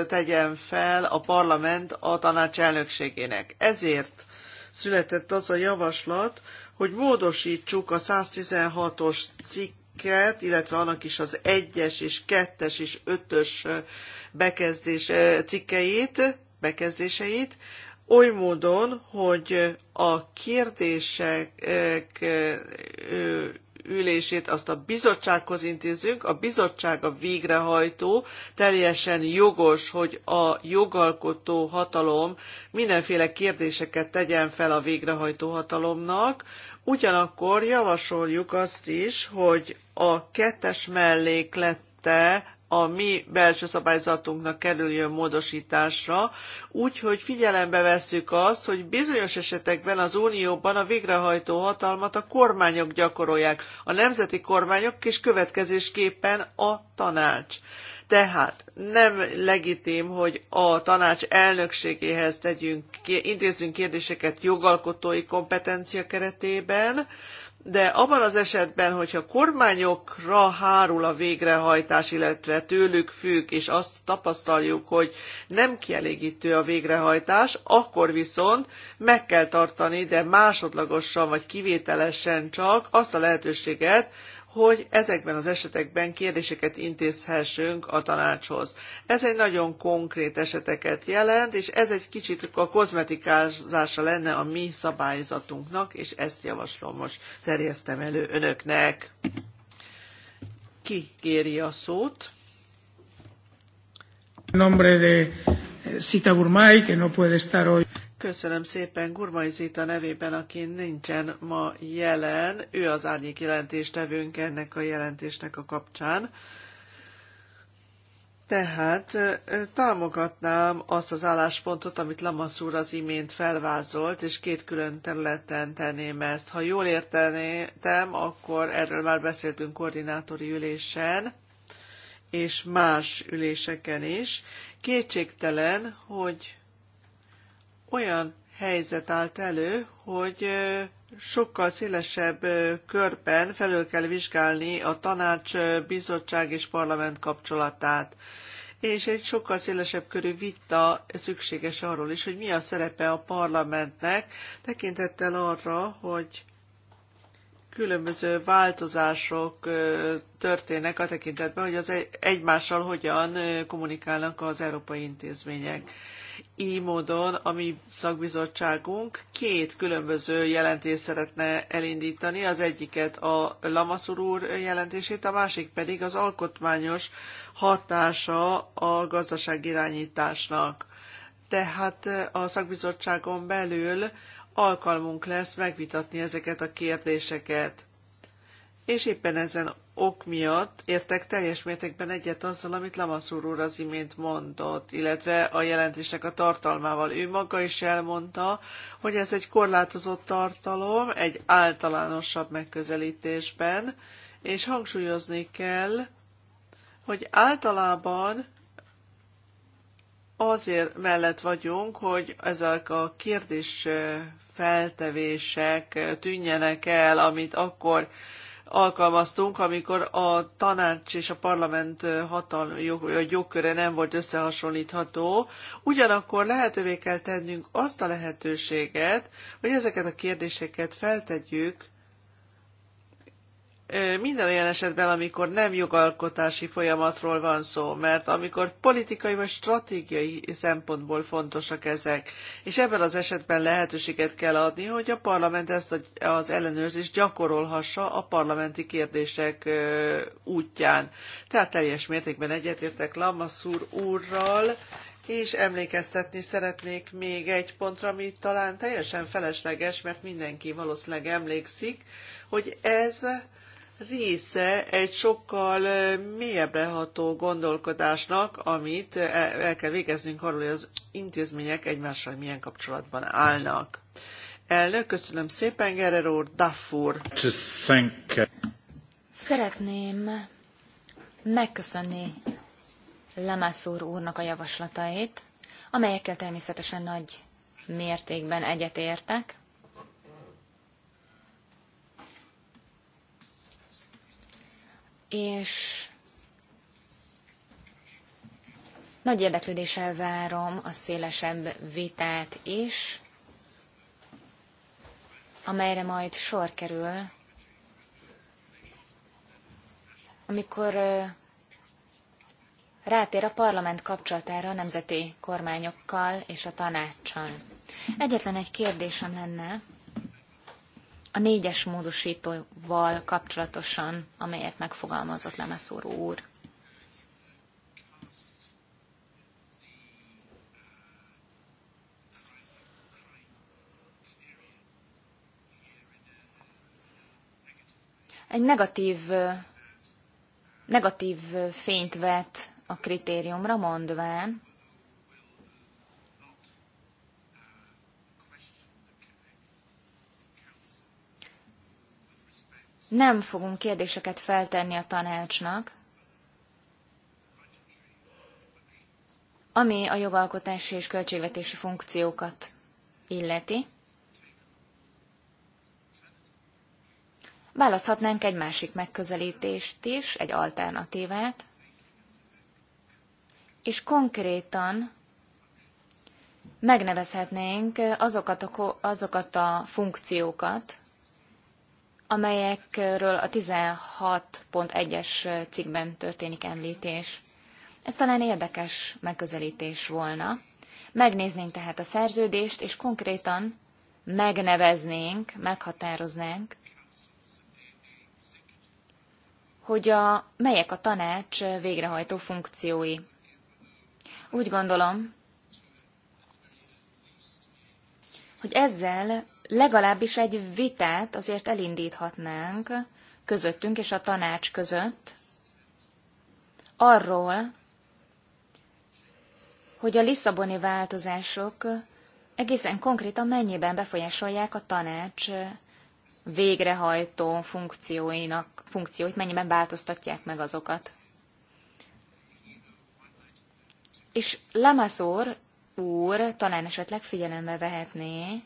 tegyen fel a parlament a tanács elnökségének. Ezért született az a javaslat, hogy módosítsuk a 116-os cikket, illetve annak is az 1-es és 2-es és 5-ös bekezdés cikkeit, bekezdéseit, oly módon, hogy a kérdések ülését azt a bizottsághoz intézzük, a bizottság a végrehajtó, teljesen jogos, hogy a jogalkotó hatalom mindenféle kérdéseket tegyen fel a végrehajtó hatalomnak, ugyanakkor javasoljuk azt is, hogy a kettes melléklette a mi belső szabályzatunknak kerüljön módosításra, úgyhogy figyelembe vesszük azt, hogy bizonyos esetekben az Unióban a végrehajtó hatalmat a kormányok gyakorolják, a nemzeti kormányok és következésképpen a tanács. Tehát nem legitim, hogy a tanács elnökségéhez tegyünk, intézzünk kérdéseket jogalkotói kompetencia keretében, de abban az esetben, hogyha kormányokra hárul a végrehajtás, illetve tőlük függ, és azt tapasztaljuk, hogy nem kielégítő a végrehajtás, akkor viszont meg kell tartani, de másodlagosan vagy kivételesen csak azt a lehetőséget, hogy ezekben az esetekben kérdéseket intézhessünk a tanácshoz. Ez egy nagyon konkrét eseteket jelent, és ez egy kicsit a kozmetikázása lenne a mi szabályzatunknak, és ezt javaslom most terjesztem elő önöknek. Ki kéri a szót? Nombre de Sita Burmai, que no puede estar hoy. Köszönöm szépen Gurmai Zita nevében, aki nincsen ma jelen. Ő az árnyék jelentéstevőnk ennek a jelentésnek a kapcsán. Tehát támogatnám azt az álláspontot, amit úr az imént felvázolt, és két külön területen tenném ezt. Ha jól értenétem, akkor erről már beszéltünk koordinátori ülésen, és más üléseken is. Kétségtelen, hogy olyan helyzet állt elő, hogy sokkal szélesebb körben felül kell vizsgálni a tanács, bizottság és parlament kapcsolatát. És egy sokkal szélesebb körű vita szükséges arról is, hogy mi a szerepe a parlamentnek, tekintettel arra, hogy különböző változások történnek a tekintetben, hogy az egymással hogyan kommunikálnak az európai intézmények így módon a mi szakbizottságunk két különböző jelentést szeretne elindítani, az egyiket a Lamaszur úr jelentését, a másik pedig az alkotmányos hatása a gazdaságirányításnak. Tehát a szakbizottságon belül alkalmunk lesz megvitatni ezeket a kérdéseket és éppen ezen ok miatt értek teljes mértékben egyet azzal, amit Lamaszúr úr az imént mondott, illetve a jelentésnek a tartalmával. Ő maga is elmondta, hogy ez egy korlátozott tartalom, egy általánosabb megközelítésben, és hangsúlyozni kell, hogy általában azért mellett vagyunk, hogy ezek a kérdés feltevések tűnjenek el, amit akkor alkalmaztunk, amikor a tanács és a parlament hatalmi jog, jogköre nem volt összehasonlítható. Ugyanakkor lehetővé kell tennünk azt a lehetőséget, hogy ezeket a kérdéseket feltegyük minden olyan esetben, amikor nem jogalkotási folyamatról van szó, mert amikor politikai vagy stratégiai szempontból fontosak ezek, és ebben az esetben lehetőséget kell adni, hogy a parlament ezt az ellenőrzést gyakorolhassa a parlamenti kérdések útján. Tehát teljes mértékben egyetértek Lamassur úrral, és emlékeztetni szeretnék még egy pontra, ami talán teljesen felesleges, mert mindenki valószínűleg emlékszik, hogy ez része egy sokkal mélyebbre ható gondolkodásnak, amit e, el kell végeznünk arról, hogy az intézmények egymással milyen kapcsolatban állnak. Elnök, köszönöm szépen, Gerer úr, Daffur. Szeretném megköszönni Lemászúr úrnak a javaslatait, amelyekkel természetesen nagy mértékben egyetértek. és nagy érdeklődéssel várom a szélesebb vitát is, amelyre majd sor kerül, amikor rátér a parlament kapcsolatára a nemzeti kormányokkal és a tanácson. Egyetlen egy kérdésem lenne, a négyes módosítóval kapcsolatosan, amelyet megfogalmazott Lemeszóró úr. Egy negatív, negatív fényt vet a kritériumra, mondván, nem fogunk kérdéseket feltenni a tanácsnak, ami a jogalkotási és költségvetési funkciókat illeti. Választhatnánk egy másik megközelítést is, egy alternatívát, és konkrétan megnevezhetnénk azokat a, azokat a funkciókat, amelyekről a 16.1-es cikkben történik említés. Ez talán érdekes megközelítés volna. Megnéznénk tehát a szerződést, és konkrétan megneveznénk, meghatároznánk, hogy a, melyek a tanács végrehajtó funkciói. Úgy gondolom, hogy ezzel legalábbis egy vitát azért elindíthatnánk közöttünk és a tanács között arról, hogy a Lisszaboni változások egészen konkrétan mennyiben befolyásolják a tanács végrehajtó funkcióinak, funkcióit, mennyiben változtatják meg azokat. És Lamaszor úr talán esetleg figyelembe vehetné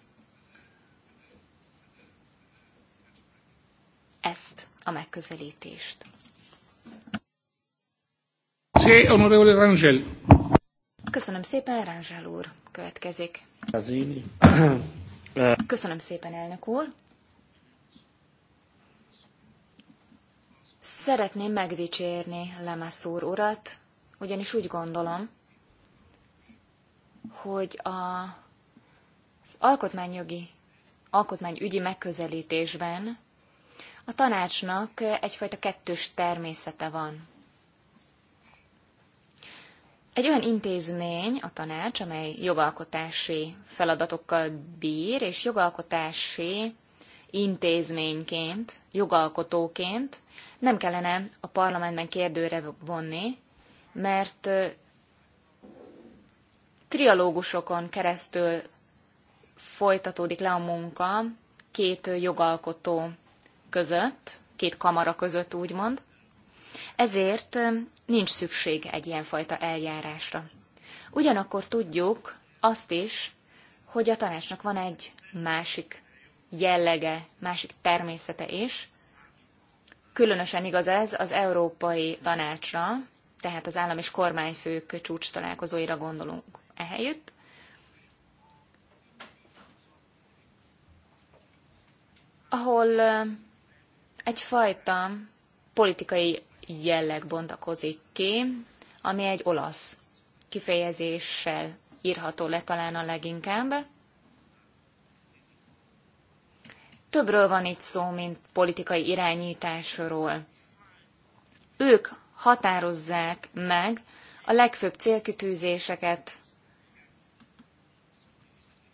ezt a megközelítést. Köszönöm szépen, Rangel úr. Következik. Köszönöm szépen, elnök úr. Szeretném megdicsérni Lemaszúr urat, ugyanis úgy gondolom, hogy a, az alkotmányjogi, alkotmányügyi megközelítésben a tanácsnak egyfajta kettős természete van. Egy olyan intézmény, a tanács, amely jogalkotási feladatokkal bír, és jogalkotási intézményként, jogalkotóként nem kellene a parlamentben kérdőre vonni, mert trialógusokon keresztül folytatódik le a munka két jogalkotó között, két kamara között úgymond, ezért nincs szükség egy ilyenfajta eljárásra. Ugyanakkor tudjuk azt is, hogy a tanácsnak van egy másik jellege, másik természete is. Különösen igaz ez az Európai Tanácsra, tehát az állam és kormányfők csúcs találkozóira gondolunk ehelyütt. Ahol egyfajta politikai jelleg bontakozik ki, ami egy olasz kifejezéssel írható le talán a leginkább. Többről van itt szó, mint politikai irányításról. Ők határozzák meg a legfőbb célkitűzéseket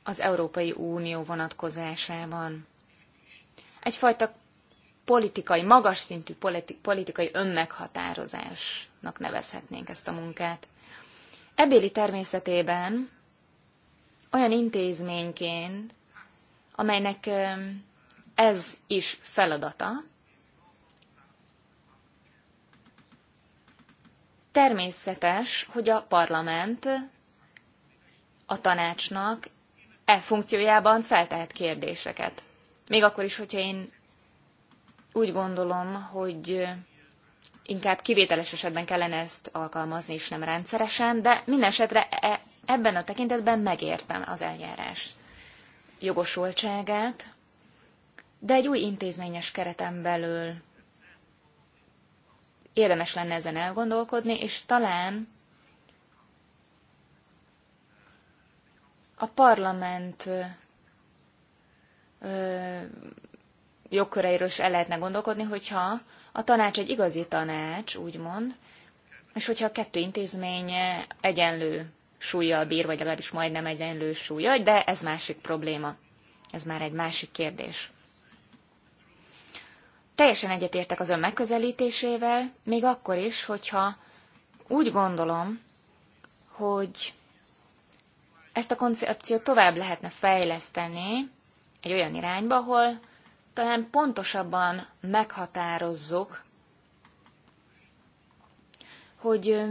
az Európai Unió vonatkozásában. Egyfajta politikai, magas szintű politikai önmeghatározásnak nevezhetnénk ezt a munkát. Ebéli természetében olyan intézményként, amelynek ez is feladata, természetes, hogy a parlament a tanácsnak e funkciójában feltehet kérdéseket. Még akkor is, hogyha én úgy gondolom, hogy inkább kivételes esetben kellene ezt alkalmazni, és nem rendszeresen, de minden esetre e, ebben a tekintetben megértem az eljárás jogosultságát, de egy új intézményes kereten belül érdemes lenne ezen elgondolkodni, és talán a parlament jogköreiről is el lehetne gondolkodni, hogyha a tanács egy igazi tanács, úgymond, és hogyha a kettő intézmény egyenlő súlyjal bír, vagy legalábbis majdnem egyenlő súlya, de ez másik probléma. Ez már egy másik kérdés. Teljesen egyetértek az ön megközelítésével, még akkor is, hogyha úgy gondolom, hogy ezt a koncepciót tovább lehetne fejleszteni egy olyan irányba, ahol talán pontosabban meghatározzuk, hogy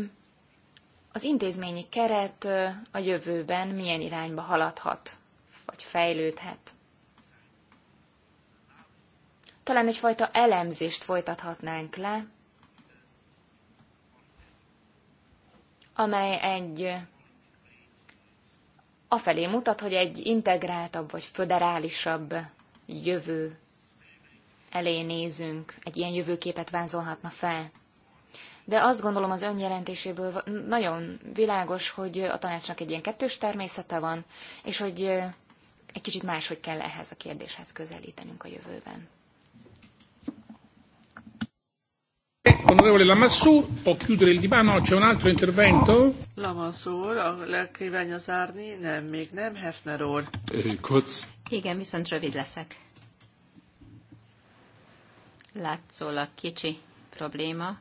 az intézményi keret a jövőben milyen irányba haladhat, vagy fejlődhet. Talán egyfajta elemzést folytathatnánk le, amely egy afelé mutat, hogy egy integráltabb vagy föderálisabb jövő elé nézünk, egy ilyen jövőképet vázolhatna fel. De azt gondolom az önjelentéséből nagyon világos, hogy a tanácsnak egy ilyen kettős természete van, és hogy egy kicsit máshogy kell ehhez a kérdéshez közelítenünk a jövőben. Onorevole Lamassur, può chiudere il divano, c'è un altro intervento? Lamassur, le kívánja zárni? Nem, még nem, Hefner úr. Kurz. Igen, viszont rövid leszek látszólag kicsi probléma,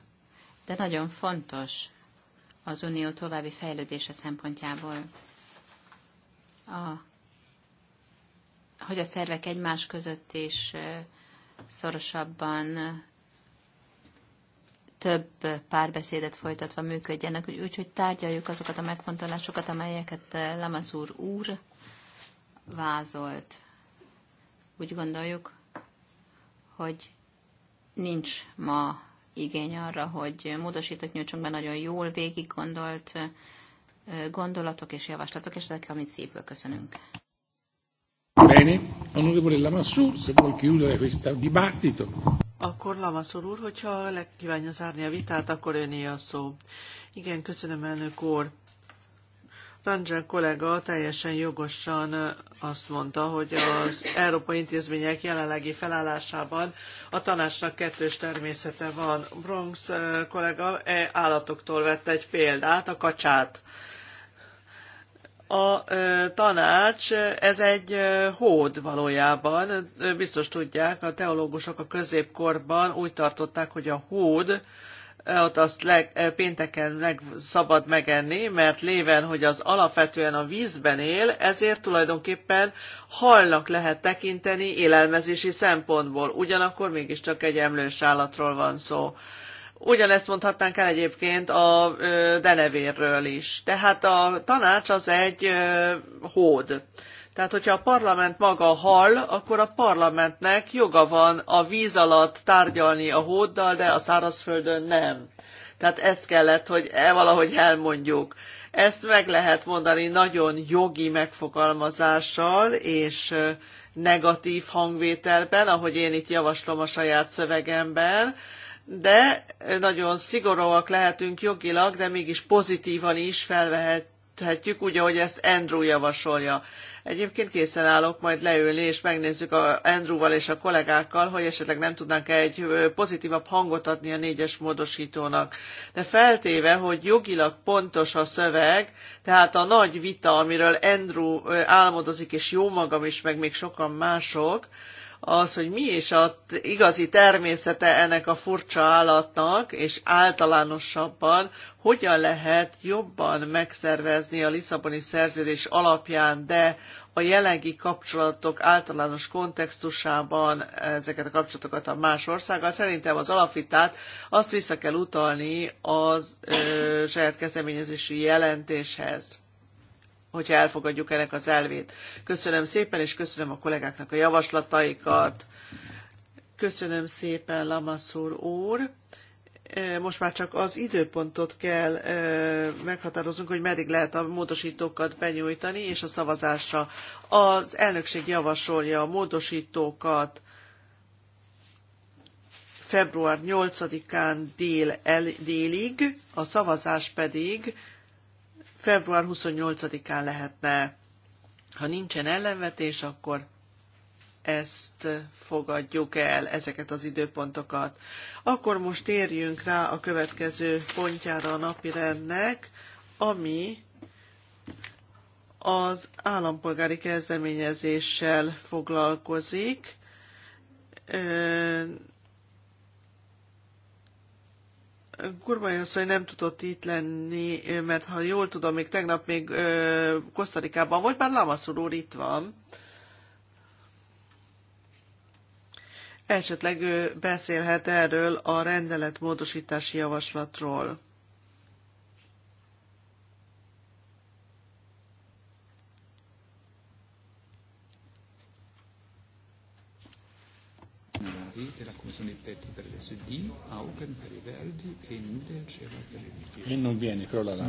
de nagyon fontos az unió további fejlődése szempontjából. A, hogy a szervek egymás között is szorosabban több párbeszédet folytatva működjenek, úgyhogy úgy, tárgyaljuk azokat a megfontolásokat, amelyeket úr úr vázolt. Úgy gondoljuk, hogy nincs ma igény arra, hogy módosított nyújtsunk be nagyon jól végig gondolt gondolatok és javaslatok, és ezekkel amit szívből köszönünk. Bene, onorevole Lamassur, se vuol chiudere questo dibattito. Akkor Lamassur úr, hogyha le kívánja zárni a vitát, akkor öné a szó. Igen, köszönöm elnök úr. Rangel kollega teljesen jogosan azt mondta, hogy az európai intézmények jelenlegi felállásában a tanácsnak kettős természete van. Bronx kollega e állatoktól vett egy példát, a kacsát. A tanács, ez egy hód valójában, biztos tudják, a teológusok a középkorban úgy tartották, hogy a hód ott azt leg, pénteken meg szabad megenni, mert léven, hogy az alapvetően a vízben él, ezért tulajdonképpen halnak lehet tekinteni élelmezési szempontból. Ugyanakkor mégiscsak egy emlős állatról van szó. Ugyanezt mondhatnánk el egyébként a denevérről is. Tehát a tanács az egy hód. Tehát, hogyha a parlament maga hal, akkor a parlamentnek joga van a víz alatt tárgyalni a hóddal, de a szárazföldön nem. Tehát ezt kellett, hogy e valahogy elmondjuk. Ezt meg lehet mondani nagyon jogi megfogalmazással és negatív hangvételben, ahogy én itt javaslom a saját szövegemben, de nagyon szigorúak lehetünk jogilag, de mégis pozitívan is felvehetjük, úgy, ahogy ezt Andrew javasolja. Egyébként készen állok majd leülni, és megnézzük a Andrew-val és a kollégákkal, hogy esetleg nem tudnánk egy pozitívabb hangot adni a négyes módosítónak. De feltéve, hogy jogilag pontos a szöveg, tehát a nagy vita, amiről Andrew álmodozik, és jó magam is, meg még sokan mások, az, hogy mi is a igazi természete ennek a furcsa állatnak, és általánosabban hogyan lehet jobban megszervezni a Lisszaboni szerződés alapján, de a jelenlegi kapcsolatok általános kontextusában ezeket a kapcsolatokat a más országgal. Szerintem az alapvitát azt vissza kell utalni az ö, saját kezdeményezési jelentéshez hogyha elfogadjuk ennek az elvét. Köszönöm szépen, és köszönöm a kollégáknak a javaslataikat. Köszönöm szépen, Lamaszúr úr. E, most már csak az időpontot kell e, meghatároznunk, hogy meddig lehet a módosítókat benyújtani, és a szavazásra. Az elnökség javasolja a módosítókat február 8-án dél el, délig, a szavazás pedig február 28-án lehetne. Ha nincsen ellenvetés, akkor ezt fogadjuk el, ezeket az időpontokat. Akkor most térjünk rá a következő pontjára a rendnek, ami az állampolgári kezdeményezéssel foglalkozik. Kurmai asszony nem tudott itt lenni, mert ha jól tudom, még tegnap még Kosztarikában volt, bár Lamaszul úr itt van. Ö, Esetleg ő beszélhet erről a rendelet módosítási javaslatról. la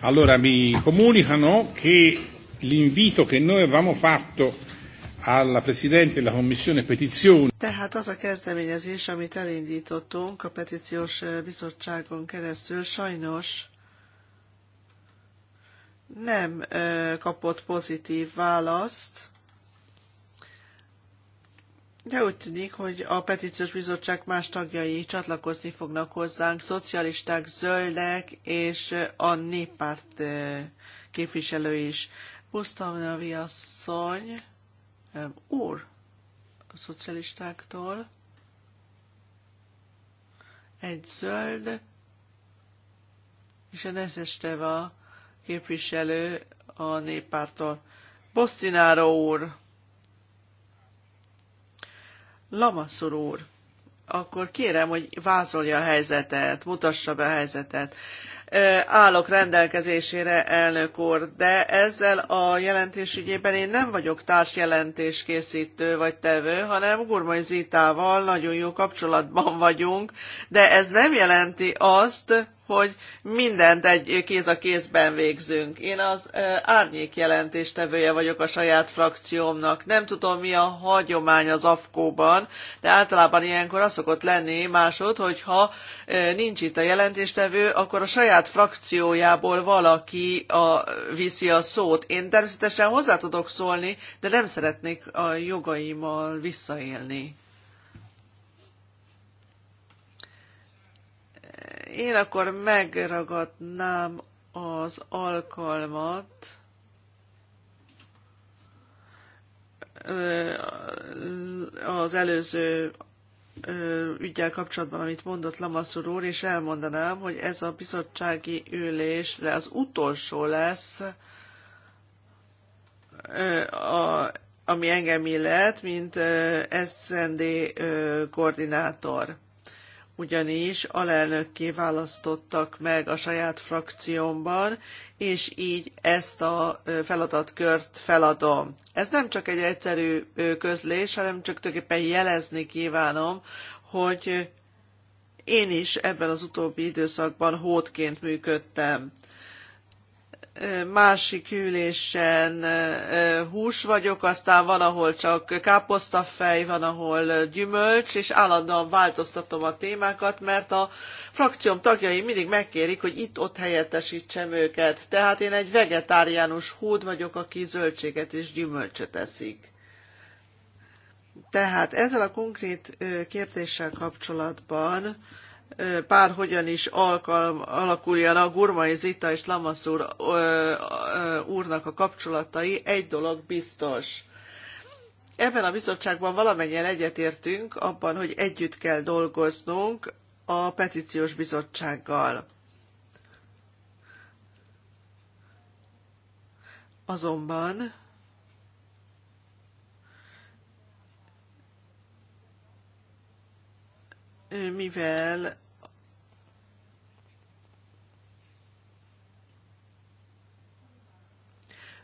Allora mi comunicano che l'invito che noi avevamo fatto alla Presidente della Commissione Petizioni. Tehát az a kezdeményezés, amit elindítottunk a petíciós eh, bizottságon keresztül, sajnos nem eh, kapott pozitív választ, de úgy tűnik, hogy a petíciós bizottság más tagjai csatlakozni fognak hozzánk, szocialisták, zöldek és a néppárt eh, képviselő is. Pusztamnavi asszony úr a szocialistáktól, egy zöld, és a Nezesteva képviselő a néppártól. Bosztinára úr! Lamaszur úr! Akkor kérem, hogy vázolja a helyzetet, mutassa be a helyzetet állok rendelkezésére, elnök úr, de ezzel a jelentés ügyében én nem vagyok társjelentés készítő vagy tevő, hanem Gurmai Zitával nagyon jó kapcsolatban vagyunk, de ez nem jelenti azt, hogy mindent egy kéz a kézben végzünk. Én az árnyék jelentéstevője vagyok a saját frakciómnak. Nem tudom, mi a hagyomány az AFKO-ban, de általában ilyenkor az szokott lenni másod, hogyha nincs itt a jelentéstevő, akkor a saját frakciójából valaki a, viszi a szót. Én természetesen hozzá tudok szólni, de nem szeretnék a jogaimmal visszaélni. én akkor megragadnám az alkalmat, az előző ügyel kapcsolatban, amit mondott Lamaszur úr, és elmondanám, hogy ez a bizottsági ülés az utolsó lesz, a, ami engem illet, mint SND koordinátor ugyanis alelnökké választottak meg a saját frakciómban, és így ezt a feladatkört feladom. Ez nem csak egy egyszerű közlés, hanem csak tulajdonképpen jelezni kívánom, hogy én is ebben az utóbbi időszakban hódként működtem másik ülésen hús vagyok, aztán van, ahol csak káposztafej, van, ahol gyümölcs, és állandóan változtatom a témákat, mert a frakcióm tagjai mindig megkérik, hogy itt-ott helyettesítsem őket. Tehát én egy vegetáriánus hód vagyok, aki zöldséget és gyümölcsöt eszik. Tehát ezzel a konkrét kérdéssel kapcsolatban pár hogyan is alkalm, alakuljan a Gurmai Zita és Lamaszúr úrnak a kapcsolatai, egy dolog biztos. Ebben a bizottságban valamennyien egyetértünk abban, hogy együtt kell dolgoznunk a petíciós bizottsággal. Azonban mivel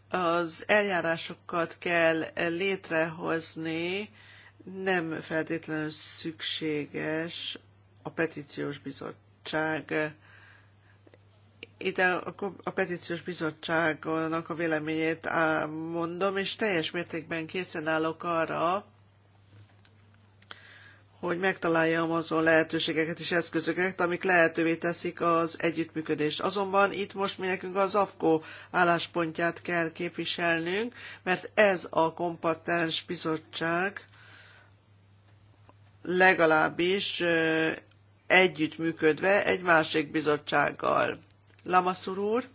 az eljárásokat kell létrehozni, nem feltétlenül szükséges a petíciós bizottság. Itt a, a petíciós bizottságnak a véleményét mondom, és teljes mértékben készen állok arra, hogy megtaláljam azon lehetőségeket és eszközöket, amik lehetővé teszik az együttműködést. Azonban itt most mi nekünk az AFKO álláspontját kell képviselnünk, mert ez a kompetens bizottság legalábbis együttműködve egy másik bizottsággal. Lamaszur úr?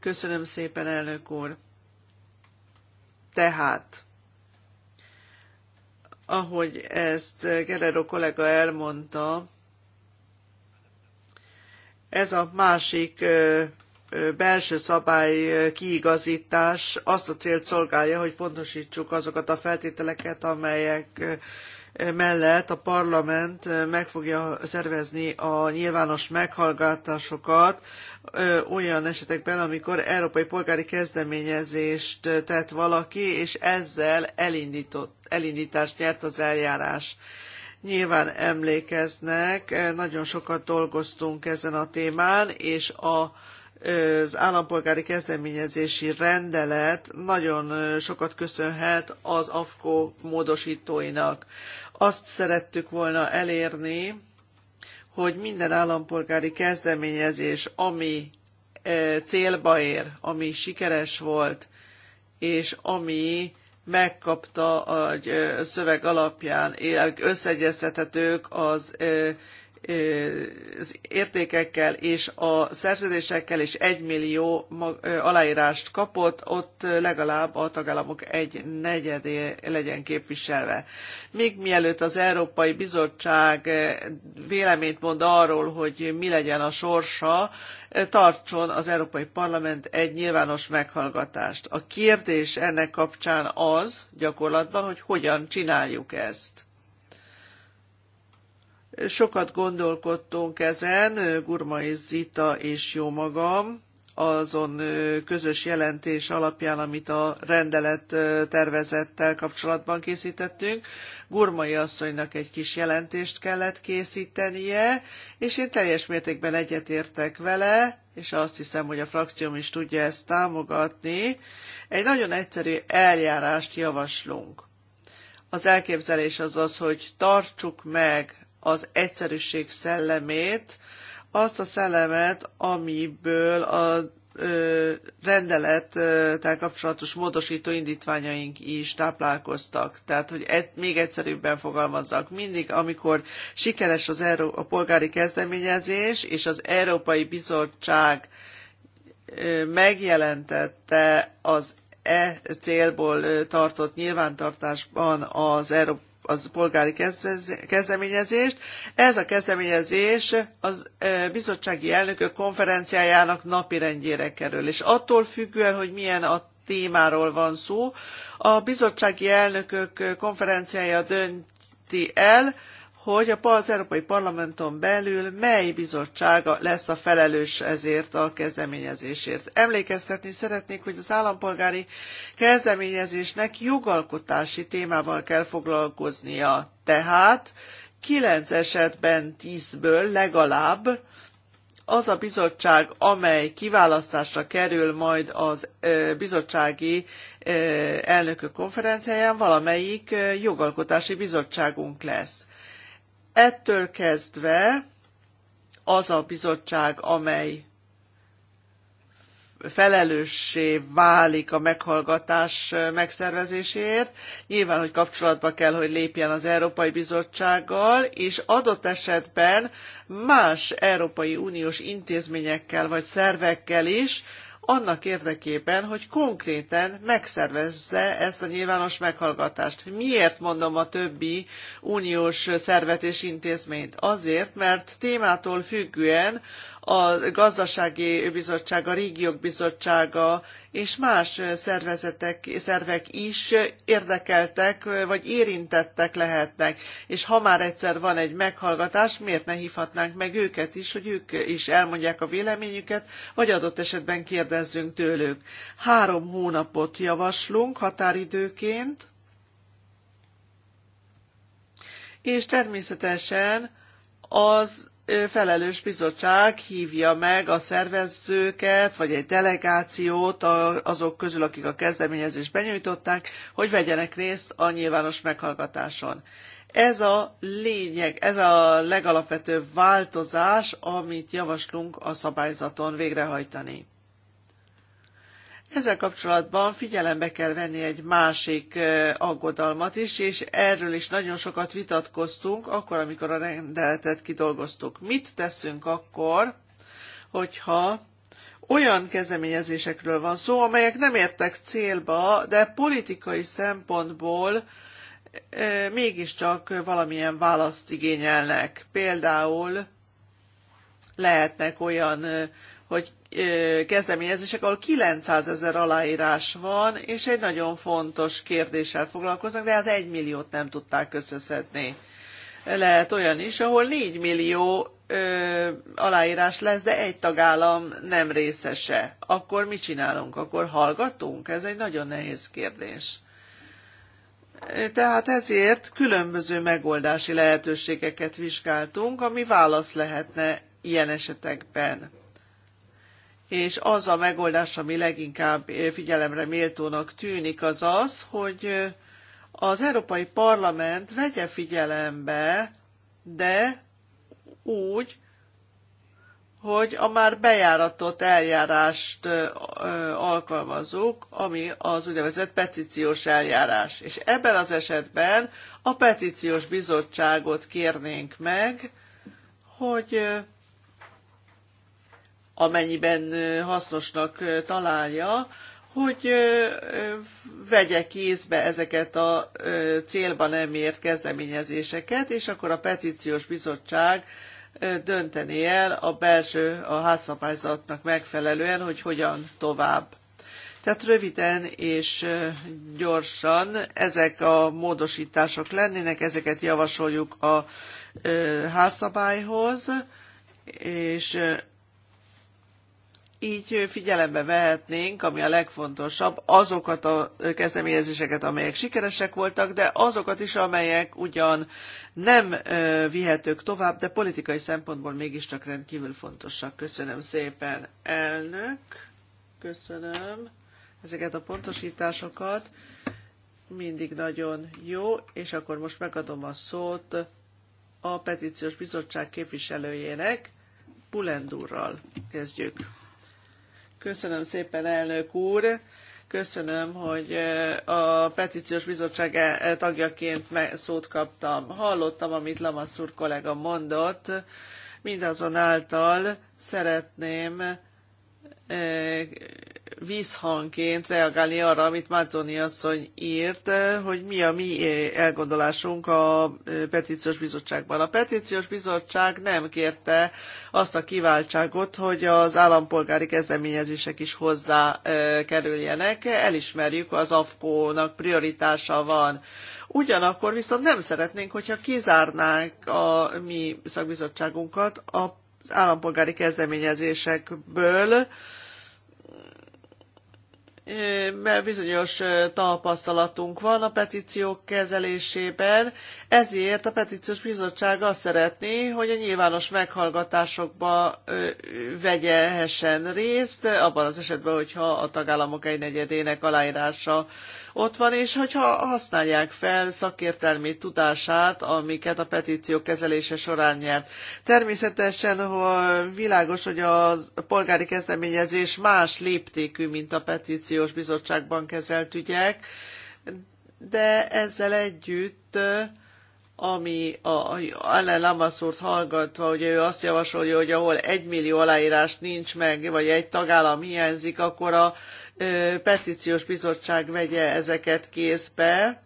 Köszönöm szépen, elnök úr. Tehát ahogy ezt Gerero kollega elmondta, ez a másik belső szabály kiigazítás azt a célt szolgálja, hogy pontosítsuk azokat a feltételeket, amelyek mellett a parlament meg fogja szervezni a nyilvános meghallgatásokat olyan esetekben, amikor európai polgári kezdeményezést tett valaki, és ezzel elindított, elindítást nyert az eljárás. Nyilván emlékeznek, nagyon sokat dolgoztunk ezen a témán, és a, az állampolgári kezdeményezési rendelet nagyon sokat köszönhet az AFKO módosítóinak. Azt szerettük volna elérni, hogy minden állampolgári kezdeményezés, ami e, célba ér, ami sikeres volt, és ami megkapta a szöveg alapján, összeegyeztethetők az e, az értékekkel és a szerződésekkel és egy millió aláírást kapott, ott legalább a tagállamok egy negyedé legyen képviselve. Még mielőtt az Európai Bizottság véleményt mond arról, hogy mi legyen a sorsa, tartson az Európai Parlament egy nyilvános meghallgatást. A kérdés ennek kapcsán az gyakorlatban, hogy hogyan csináljuk ezt Sokat gondolkodtunk ezen, Gurmai Zita és jó magam, azon közös jelentés alapján, amit a rendelet tervezettel kapcsolatban készítettünk. Gurmai asszonynak egy kis jelentést kellett készítenie, és én teljes mértékben egyetértek vele, és azt hiszem, hogy a frakcióm is tudja ezt támogatni. Egy nagyon egyszerű eljárást javaslunk. Az elképzelés az az, hogy tartsuk meg az egyszerűség szellemét, azt a szellemet, amiből a ö, rendelettel kapcsolatos módosító indítványaink is táplálkoztak. Tehát, hogy et, még egyszerűbben fogalmazzak. Mindig, amikor sikeres az Euró- a polgári kezdeményezés és az Európai Bizottság ö, megjelentette az e célból tartott nyilvántartásban az Európai az polgári kezdeményezést. Ez a kezdeményezés az bizottsági elnökök konferenciájának napirendjére kerül, és attól függően, hogy milyen a témáról van szó, a bizottsági elnökök konferenciája dönti el, hogy az Európai Parlamenton belül mely bizottság lesz a felelős ezért a kezdeményezésért. Emlékeztetni szeretnék, hogy az állampolgári kezdeményezésnek jogalkotási témával kell foglalkoznia. Tehát kilenc esetben 10 legalább az a bizottság, amely kiválasztásra kerül majd az bizottsági elnökök konferenciáján, valamelyik jogalkotási bizottságunk lesz. Ettől kezdve az a bizottság, amely felelőssé válik a meghallgatás megszervezéséért. Nyilván, hogy kapcsolatba kell, hogy lépjen az Európai Bizottsággal, és adott esetben más Európai Uniós intézményekkel vagy szervekkel is, annak érdekében, hogy konkrétan megszervezze ezt a nyilvános meghallgatást. Miért mondom a többi uniós szervet és intézményt? Azért, mert témától függően a gazdasági bizottság, a régiók bizottsága és más szervezetek, szervek is érdekeltek vagy érintettek lehetnek. És ha már egyszer van egy meghallgatás, miért ne hívhatnánk meg őket is, hogy ők is elmondják a véleményüket, vagy adott esetben kérdezzünk tőlük. Három hónapot javaslunk határidőként, és természetesen az felelős bizottság hívja meg a szervezőket, vagy egy delegációt azok közül, akik a kezdeményezést benyújtották, hogy vegyenek részt a nyilvános meghallgatáson. Ez a lényeg, ez a legalapvetőbb változás, amit javaslunk a szabályzaton végrehajtani. Ezzel kapcsolatban figyelembe kell venni egy másik aggodalmat is, és erről is nagyon sokat vitatkoztunk akkor, amikor a rendeletet kidolgoztuk. Mit teszünk akkor, hogyha olyan kezdeményezésekről van szó, amelyek nem értek célba, de politikai szempontból mégiscsak valamilyen választ igényelnek. Például lehetnek olyan hogy kezdeményezések, ahol 900 ezer aláírás van, és egy nagyon fontos kérdéssel foglalkoznak, de az hát egy milliót nem tudták összeszedni. Lehet olyan is, ahol 4 millió ö, aláírás lesz, de egy tagállam nem részese. Akkor mit csinálunk? Akkor hallgatunk? Ez egy nagyon nehéz kérdés. Tehát ezért különböző megoldási lehetőségeket vizsgáltunk, ami válasz lehetne ilyen esetekben és az a megoldás, ami leginkább eh, figyelemre méltónak tűnik, az az, hogy eh, az Európai Parlament vegye figyelembe, de úgy, hogy a már bejáratott eljárást eh, alkalmazzuk, ami az úgynevezett petíciós eljárás. És ebben az esetben a petíciós bizottságot kérnénk meg, hogy amennyiben hasznosnak találja, hogy vegye kézbe ezeket a célba nem ért kezdeményezéseket, és akkor a petíciós bizottság dönteni el a belső, a házszabályzatnak megfelelően, hogy hogyan tovább. Tehát röviden és gyorsan ezek a módosítások lennének, ezeket javasoljuk a házszabályhoz, és így figyelembe vehetnénk, ami a legfontosabb, azokat a kezdeményezéseket, amelyek sikeresek voltak, de azokat is, amelyek ugyan nem vihetők tovább, de politikai szempontból mégiscsak rendkívül fontosak. Köszönöm szépen, elnök. Köszönöm ezeket a pontosításokat. Mindig nagyon jó, és akkor most megadom a szót a petíciós bizottság képviselőjének, Pulendúrral kezdjük. Köszönöm szépen, elnök úr! Köszönöm, hogy eh, a petíciós bizottság eh, tagjaként szót kaptam. Hallottam, amit Lamassur kollega mondott, mindazonáltal szeretném eh, vízhangként reagálni arra, amit Mazzoni asszony írt, eh, hogy mi a mi eh, elgondolásunk a eh, petíciós bizottságban. A petíciós bizottság nem kérte azt a kiváltságot, hogy az állampolgári kezdeményezések is hozzá kerüljenek. Elismerjük, az AFKO-nak prioritása van. Ugyanakkor viszont nem szeretnénk, hogyha kizárnánk a mi szakbizottságunkat az állampolgári kezdeményezésekből, mert bizonyos tapasztalatunk van a petíciók kezelésében, ezért a petíciós bizottság azt szeretné, hogy a nyilvános meghallgatásokba vegyehessen részt, abban az esetben, hogyha a tagállamok egynegyedének aláírása ott van, és hogyha használják fel szakértelmi tudását, amiket a petíció kezelése során nyert. Természetesen világos, hogy a polgári kezdeményezés más léptékű, mint a petíciós bizottságban kezelt ügyek, de ezzel együtt ami a, a Ellen Lamassort hallgatva, hogy ő azt javasolja, hogy ahol egy millió aláírás nincs meg, vagy egy tagállam hiányzik, akkor a petíciós bizottság vegye ezeket kézbe,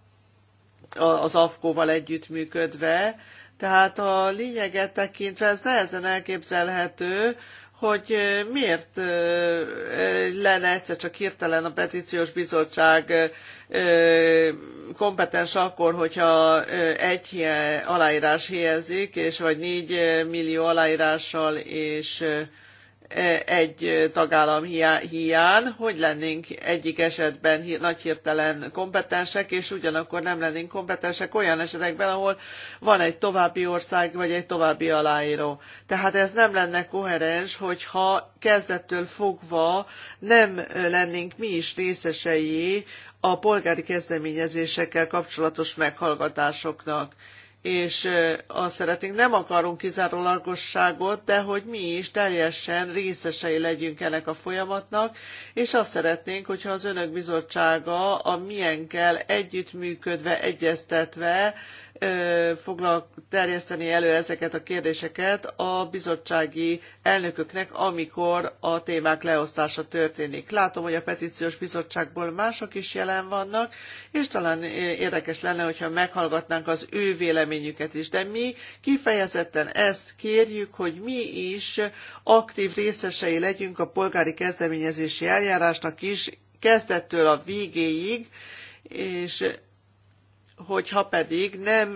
az AFKO-val együttműködve. Tehát a lényeget tekintve ez nehezen elképzelhető, hogy miért lenne egyszer csak hirtelen a petíciós bizottság kompetens akkor, hogyha egy aláírás hiányzik, és vagy négy millió aláírással és egy tagállam hiány, hogy lennénk egyik esetben nagy hirtelen kompetensek, és ugyanakkor nem lennénk kompetensek olyan esetekben, ahol van egy további ország, vagy egy további aláíró. Tehát ez nem lenne koherens, hogyha kezdettől fogva nem lennénk mi is részesei a polgári kezdeményezésekkel kapcsolatos meghallgatásoknak és azt szeretnénk, nem akarunk kizárólagosságot, de hogy mi is teljesen részesei legyünk ennek a folyamatnak, és azt szeretnénk, hogyha az önök bizottsága a milyenkkel együttműködve, egyeztetve, foglal terjeszteni elő ezeket a kérdéseket a bizottsági elnököknek, amikor a témák leosztása történik. Látom, hogy a petíciós bizottságból mások is jelen vannak, és talán érdekes lenne, hogyha meghallgatnánk az ő véleményüket is. De mi kifejezetten ezt kérjük, hogy mi is aktív részesei legyünk a polgári kezdeményezési eljárásnak is, kezdettől a végéig, és hogyha pedig nem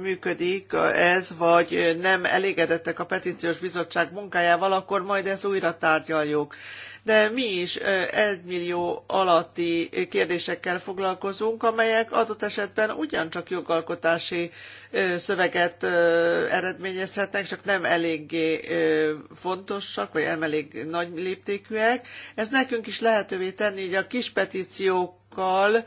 működik ez, vagy nem elégedettek a petíciós bizottság munkájával, akkor majd ez újra tárgyaljuk. De mi is 1 millió alatti kérdésekkel foglalkozunk, amelyek adott esetben ugyancsak jogalkotási szöveget eredményezhetnek, csak nem eléggé fontosak, vagy nem elég nagy léptékűek. Ez nekünk is lehetővé tenni, hogy a kis petíciókkal,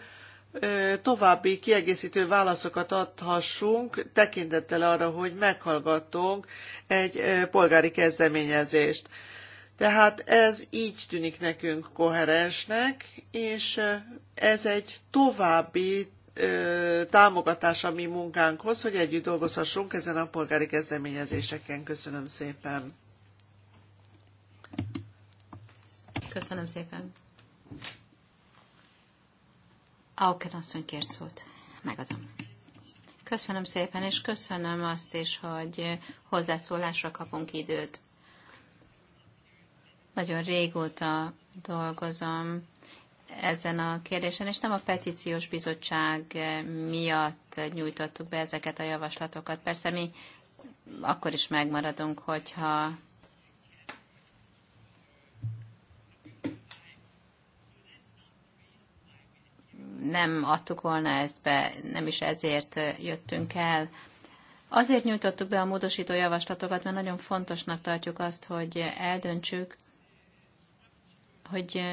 további kiegészítő válaszokat adhassunk, tekintettel arra, hogy meghallgattunk egy polgári kezdeményezést. Tehát ez így tűnik nekünk koherensnek, és ez egy további támogatás a mi munkánkhoz, hogy együtt dolgozhassunk ezen a polgári kezdeményezéseken. Köszönöm szépen. Köszönöm szépen. Auken asszony kért szót. Megadom. Köszönöm szépen, és köszönöm azt is, hogy hozzászólásra kapunk időt. Nagyon régóta dolgozom ezen a kérdésen, és nem a petíciós bizottság miatt nyújtottuk be ezeket a javaslatokat. Persze mi akkor is megmaradunk, hogyha nem adtuk volna ezt be, nem is ezért jöttünk el. Azért nyújtottuk be a módosító javaslatokat, mert nagyon fontosnak tartjuk azt, hogy eldöntsük, hogy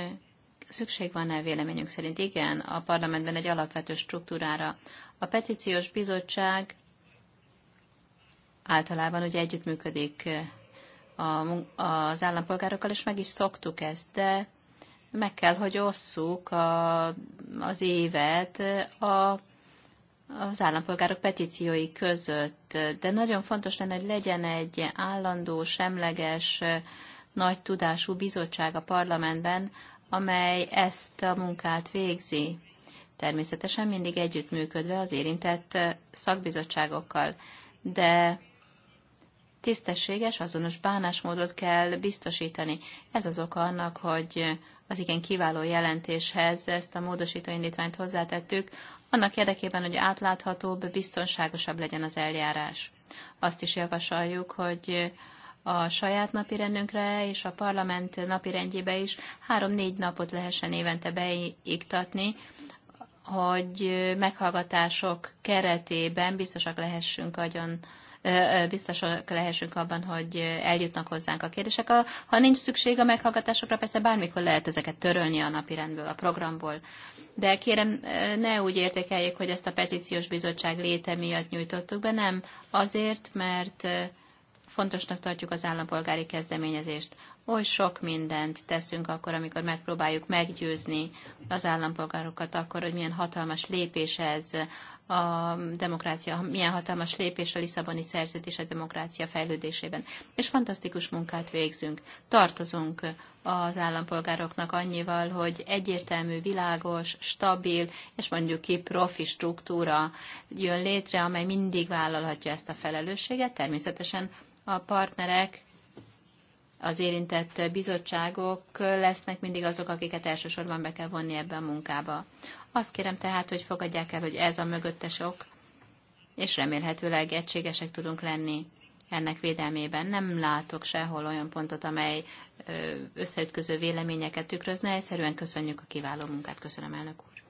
szükség van-e véleményünk szerint? Igen, a parlamentben egy alapvető struktúrára. A petíciós bizottság általában ugye együttműködik a, az állampolgárokkal, és meg is szoktuk ezt, de meg kell, hogy osszuk a, az évet a az állampolgárok petíciói között, de nagyon fontos lenne, hogy legyen egy állandó, semleges, nagy tudású bizottság a parlamentben, amely ezt a munkát végzi. Természetesen mindig együttműködve az érintett szakbizottságokkal, de tisztességes, azonos bánásmódot kell biztosítani. Ez az oka annak, hogy az igen kiváló jelentéshez ezt a módosító indítványt hozzátettük, annak érdekében, hogy átláthatóbb, biztonságosabb legyen az eljárás. Azt is javasoljuk, hogy a saját rendünkre és a parlament napirendjébe is három-négy napot lehessen évente beiktatni, hogy meghallgatások keretében biztosak lehessünk agyon biztosak lehessünk abban, hogy eljutnak hozzánk a kérdések. Ha nincs szükség a meghallgatásokra, persze bármikor lehet ezeket törölni a napirendből, a programból. De kérem, ne úgy értékeljék, hogy ezt a petíciós bizottság léte miatt nyújtottuk be, nem azért, mert fontosnak tartjuk az állampolgári kezdeményezést. Oly sok mindent teszünk akkor, amikor megpróbáljuk meggyőzni az állampolgárokat akkor, hogy milyen hatalmas lépés ez a demokrácia, milyen hatalmas lépés a Lisszaboni szerződés a demokrácia fejlődésében. És fantasztikus munkát végzünk. Tartozunk az állampolgároknak annyival, hogy egyértelmű, világos, stabil, és mondjuk ki profi struktúra jön létre, amely mindig vállalhatja ezt a felelősséget. Természetesen a partnerek az érintett bizottságok lesznek mindig azok, akiket elsősorban be kell vonni ebben a munkába. Azt kérem tehát, hogy fogadják el, hogy ez a mögöttes ok, és remélhetőleg egységesek tudunk lenni ennek védelmében. Nem látok sehol olyan pontot, amely összeütköző véleményeket tükrözne. Egyszerűen köszönjük a kiváló munkát. Köszönöm, elnök úr.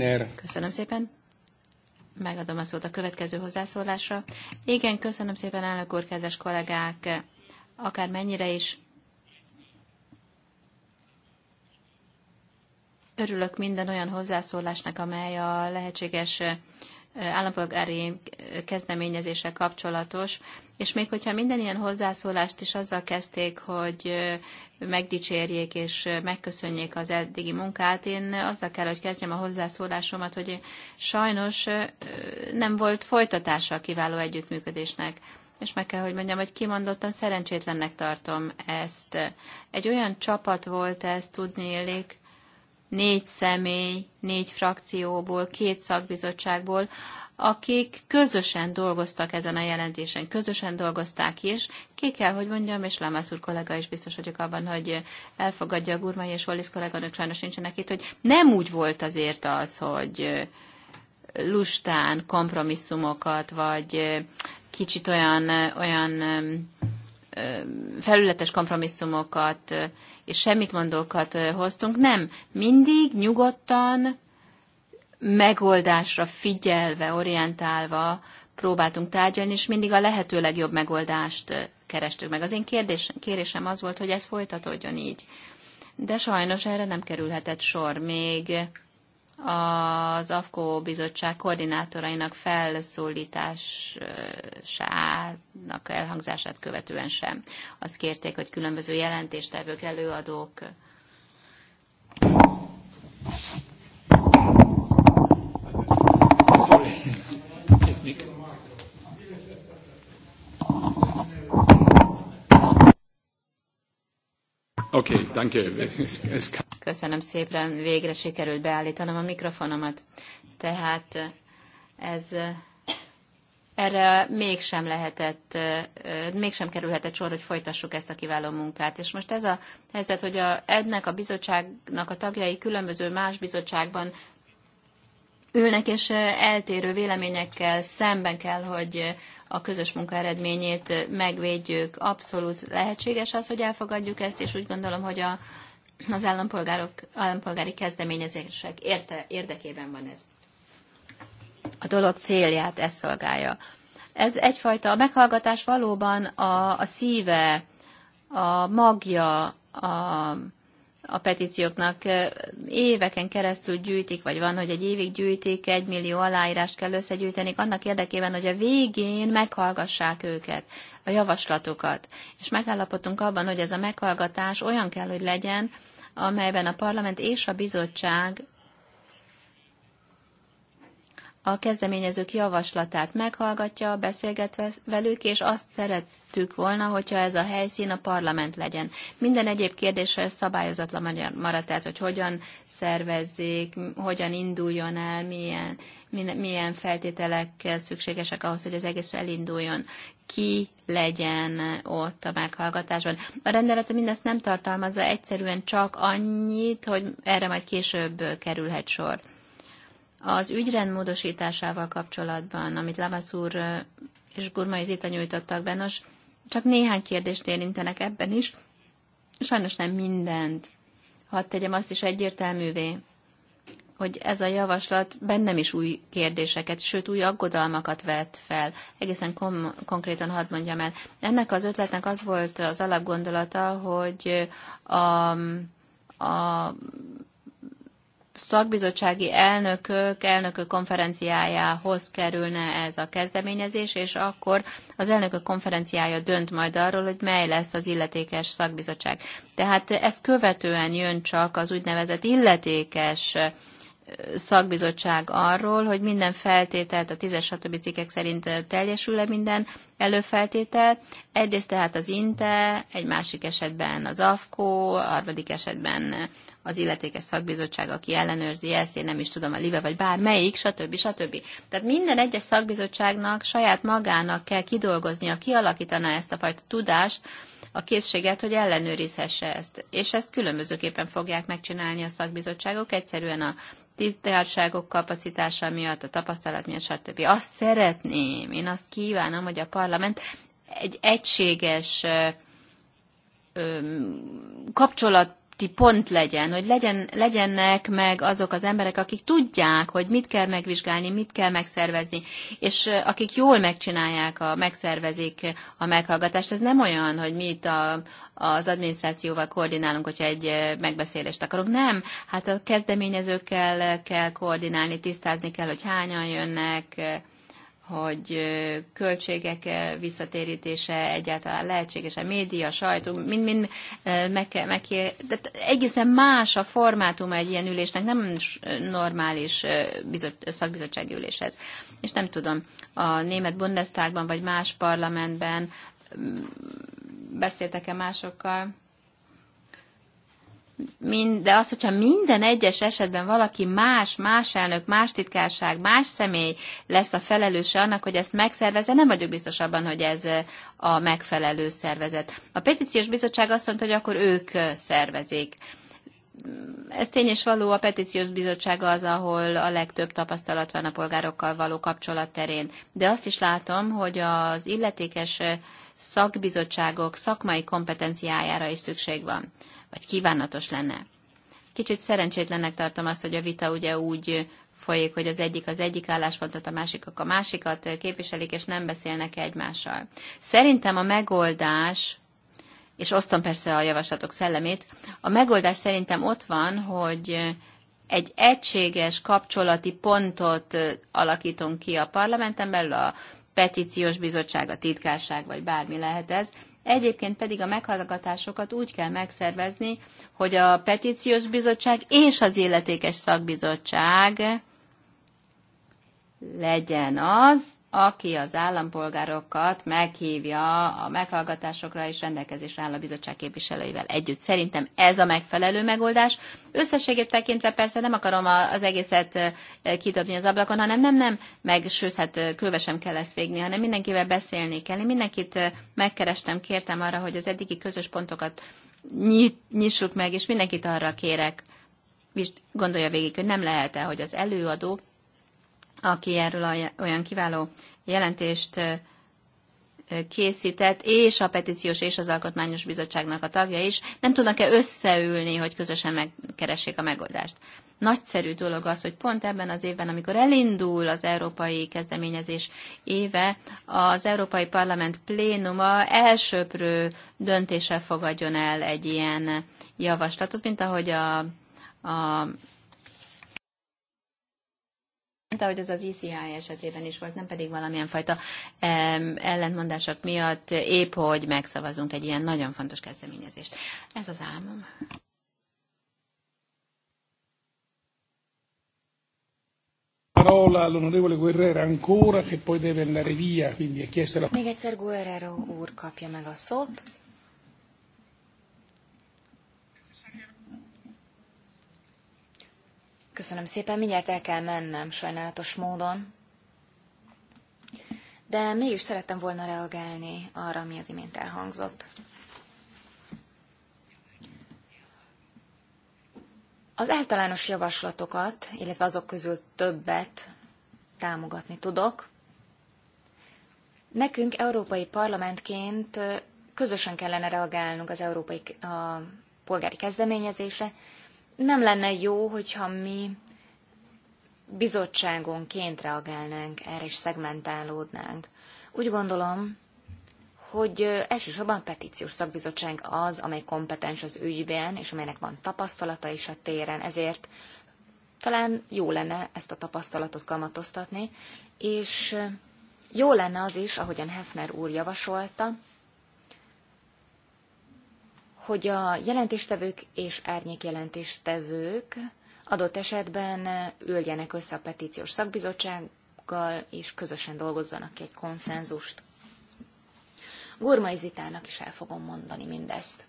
E köszönöm szépen. Megadom a szót a következő hozzászólásra. Igen, köszönöm szépen, elnök úr, kedves kollégák. Akár mennyire is Örülök minden olyan hozzászólásnak, amely a lehetséges állampolgári kezdeményezéssel kapcsolatos, és még hogyha minden ilyen hozzászólást is azzal kezdték, hogy megdicsérjék és megköszönjék az eddigi munkát, én azzal kell, hogy kezdjem a hozzászólásomat, hogy sajnos nem volt folytatása a kiváló együttműködésnek. És meg kell, hogy mondjam, hogy kimondottan szerencsétlennek tartom ezt. Egy olyan csapat volt ez, tudni élik, négy személy, négy frakcióból, két szakbizottságból, akik közösen dolgoztak ezen a jelentésen, közösen dolgozták is. Ki kell, hogy mondjam, és Lamász úr kollega is biztos vagyok abban, hogy elfogadja a Gurmai és Wallis kolléganők sajnos nincsenek itt, hogy nem úgy volt azért az, hogy lustán kompromisszumokat, vagy kicsit olyan, olyan felületes kompromisszumokat és semmit mondókat hoztunk. Nem, mindig nyugodtan, megoldásra figyelve, orientálva próbáltunk tárgyalni, és mindig a lehető legjobb megoldást kerestük meg. Az én kérdés, kérésem az volt, hogy ez folytatódjon így. De sajnos erre nem kerülhetett sor. Még az AFKO bizottság koordinátorainak felszólításának elhangzását követően sem. Azt kérték, hogy különböző jelentéstevők, előadók Sorry. Okay, danke. Köszönöm szépen, végre sikerült beállítanom a mikrofonomat. Tehát eh, ez eh, erre mégsem lehetett, eh, mégsem kerülhetett sor, hogy folytassuk ezt a kiváló munkát. És most ez a helyzet, hogy a, ennek a bizottságnak a tagjai különböző más bizottságban ülnek, és eltérő véleményekkel szemben kell, hogy a közös munka eredményét megvédjük. Abszolút lehetséges az, hogy elfogadjuk ezt, és úgy gondolom, hogy a, az állampolgárok, állampolgári kezdeményezések érte, érdekében van ez. A dolog célját ez szolgálja. Ez egyfajta, a meghallgatás valóban a, a szíve, a magja, a, a petícióknak éveken keresztül gyűjtik, vagy van, hogy egy évig gyűjtik, egy millió aláírást kell összegyűjteni, annak érdekében, hogy a végén meghallgassák őket, a javaslatokat. És megállapodtunk abban, hogy ez a meghallgatás olyan kell, hogy legyen, amelyben a parlament és a bizottság a kezdeményezők javaslatát meghallgatja, beszélget velük, és azt szerettük volna, hogyha ez a helyszín a parlament legyen. Minden egyéb kérdésre szabályozatlan maradt, tehát hogy hogyan szervezzék, hogyan induljon el, milyen, milyen feltételek szükségesek ahhoz, hogy az egész elinduljon ki legyen ott a meghallgatásban. A rendelet mindezt nem tartalmazza, egyszerűen csak annyit, hogy erre majd később kerülhet sor. Az ügyrend módosításával kapcsolatban, amit Lavasz úr és Gurmai Zita nyújtottak be, nos, csak néhány kérdést érintenek ebben is, sajnos nem mindent. Hadd tegyem azt is egyértelművé, hogy ez a javaslat bennem is új kérdéseket, sőt új aggodalmakat vet fel. Egészen kom- konkrétan hadd mondjam el. Ennek az ötletnek az volt az alapgondolata, hogy a, a szakbizottsági elnökök elnökök konferenciájához kerülne ez a kezdeményezés, és akkor az elnökök konferenciája dönt majd arról, hogy mely lesz az illetékes szakbizottság. Tehát ezt követően jön csak az úgynevezett illetékes szakbizottság arról, hogy minden feltételt a tízes stb. cikkek szerint teljesül-e minden előfeltétel. Egyrészt tehát az INTE, egy másik esetben az AFKO, a harmadik esetben az illetékes szakbizottság, aki ellenőrzi ezt, én nem is tudom, a LIVE vagy bármelyik, stb. stb. Tehát minden egyes szakbizottságnak saját magának kell kidolgoznia, kialakítana ezt a fajta tudást, a készséget, hogy ellenőrizhesse ezt. És ezt különbözőképpen fogják megcsinálni a szakbizottságok. Egyszerűen a titkárságok kapacitása miatt, a tapasztalat miatt, stb. Azt szeretném, én azt kívánom, hogy a parlament egy egységes kapcsolat pont legyen, hogy legyen, legyenek meg azok az emberek, akik tudják, hogy mit kell megvizsgálni, mit kell megszervezni, és akik jól megcsinálják, a, megszervezik a meghallgatást. Ez nem olyan, hogy mi itt a, az adminisztrációval koordinálunk, hogyha egy megbeszélést akarunk. Nem, hát a kezdeményezőkkel kell koordinálni, tisztázni kell, hogy hányan jönnek, hogy költségek visszatérítése egyáltalán lehetséges, a média, a sajtó, mind-mind meg kell, meg kell, de egészen más a formátum egy ilyen ülésnek, nem normális bizot, szakbizottsági üléshez. És nem tudom, a német Bundestagban vagy más parlamentben beszéltek-e másokkal, de az, hogyha minden egyes esetben valaki más, más elnök, más titkárság, más személy lesz a felelőse annak, hogy ezt megszervezze, nem vagyok biztos abban, hogy ez a megfelelő szervezet. A petíciós bizottság azt mondta, hogy akkor ők szervezik. Ez tény és való, a petíciós bizottság az, ahol a legtöbb tapasztalat van a polgárokkal való kapcsolat terén. De azt is látom, hogy az illetékes szakbizottságok szakmai kompetenciájára is szükség van vagy kívánatos lenne. Kicsit szerencsétlennek tartom azt, hogy a vita ugye úgy folyik, hogy az egyik az egyik álláspontot, a másikak a másikat képviselik, és nem beszélnek egymással. Szerintem a megoldás, és osztom persze a javaslatok szellemét, a megoldás szerintem ott van, hogy egy egységes kapcsolati pontot alakítunk ki a parlamenten belül, a petíciós bizottság, a titkárság, vagy bármi lehet ez, Egyébként pedig a meghallgatásokat úgy kell megszervezni, hogy a petíciós bizottság és az illetékes szakbizottság legyen az, aki az állampolgárokat meghívja a meghallgatásokra és rendelkezésre áll a bizottság képviselőivel együtt. Szerintem ez a megfelelő megoldás. Összességét tekintve persze nem akarom az egészet kidobni az ablakon, hanem nem, nem, meg sőt, hát kőbe sem kell ezt végni, hanem mindenkivel beszélni kell. Én mindenkit megkerestem, kértem arra, hogy az eddigi közös pontokat nyit, nyissuk meg, és mindenkit arra kérek, és gondolja végig, hogy nem lehet-e, hogy az előadók aki erről olyan kiváló jelentést készített, és a petíciós és az alkotmányos bizottságnak a tagja is, nem tudnak-e összeülni, hogy közösen megkeressék a megoldást. Nagyszerű dolog az, hogy pont ebben az évben, amikor elindul az európai kezdeményezés éve, az Európai Parlament plénuma elsőprő döntéssel fogadjon el egy ilyen javaslatot, mint ahogy a, a mint ahogy az az e ICI esetében is volt, nem pedig valamilyen fajta ellentmondások miatt épp, hogy megszavazunk egy ilyen nagyon fontos kezdeményezést. Ez az álmom. Guerrero Még egyszer Guerrero úr kapja meg a szót, Köszönöm szépen, mindjárt el kell mennem sajnálatos módon. De mégis szerettem volna reagálni arra, ami az imént elhangzott. Az általános javaslatokat, illetve azok közül többet támogatni tudok. Nekünk európai parlamentként közösen kellene reagálnunk az európai a polgári kezdeményezésre, nem lenne jó, hogyha mi bizottságonként reagálnánk erre, és szegmentálódnánk. Úgy gondolom, hogy elsősorban a petíciós szakbizottság az, amely kompetens az ügyben, és amelynek van tapasztalata is a téren, ezért talán jó lenne ezt a tapasztalatot kamatoztatni, és jó lenne az is, ahogyan Hefner úr javasolta, hogy a jelentéstevők és árnyék jelentéstevők adott esetben üljenek össze a petíciós szakbizottsággal, és közösen dolgozzanak ki egy konszenzust. Gurmai Zitának is el fogom mondani mindezt.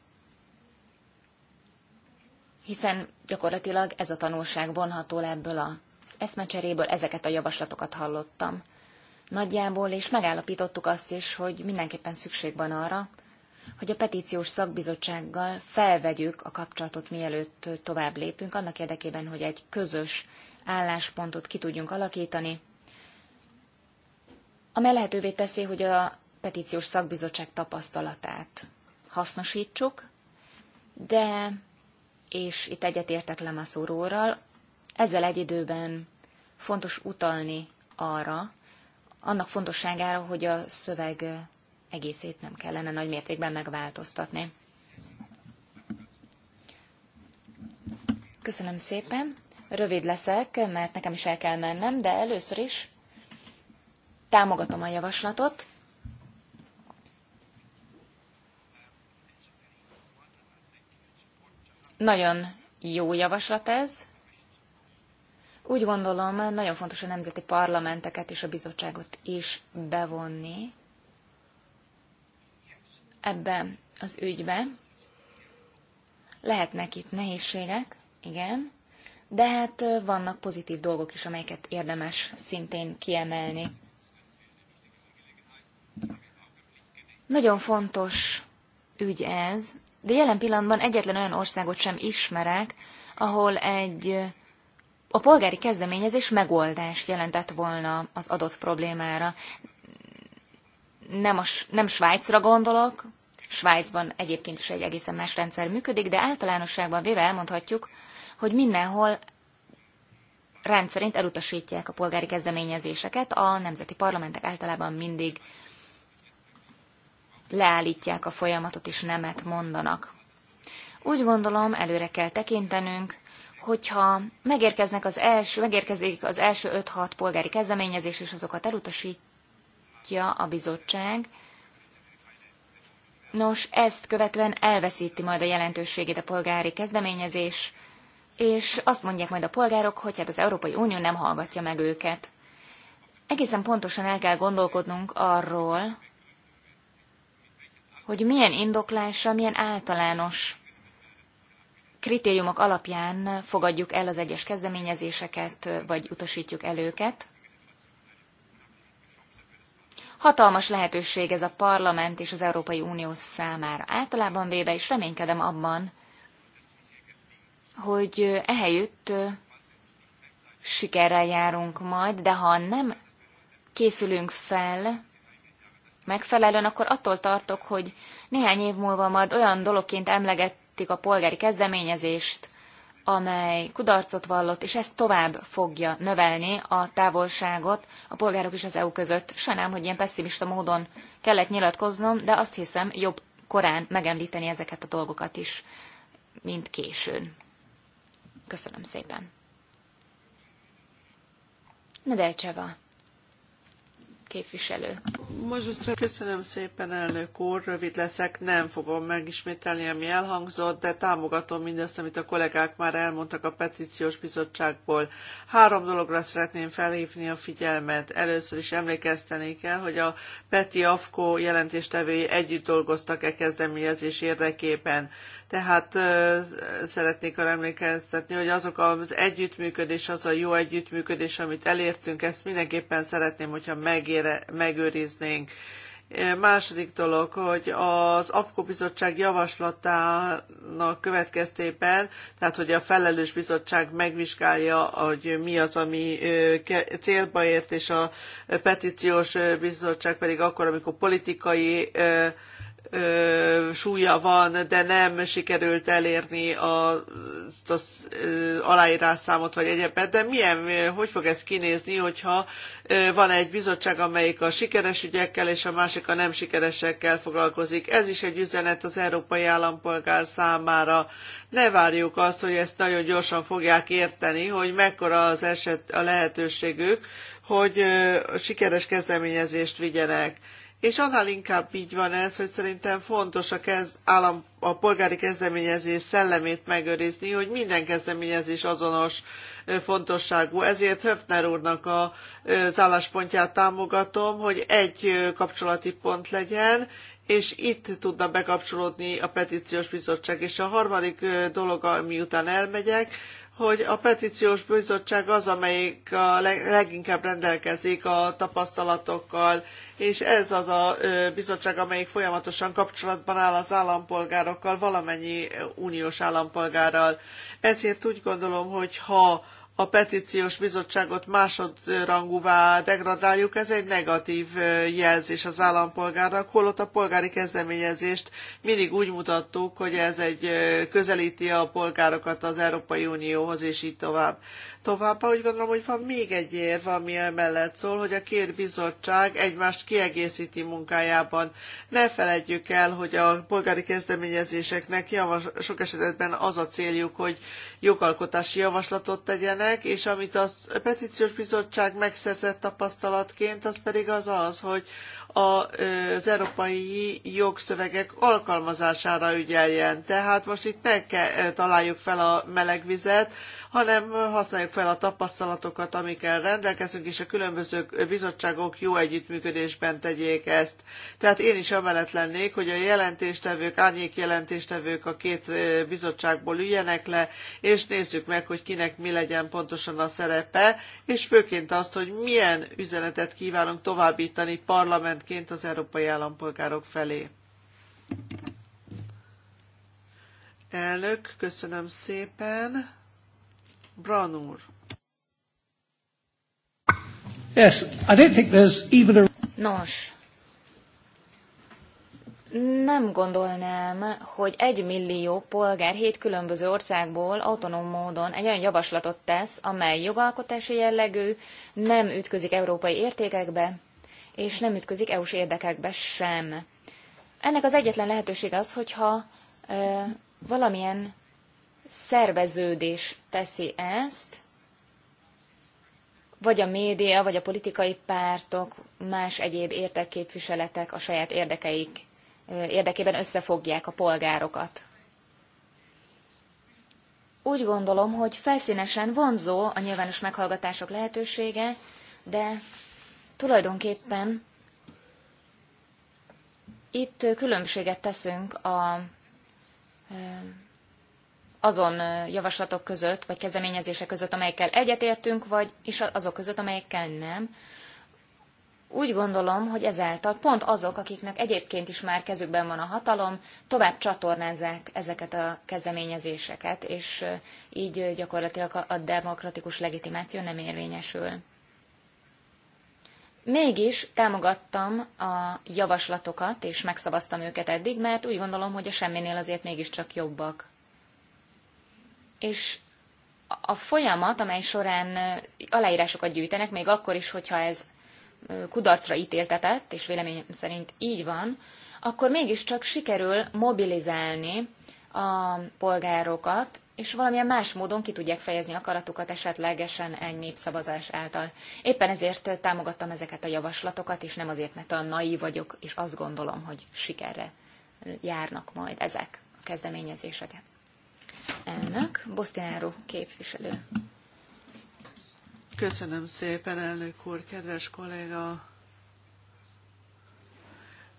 Hiszen gyakorlatilag ez a tanulság vonható le ebből az eszmecseréből, ezeket a javaslatokat hallottam. Nagyjából, és megállapítottuk azt is, hogy mindenképpen szükség van arra, hogy a petíciós szakbizottsággal felvegyük a kapcsolatot, mielőtt tovább lépünk, annak érdekében, hogy egy közös álláspontot ki tudjunk alakítani, amely lehetővé teszi, hogy a petíciós szakbizottság tapasztalatát hasznosítsuk, de, és itt egyetértek a szóróral, ezzel egy időben fontos utalni arra, annak fontosságára, hogy a szöveg egészét nem kellene nagy mértékben megváltoztatni. Köszönöm szépen. Rövid leszek, mert nekem is el kell mennem, de először is támogatom a javaslatot. Nagyon jó javaslat ez. Úgy gondolom, nagyon fontos a nemzeti parlamenteket és a bizottságot is bevonni ebbe az ügybe. Lehetnek itt nehézségek, igen, de hát vannak pozitív dolgok is, amelyeket érdemes szintén kiemelni. Nagyon fontos ügy ez, de jelen pillanatban egyetlen olyan országot sem ismerek, ahol egy a polgári kezdeményezés megoldást jelentett volna az adott problémára. Nem, a, nem Svájcra gondolok, Svájcban egyébként is egy egészen más rendszer működik, de általánosságban véve elmondhatjuk, hogy mindenhol rendszerint elutasítják a polgári kezdeményezéseket, a nemzeti parlamentek általában mindig leállítják a folyamatot és nemet mondanak. Úgy gondolom, előre kell tekintenünk, hogyha megérkeznek az első, megérkezik az első 5-6 polgári kezdeményezés, és azokat elutasítja a bizottság, Nos, ezt követően elveszíti majd a jelentőségét a polgári kezdeményezés, és azt mondják majd a polgárok, hogy hát az Európai Unió nem hallgatja meg őket. Egészen pontosan el kell gondolkodnunk arról, hogy milyen indoklással, milyen általános kritériumok alapján fogadjuk el az egyes kezdeményezéseket, vagy utasítjuk el őket. Hatalmas lehetőség ez a parlament és az Európai Unió számára. Általában véve is reménykedem abban, hogy ehelyütt sikerrel járunk majd, de ha nem készülünk fel megfelelően, akkor attól tartok, hogy néhány év múlva majd olyan dologként emlegetik a polgári kezdeményezést, amely kudarcot vallott, és ez tovább fogja növelni a távolságot a polgárok és az EU között. Sajnálom, hogy ilyen pessimista módon kellett nyilatkoznom, de azt hiszem jobb korán megemlíteni ezeket a dolgokat is, mint későn. Köszönöm szépen. Nedelcseva képviselő. Köszönöm szépen, elnök úr, rövid leszek, nem fogom megismételni, ami elhangzott, de támogatom mindazt, amit a kollégák már elmondtak a petíciós bizottságból. Három dologra szeretném felhívni a figyelmet. Először is emlékezteni kell, hogy a Peti Afko jelentéstevői együtt dolgoztak e kezdeményezés érdekében tehát szeretnék arra emlékeztetni, hogy azok az együttműködés, az a jó együttműködés, amit elértünk, ezt mindenképpen szeretném, hogyha megére, megőriznénk. Második dolog, hogy az AFKO bizottság javaslatának következtében, tehát hogy a felelős bizottság megvizsgálja, hogy mi az, ami célba ért, és a petíciós bizottság pedig akkor, amikor politikai ö, súlya van, de nem sikerült elérni azt az aláírás számot vagy egyebet, de milyen, hogy fog ez kinézni, hogyha ö, van egy bizottság, amelyik a sikeres ügyekkel és a másik a nem sikeresekkel foglalkozik. Ez is egy üzenet az európai állampolgár számára. Ne várjuk azt, hogy ezt nagyon gyorsan fogják érteni, hogy mekkora az eset, a lehetőségük, hogy sikeres kezdeményezést vigyenek és annál inkább így van ez, hogy szerintem fontos a, állam, a polgári kezdeményezés szellemét megőrizni, hogy minden kezdeményezés azonos fontosságú. Ezért Höfner úrnak a, az álláspontját támogatom, hogy egy kapcsolati pont legyen, és itt tudna bekapcsolódni a petíciós bizottság. És a harmadik dolog, miután elmegyek, hogy a petíciós bizottság az, amelyik a leginkább rendelkezik a tapasztalatokkal, és ez az a bizottság, amelyik folyamatosan kapcsolatban áll az állampolgárokkal, valamennyi uniós állampolgárral. Ezért úgy gondolom, hogy ha a petíciós bizottságot másodrangúvá degradáljuk, ez egy negatív jelzés az állampolgárnak, holott a polgári kezdeményezést mindig úgy mutattuk, hogy ez egy közelíti a polgárokat az Európai Unióhoz, és így tovább. Továbbá úgy gondolom, hogy van még egy érv, ami emellett szól, hogy a két bizottság egymást kiegészíti munkájában. Ne feledjük el, hogy a polgári kezdeményezéseknek javas, sok esetben az a céljuk, hogy jogalkotási javaslatot tegyenek, és amit a petíciós bizottság megszerzett tapasztalatként, az pedig az az, hogy az európai jogszövegek alkalmazására ügyeljen. Tehát most itt ne találjuk fel a melegvizet, hanem használjuk fel a tapasztalatokat, amikkel rendelkezünk, és a különböző bizottságok jó együttműködésben tegyék ezt. Tehát én is amellett lennék, hogy a jelentéstevők, árnyék jelentéstevők a két bizottságból üljenek le, és nézzük meg, hogy kinek mi legyen pontosan a szerepe, és főként azt, hogy milyen üzenetet kívánunk továbbítani parlamentként az európai állampolgárok felé. Elnök, köszönöm szépen. Bran Yes, I don't think there's even a... Nos, nem gondolnám, hogy egy millió polgár hét különböző országból autonóm módon egy olyan javaslatot tesz, amely jogalkotási jellegű, nem ütközik európai értékekbe, és nem ütközik EU-s érdekekbe sem. Ennek az egyetlen lehetőség az, hogyha ö, valamilyen szerveződés teszi ezt, vagy a média, vagy a politikai pártok, más egyéb értekképviseletek a saját érdekeik érdekében összefogják a polgárokat. Úgy gondolom, hogy felszínesen vonzó a nyilvános meghallgatások lehetősége, de tulajdonképpen itt különbséget teszünk a azon javaslatok között, vagy kezdeményezések között, amelyekkel egyetértünk, vagy és azok között, amelyekkel nem. Úgy gondolom, hogy ezáltal pont azok, akiknek egyébként is már kezükben van a hatalom, tovább csatornázzák ezeket a kezdeményezéseket, és így gyakorlatilag a demokratikus legitimáció nem érvényesül. Mégis támogattam a javaslatokat, és megszavaztam őket eddig, mert úgy gondolom, hogy a semminél azért mégiscsak jobbak és a folyamat, amely során aláírásokat gyűjtenek, még akkor is, hogyha ez kudarcra ítéltetett, és véleményem szerint így van, akkor mégiscsak sikerül mobilizálni a polgárokat, és valamilyen más módon ki tudják fejezni akaratukat esetlegesen egy népszavazás által. Éppen ezért támogattam ezeket a javaslatokat, és nem azért, mert olyan naív vagyok, és azt gondolom, hogy sikerre járnak majd ezek a kezdeményezéseket elnök, Bosztináró képviselő. Köszönöm szépen, elnök úr, kedves kolléga.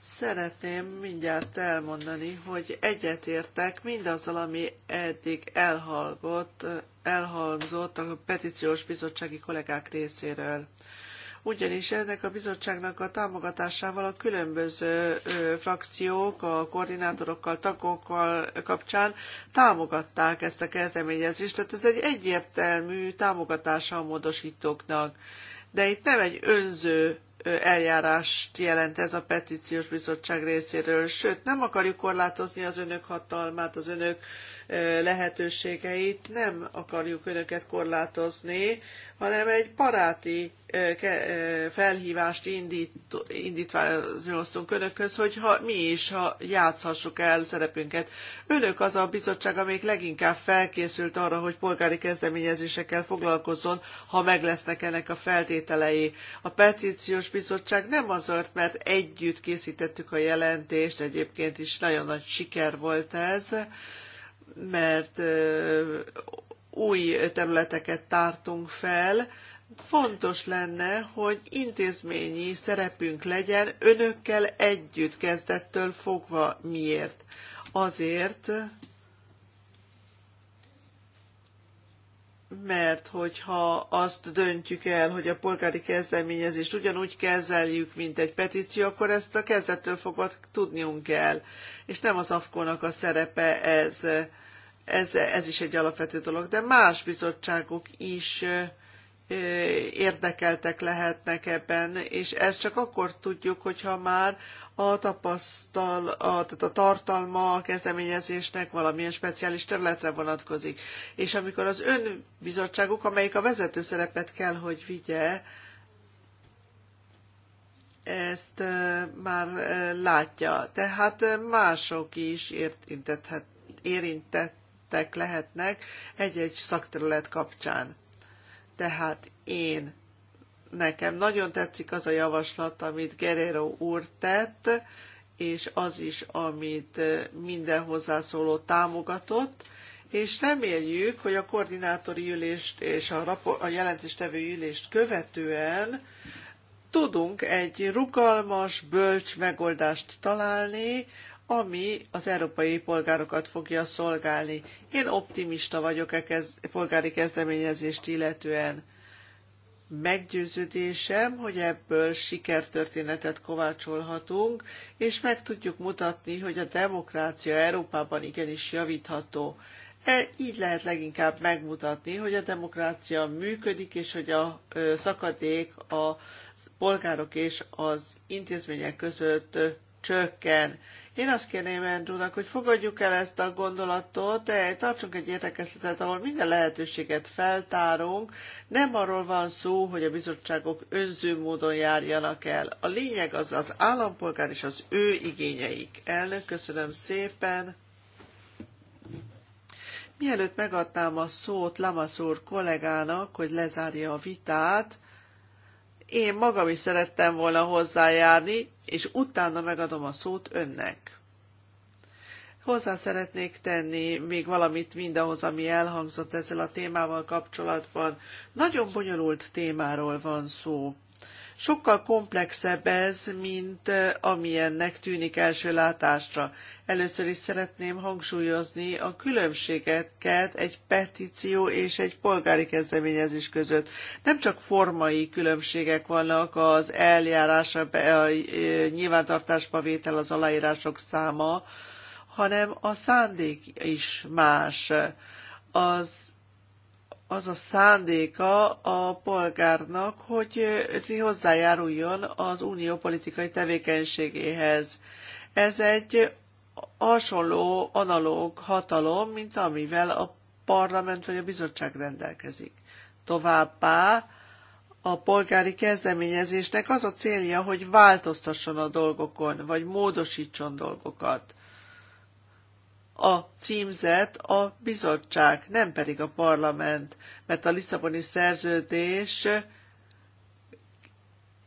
Szeretném mindjárt elmondani, hogy egyetértek mindazzal, ami eddig elhallgott, elhangzott a petíciós bizottsági kollégák részéről ugyanis ennek a bizottságnak a támogatásával a különböző frakciók, a koordinátorokkal, tagokkal kapcsán támogatták ezt a kezdeményezést, tehát ez egy egyértelmű támogatása a módosítóknak. De itt nem egy önző eljárást jelent ez a petíciós bizottság részéről, sőt nem akarjuk korlátozni az önök hatalmát, az önök lehetőségeit nem akarjuk önöket korlátozni, hanem egy baráti felhívást indít, indítványoztunk önökhöz, hogy ha, mi is ha játszhassuk el szerepünket. Önök az a bizottság, amelyik leginkább felkészült arra, hogy polgári kezdeményezésekkel foglalkozzon, ha meg lesznek ennek a feltételei. A petíciós bizottság nem azért, mert együtt készítettük a jelentést, egyébként is nagyon nagy siker volt ez, mert új területeket tártunk fel, fontos lenne, hogy intézményi szerepünk legyen önökkel együtt kezdettől fogva. Miért? Azért, mert hogyha azt döntjük el, hogy a polgári kezdeményezést ugyanúgy kezeljük, mint egy petíció, akkor ezt a kezdettől fogva tudniunk kell. És nem az AFKO-nak a szerepe ez, ez, ez is egy alapvető dolog, de más bizottságok is érdekeltek lehetnek ebben, és ezt csak akkor tudjuk, hogyha már a tapasztal, a, tehát a tartalma a kezdeményezésnek valamilyen speciális területre vonatkozik. És amikor az önbizottságuk, amelyik a vezető szerepet kell, hogy vigye, ezt már látja. Tehát mások is érintettek lehetnek egy-egy szakterület kapcsán. Tehát én, nekem nagyon tetszik az a javaslat, amit Guerrero úr tett, és az is, amit minden hozzászóló támogatott, és reméljük, hogy a koordinátori ülést és a, a jelentéstevő ülést követően tudunk egy rugalmas, bölcs megoldást találni, ami az európai polgárokat fogja szolgálni. Én optimista vagyok a e kez, polgári kezdeményezést illetően. Meggyőződésem, hogy ebből sikertörténetet kovácsolhatunk, és meg tudjuk mutatni, hogy a demokrácia Európában igenis javítható. E, így lehet leginkább megmutatni, hogy a demokrácia működik, és hogy a ö, szakadék a polgárok és az intézmények között ö, csökken én azt kérném Andrewnak, hogy fogadjuk el ezt a gondolatot, de tartsunk egy értekeztetet, ahol minden lehetőséget feltárunk. Nem arról van szó, hogy a bizottságok önző módon járjanak el. A lényeg az az állampolgár és az ő igényeik. Elnök, köszönöm szépen. Mielőtt megadnám a szót Lamaszúr kollégának, hogy lezárja a vitát, én magam is szerettem volna hozzájárni, és utána megadom a szót önnek. Hozzá szeretnék tenni még valamit mindahhoz, ami elhangzott ezzel a témával kapcsolatban. Nagyon bonyolult témáról van szó. Sokkal komplexebb ez, mint amilyennek tűnik első látásra. Először is szeretném hangsúlyozni a különbségeket egy petíció és egy polgári kezdeményezés között. Nem csak formai különbségek vannak az eljárása, a nyilvántartásba vétel az aláírások száma, hanem a szándék is más. Az az a szándéka a polgárnak, hogy hozzájáruljon az unió politikai tevékenységéhez. Ez egy hasonló, analóg hatalom, mint amivel a parlament vagy a bizottság rendelkezik. Továbbá a polgári kezdeményezésnek az a célja, hogy változtasson a dolgokon, vagy módosítson dolgokat a címzet a bizottság, nem pedig a parlament, mert a Lisszaboni szerződés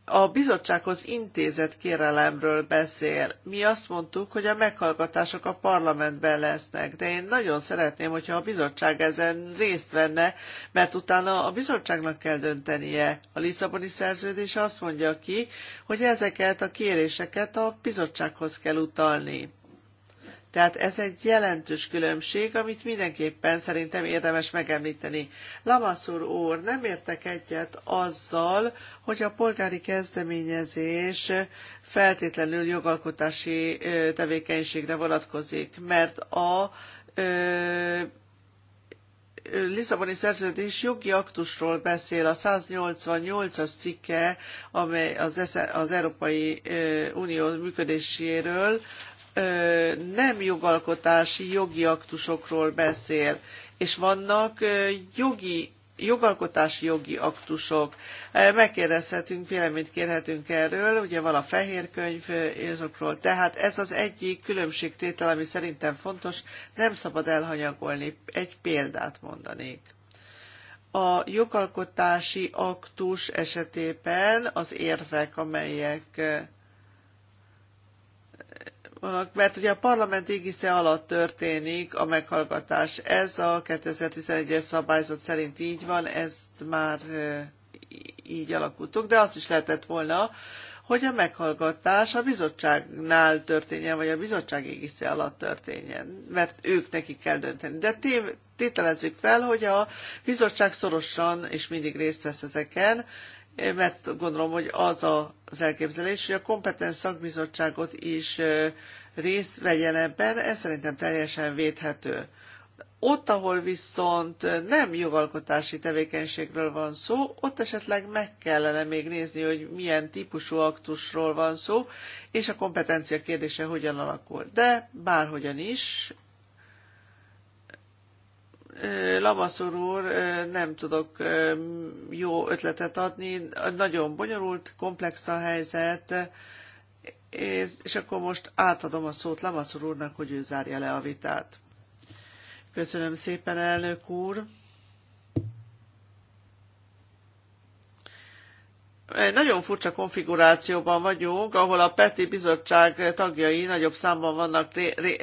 a bizottsághoz intézett kérelemről beszél. Mi azt mondtuk, hogy a meghallgatások a parlamentben lesznek, de én nagyon szeretném, hogyha a bizottság ezen részt venne, mert utána a bizottságnak kell döntenie. A Lisszaboni szerződés azt mondja ki, hogy ezeket a kéréseket a bizottsághoz kell utalni. Tehát ez egy jelentős különbség, amit mindenképpen szerintem érdemes megemlíteni. Lamaszur úr, nem értek egyet azzal, hogy a polgári kezdeményezés feltétlenül jogalkotási tevékenységre vonatkozik, mert a ö, Lisszaboni szerződés jogi aktusról beszél, a 188-as cikke, amely az, az Európai Unió működéséről, nem jogalkotási jogi aktusokról beszél, és vannak jogi jogalkotási jogi aktusok. Megkérdezhetünk, véleményt kérhetünk erről, ugye van a fehér könyv azokról, tehát ez az egyik különbségtétel, ami szerintem fontos, nem szabad elhanyagolni. Egy példát mondanék. A jogalkotási aktus esetében az érvek, amelyek vannak, mert ugye a parlament égisze alatt történik a meghallgatás. Ez a 2011-es szabályzat szerint így van, ezt már így alakultuk, de azt is lehetett volna, hogy a meghallgatás a bizottságnál történjen, vagy a bizottság égisze alatt történjen, mert ők nekik kell dönteni. De tév, tételezzük fel, hogy a bizottság szorosan és mindig részt vesz ezeken, mert gondolom, hogy az a, az elképzelés, hogy a kompetens szakbizottságot is részt vegyen ebben, ez szerintem teljesen védhető. Ott, ahol viszont nem jogalkotási tevékenységről van szó, ott esetleg meg kellene még nézni, hogy milyen típusú aktusról van szó, és a kompetencia kérdése hogyan alakul. De bárhogyan is, Lamaszur úr, nem tudok jó ötletet adni, nagyon bonyolult, komplex a helyzet, és akkor most átadom a szót Lamaszur úrnak, hogy ő zárja le a vitát. Köszönöm szépen, elnök úr! Egy nagyon furcsa konfigurációban vagyunk, ahol a PETI bizottság tagjai nagyobb számban vannak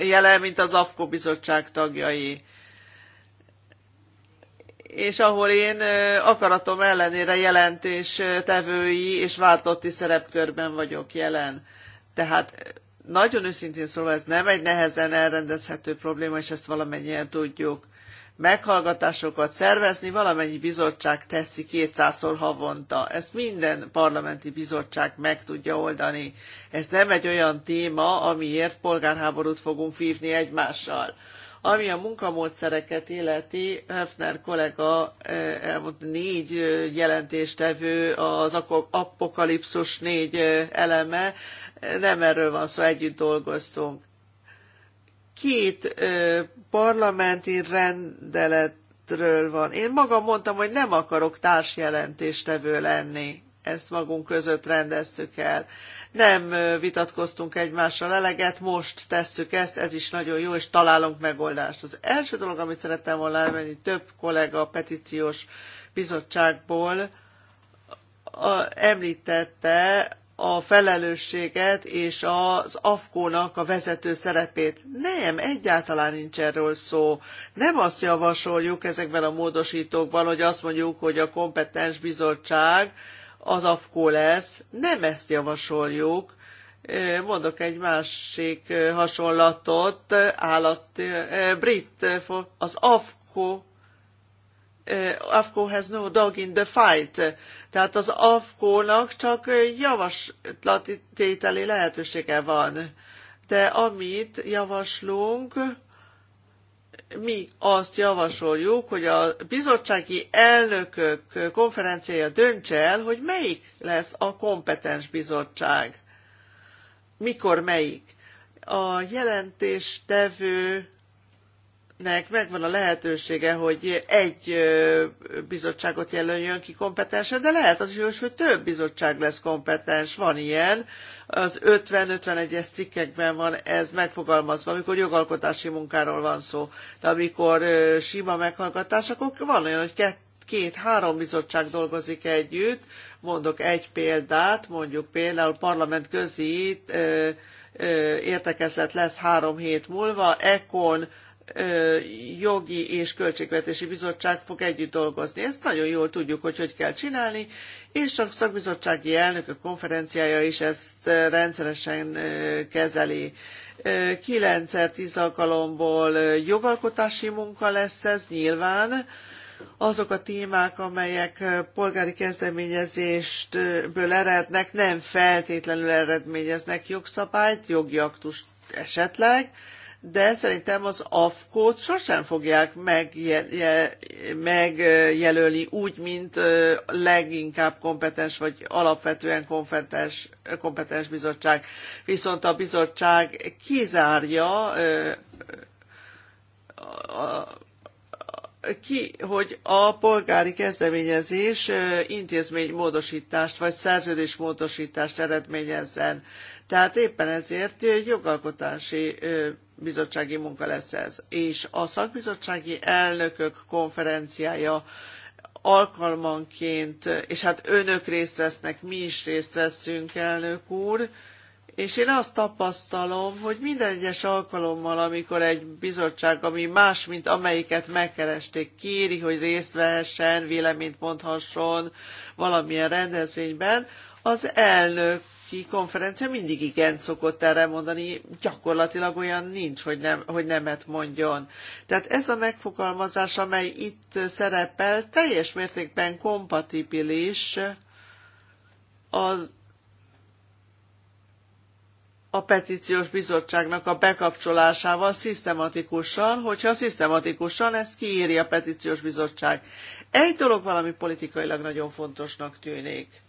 jelen, mint az AFKO bizottság tagjai és ahol én akaratom ellenére jelentés tevői és váltotti szerepkörben vagyok jelen. Tehát nagyon őszintén szólva ez nem egy nehezen elrendezhető probléma, és ezt valamennyien tudjuk. Meghallgatásokat szervezni valamennyi bizottság teszi 200-szor havonta. Ezt minden parlamenti bizottság meg tudja oldani. Ez nem egy olyan téma, amiért polgárháborút fogunk vívni egymással ami a munkamódszereket illeti, höfner kollega eh, elmondta négy eh, jelentéstevő, az apokalipszos négy eh, eleme, nem erről van szó, együtt dolgoztunk. Két parlamenti rendelet van. Én magam mondtam, hogy nem akarok társjelentéstevő lenni ezt magunk között rendeztük el. Nem vitatkoztunk egymással eleget, most tesszük ezt, ez is nagyon jó, és találunk megoldást. Az első dolog, amit szerettem volna elmenni, több kollega a petíciós bizottságból a, említette a felelősséget és az AFKÓ-nak a vezető szerepét. Nem, egyáltalán nincs erről szó. Nem azt javasoljuk ezekben a módosítókban, hogy azt mondjuk, hogy a kompetens bizottság az afkó lesz. Nem ezt javasoljuk. Mondok egy másik hasonlatot, állat, brit, az afkó AFCO has no dog in the fight. Tehát az AFCO-nak csak javaslati tételi lehetősége van. De amit javaslunk, mi azt javasoljuk, hogy a bizottsági elnökök konferenciája döntse el, hogy melyik lesz a kompetens bizottság. Mikor melyik. A jelentéstevő nek megvan a lehetősége, hogy egy bizottságot jelöljön ki kompetensen, de lehet az is, hogy több bizottság lesz kompetens. Van ilyen, az 50-51-es cikkekben van ez megfogalmazva, amikor jogalkotási munkáról van szó. De amikor sima meghallgatás, akkor van olyan, hogy két-három bizottság dolgozik együtt. Mondok egy példát, mondjuk például parlament közi értekezlet lesz három hét múlva, Ekon jogi és költségvetési bizottság fog együtt dolgozni. Ezt nagyon jól tudjuk, hogy hogy kell csinálni, és a szakbizottsági elnökök konferenciája is ezt rendszeresen kezeli. 9-10 alkalomból jogalkotási munka lesz ez nyilván, azok a témák, amelyek polgári kezdeményezéstből erednek, nem feltétlenül eredményeznek jogszabályt, jogi aktust esetleg, de szerintem az AFKO-t sosem fogják megjelölni úgy, mint leginkább kompetens vagy alapvetően kompetens, kompetens bizottság. Viszont a bizottság kizárja ki, hogy a polgári kezdeményezés intézménymódosítást vagy szerződésmódosítást eredményezzen. Tehát éppen ezért jogalkotási bizottsági munka lesz ez. És a szakbizottsági elnökök konferenciája alkalmanként, és hát önök részt vesznek, mi is részt veszünk, elnök úr, és én azt tapasztalom, hogy minden egyes alkalommal, amikor egy bizottság, ami más, mint amelyiket megkeresték, kéri, hogy részt vehessen, véleményt mondhasson valamilyen rendezvényben, az elnök ki konferencia mindig igen szokott erre mondani, gyakorlatilag olyan nincs, hogy, nem, hogy nemet mondjon. Tehát ez a megfogalmazás, amely itt szerepel, teljes mértékben kompatibilis az a petíciós bizottságnak a bekapcsolásával szisztematikusan, hogyha szisztematikusan ezt kiírja a petíciós bizottság. Egy dolog valami politikailag nagyon fontosnak tűnik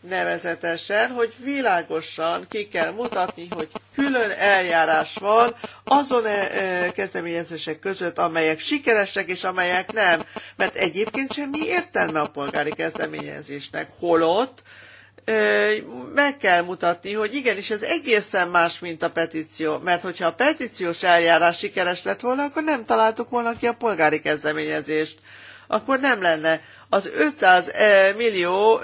nevezetesen, hogy világosan ki kell mutatni, hogy külön eljárás van azon eh, eh, kezdeményezések között, amelyek sikeresek és amelyek nem. Mert egyébként semmi értelme a polgári kezdeményezésnek. Holott eh, meg kell mutatni, hogy igenis ez egészen más, mint a petíció. Mert hogyha a petíciós eljárás sikeres lett volna, akkor nem találtuk volna ki a polgári kezdeményezést. Akkor nem lenne az 500 millió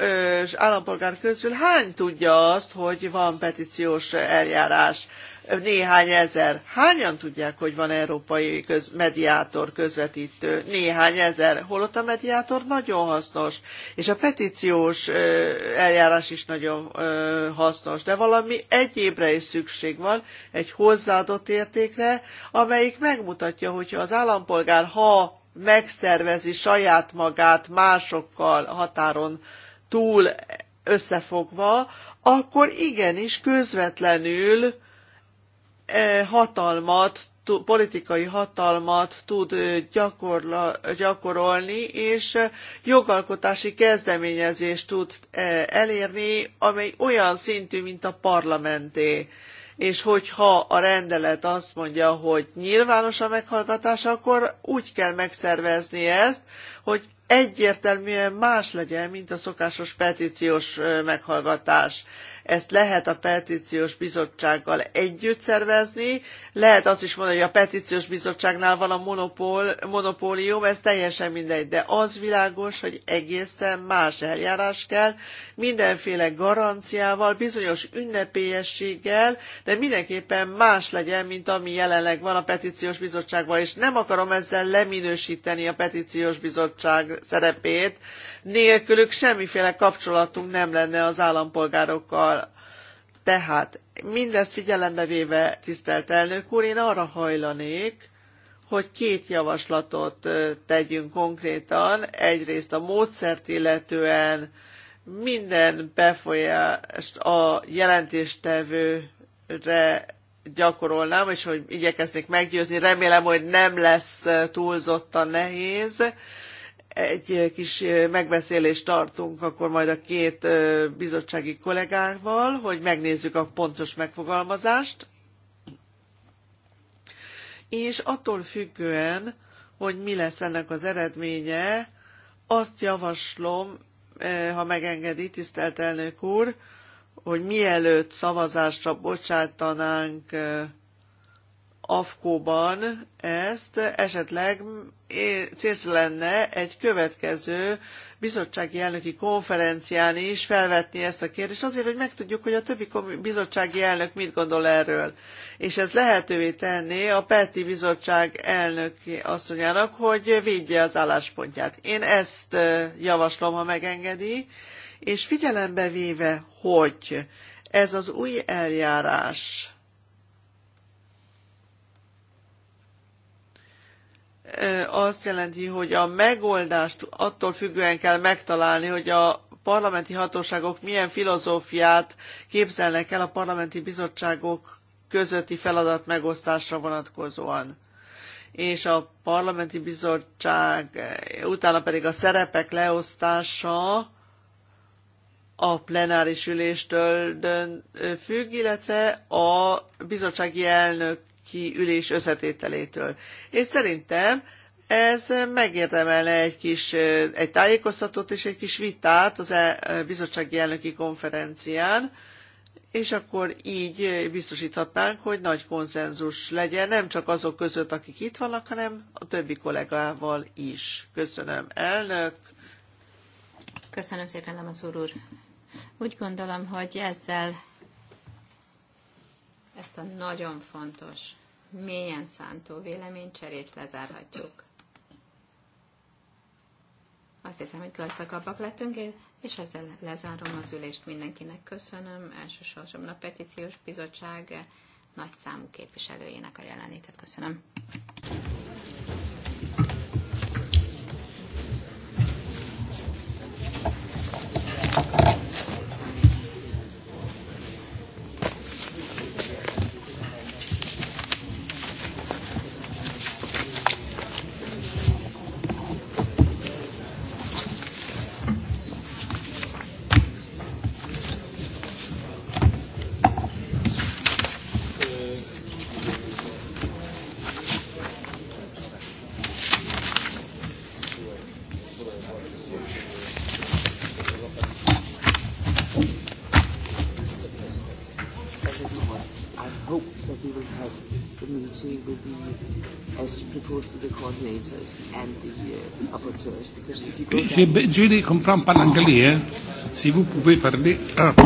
állampolgár közül hány tudja azt, hogy van petíciós eljárás? Néhány ezer. Hányan tudják, hogy van európai köz, mediátor, közvetítő? Néhány ezer. Holott a mediátor nagyon hasznos, és a petíciós eljárás is nagyon hasznos, de valami egyébre is szükség van, egy hozzáadott értékre, amelyik megmutatja, hogyha az állampolgár, ha megszervezi saját magát másokkal határon túl összefogva, akkor igenis közvetlenül e, hatalmat, politikai hatalmat tud e, gyakorla, gyakorolni, és e, jogalkotási kezdeményezést tud elérni, amely olyan szintű, mint a parlamenté és hogyha a rendelet azt mondja, hogy nyilvános a meghallgatás, akkor úgy kell megszervezni ezt, hogy egyértelműen más legyen, mint a szokásos petíciós meghallgatás. Ezt lehet a petíciós bizottsággal együtt szervezni, lehet azt is mondani, hogy a petíciós bizottságnál van a monopól, monopólium, ez teljesen mindegy, de az világos, hogy egészen más eljárás kell, mindenféle garanciával, bizonyos ünnepélyességgel, de mindenképpen más legyen, mint ami jelenleg van a petíciós bizottságban, és nem akarom ezzel leminősíteni a petíciós bizottság szerepét, nélkülük semmiféle kapcsolatunk nem lenne az állampolgárokkal. Tehát mindezt figyelembe véve, tisztelt elnök úr, én arra hajlanék, hogy két javaslatot tegyünk konkrétan. Egyrészt a módszert illetően minden befolyást a jelentéstevőre gyakorolnám, és hogy igyekeznék meggyőzni. Remélem, hogy nem lesz túlzottan nehéz egy kis megbeszélést tartunk akkor majd a két bizottsági kollégával, hogy megnézzük a pontos megfogalmazást. És attól függően, hogy mi lesz ennek az eredménye, azt javaslom, ha megengedi, tisztelt elnök úr, hogy mielőtt szavazásra bocsátanánk AFKO-ban ezt, esetleg célszerű lenne egy következő bizottsági elnöki konferencián is felvetni ezt a kérdést, azért, hogy megtudjuk, hogy a többi bizottsági elnök mit gondol erről. És ez lehetővé tenné a Peti Bizottság elnöki asszonyának, hogy védje az álláspontját. Én ezt javaslom, ha megengedi, és figyelembe véve, hogy ez az új eljárás azt jelenti, hogy a megoldást attól függően kell megtalálni, hogy a parlamenti hatóságok milyen filozófiát képzelnek el a parlamenti bizottságok közötti feladat megosztásra vonatkozóan. És a parlamenti bizottság, utána pedig a szerepek leosztása a plenáris üléstől függ, illetve a bizottsági elnök ki ülés összetételétől. És szerintem ez megérdemelne egy kis egy tájékoztatót és egy kis vitát az e, bizottsági elnöki konferencián, és akkor így biztosíthatnánk, hogy nagy konszenzus legyen, nem csak azok között, akik itt vannak, hanem a többi kollégával is. Köszönöm, elnök! Köszönöm szépen, Lamazur úr! Úgy gondolom, hogy ezzel ezt a nagyon fontos, mélyen szántó véleménycserét lezárhatjuk. Azt hiszem, hogy gazdagabbak lettünk, és ezzel lezárom az ülést mindenkinek. Köszönöm elsősorban a petíciós bizottság nagy számú képviselőjének a jelenlétet. Köszönöm. Je, je les comprends pas l'anglais, hein. Si vous pouvez parler. Ah.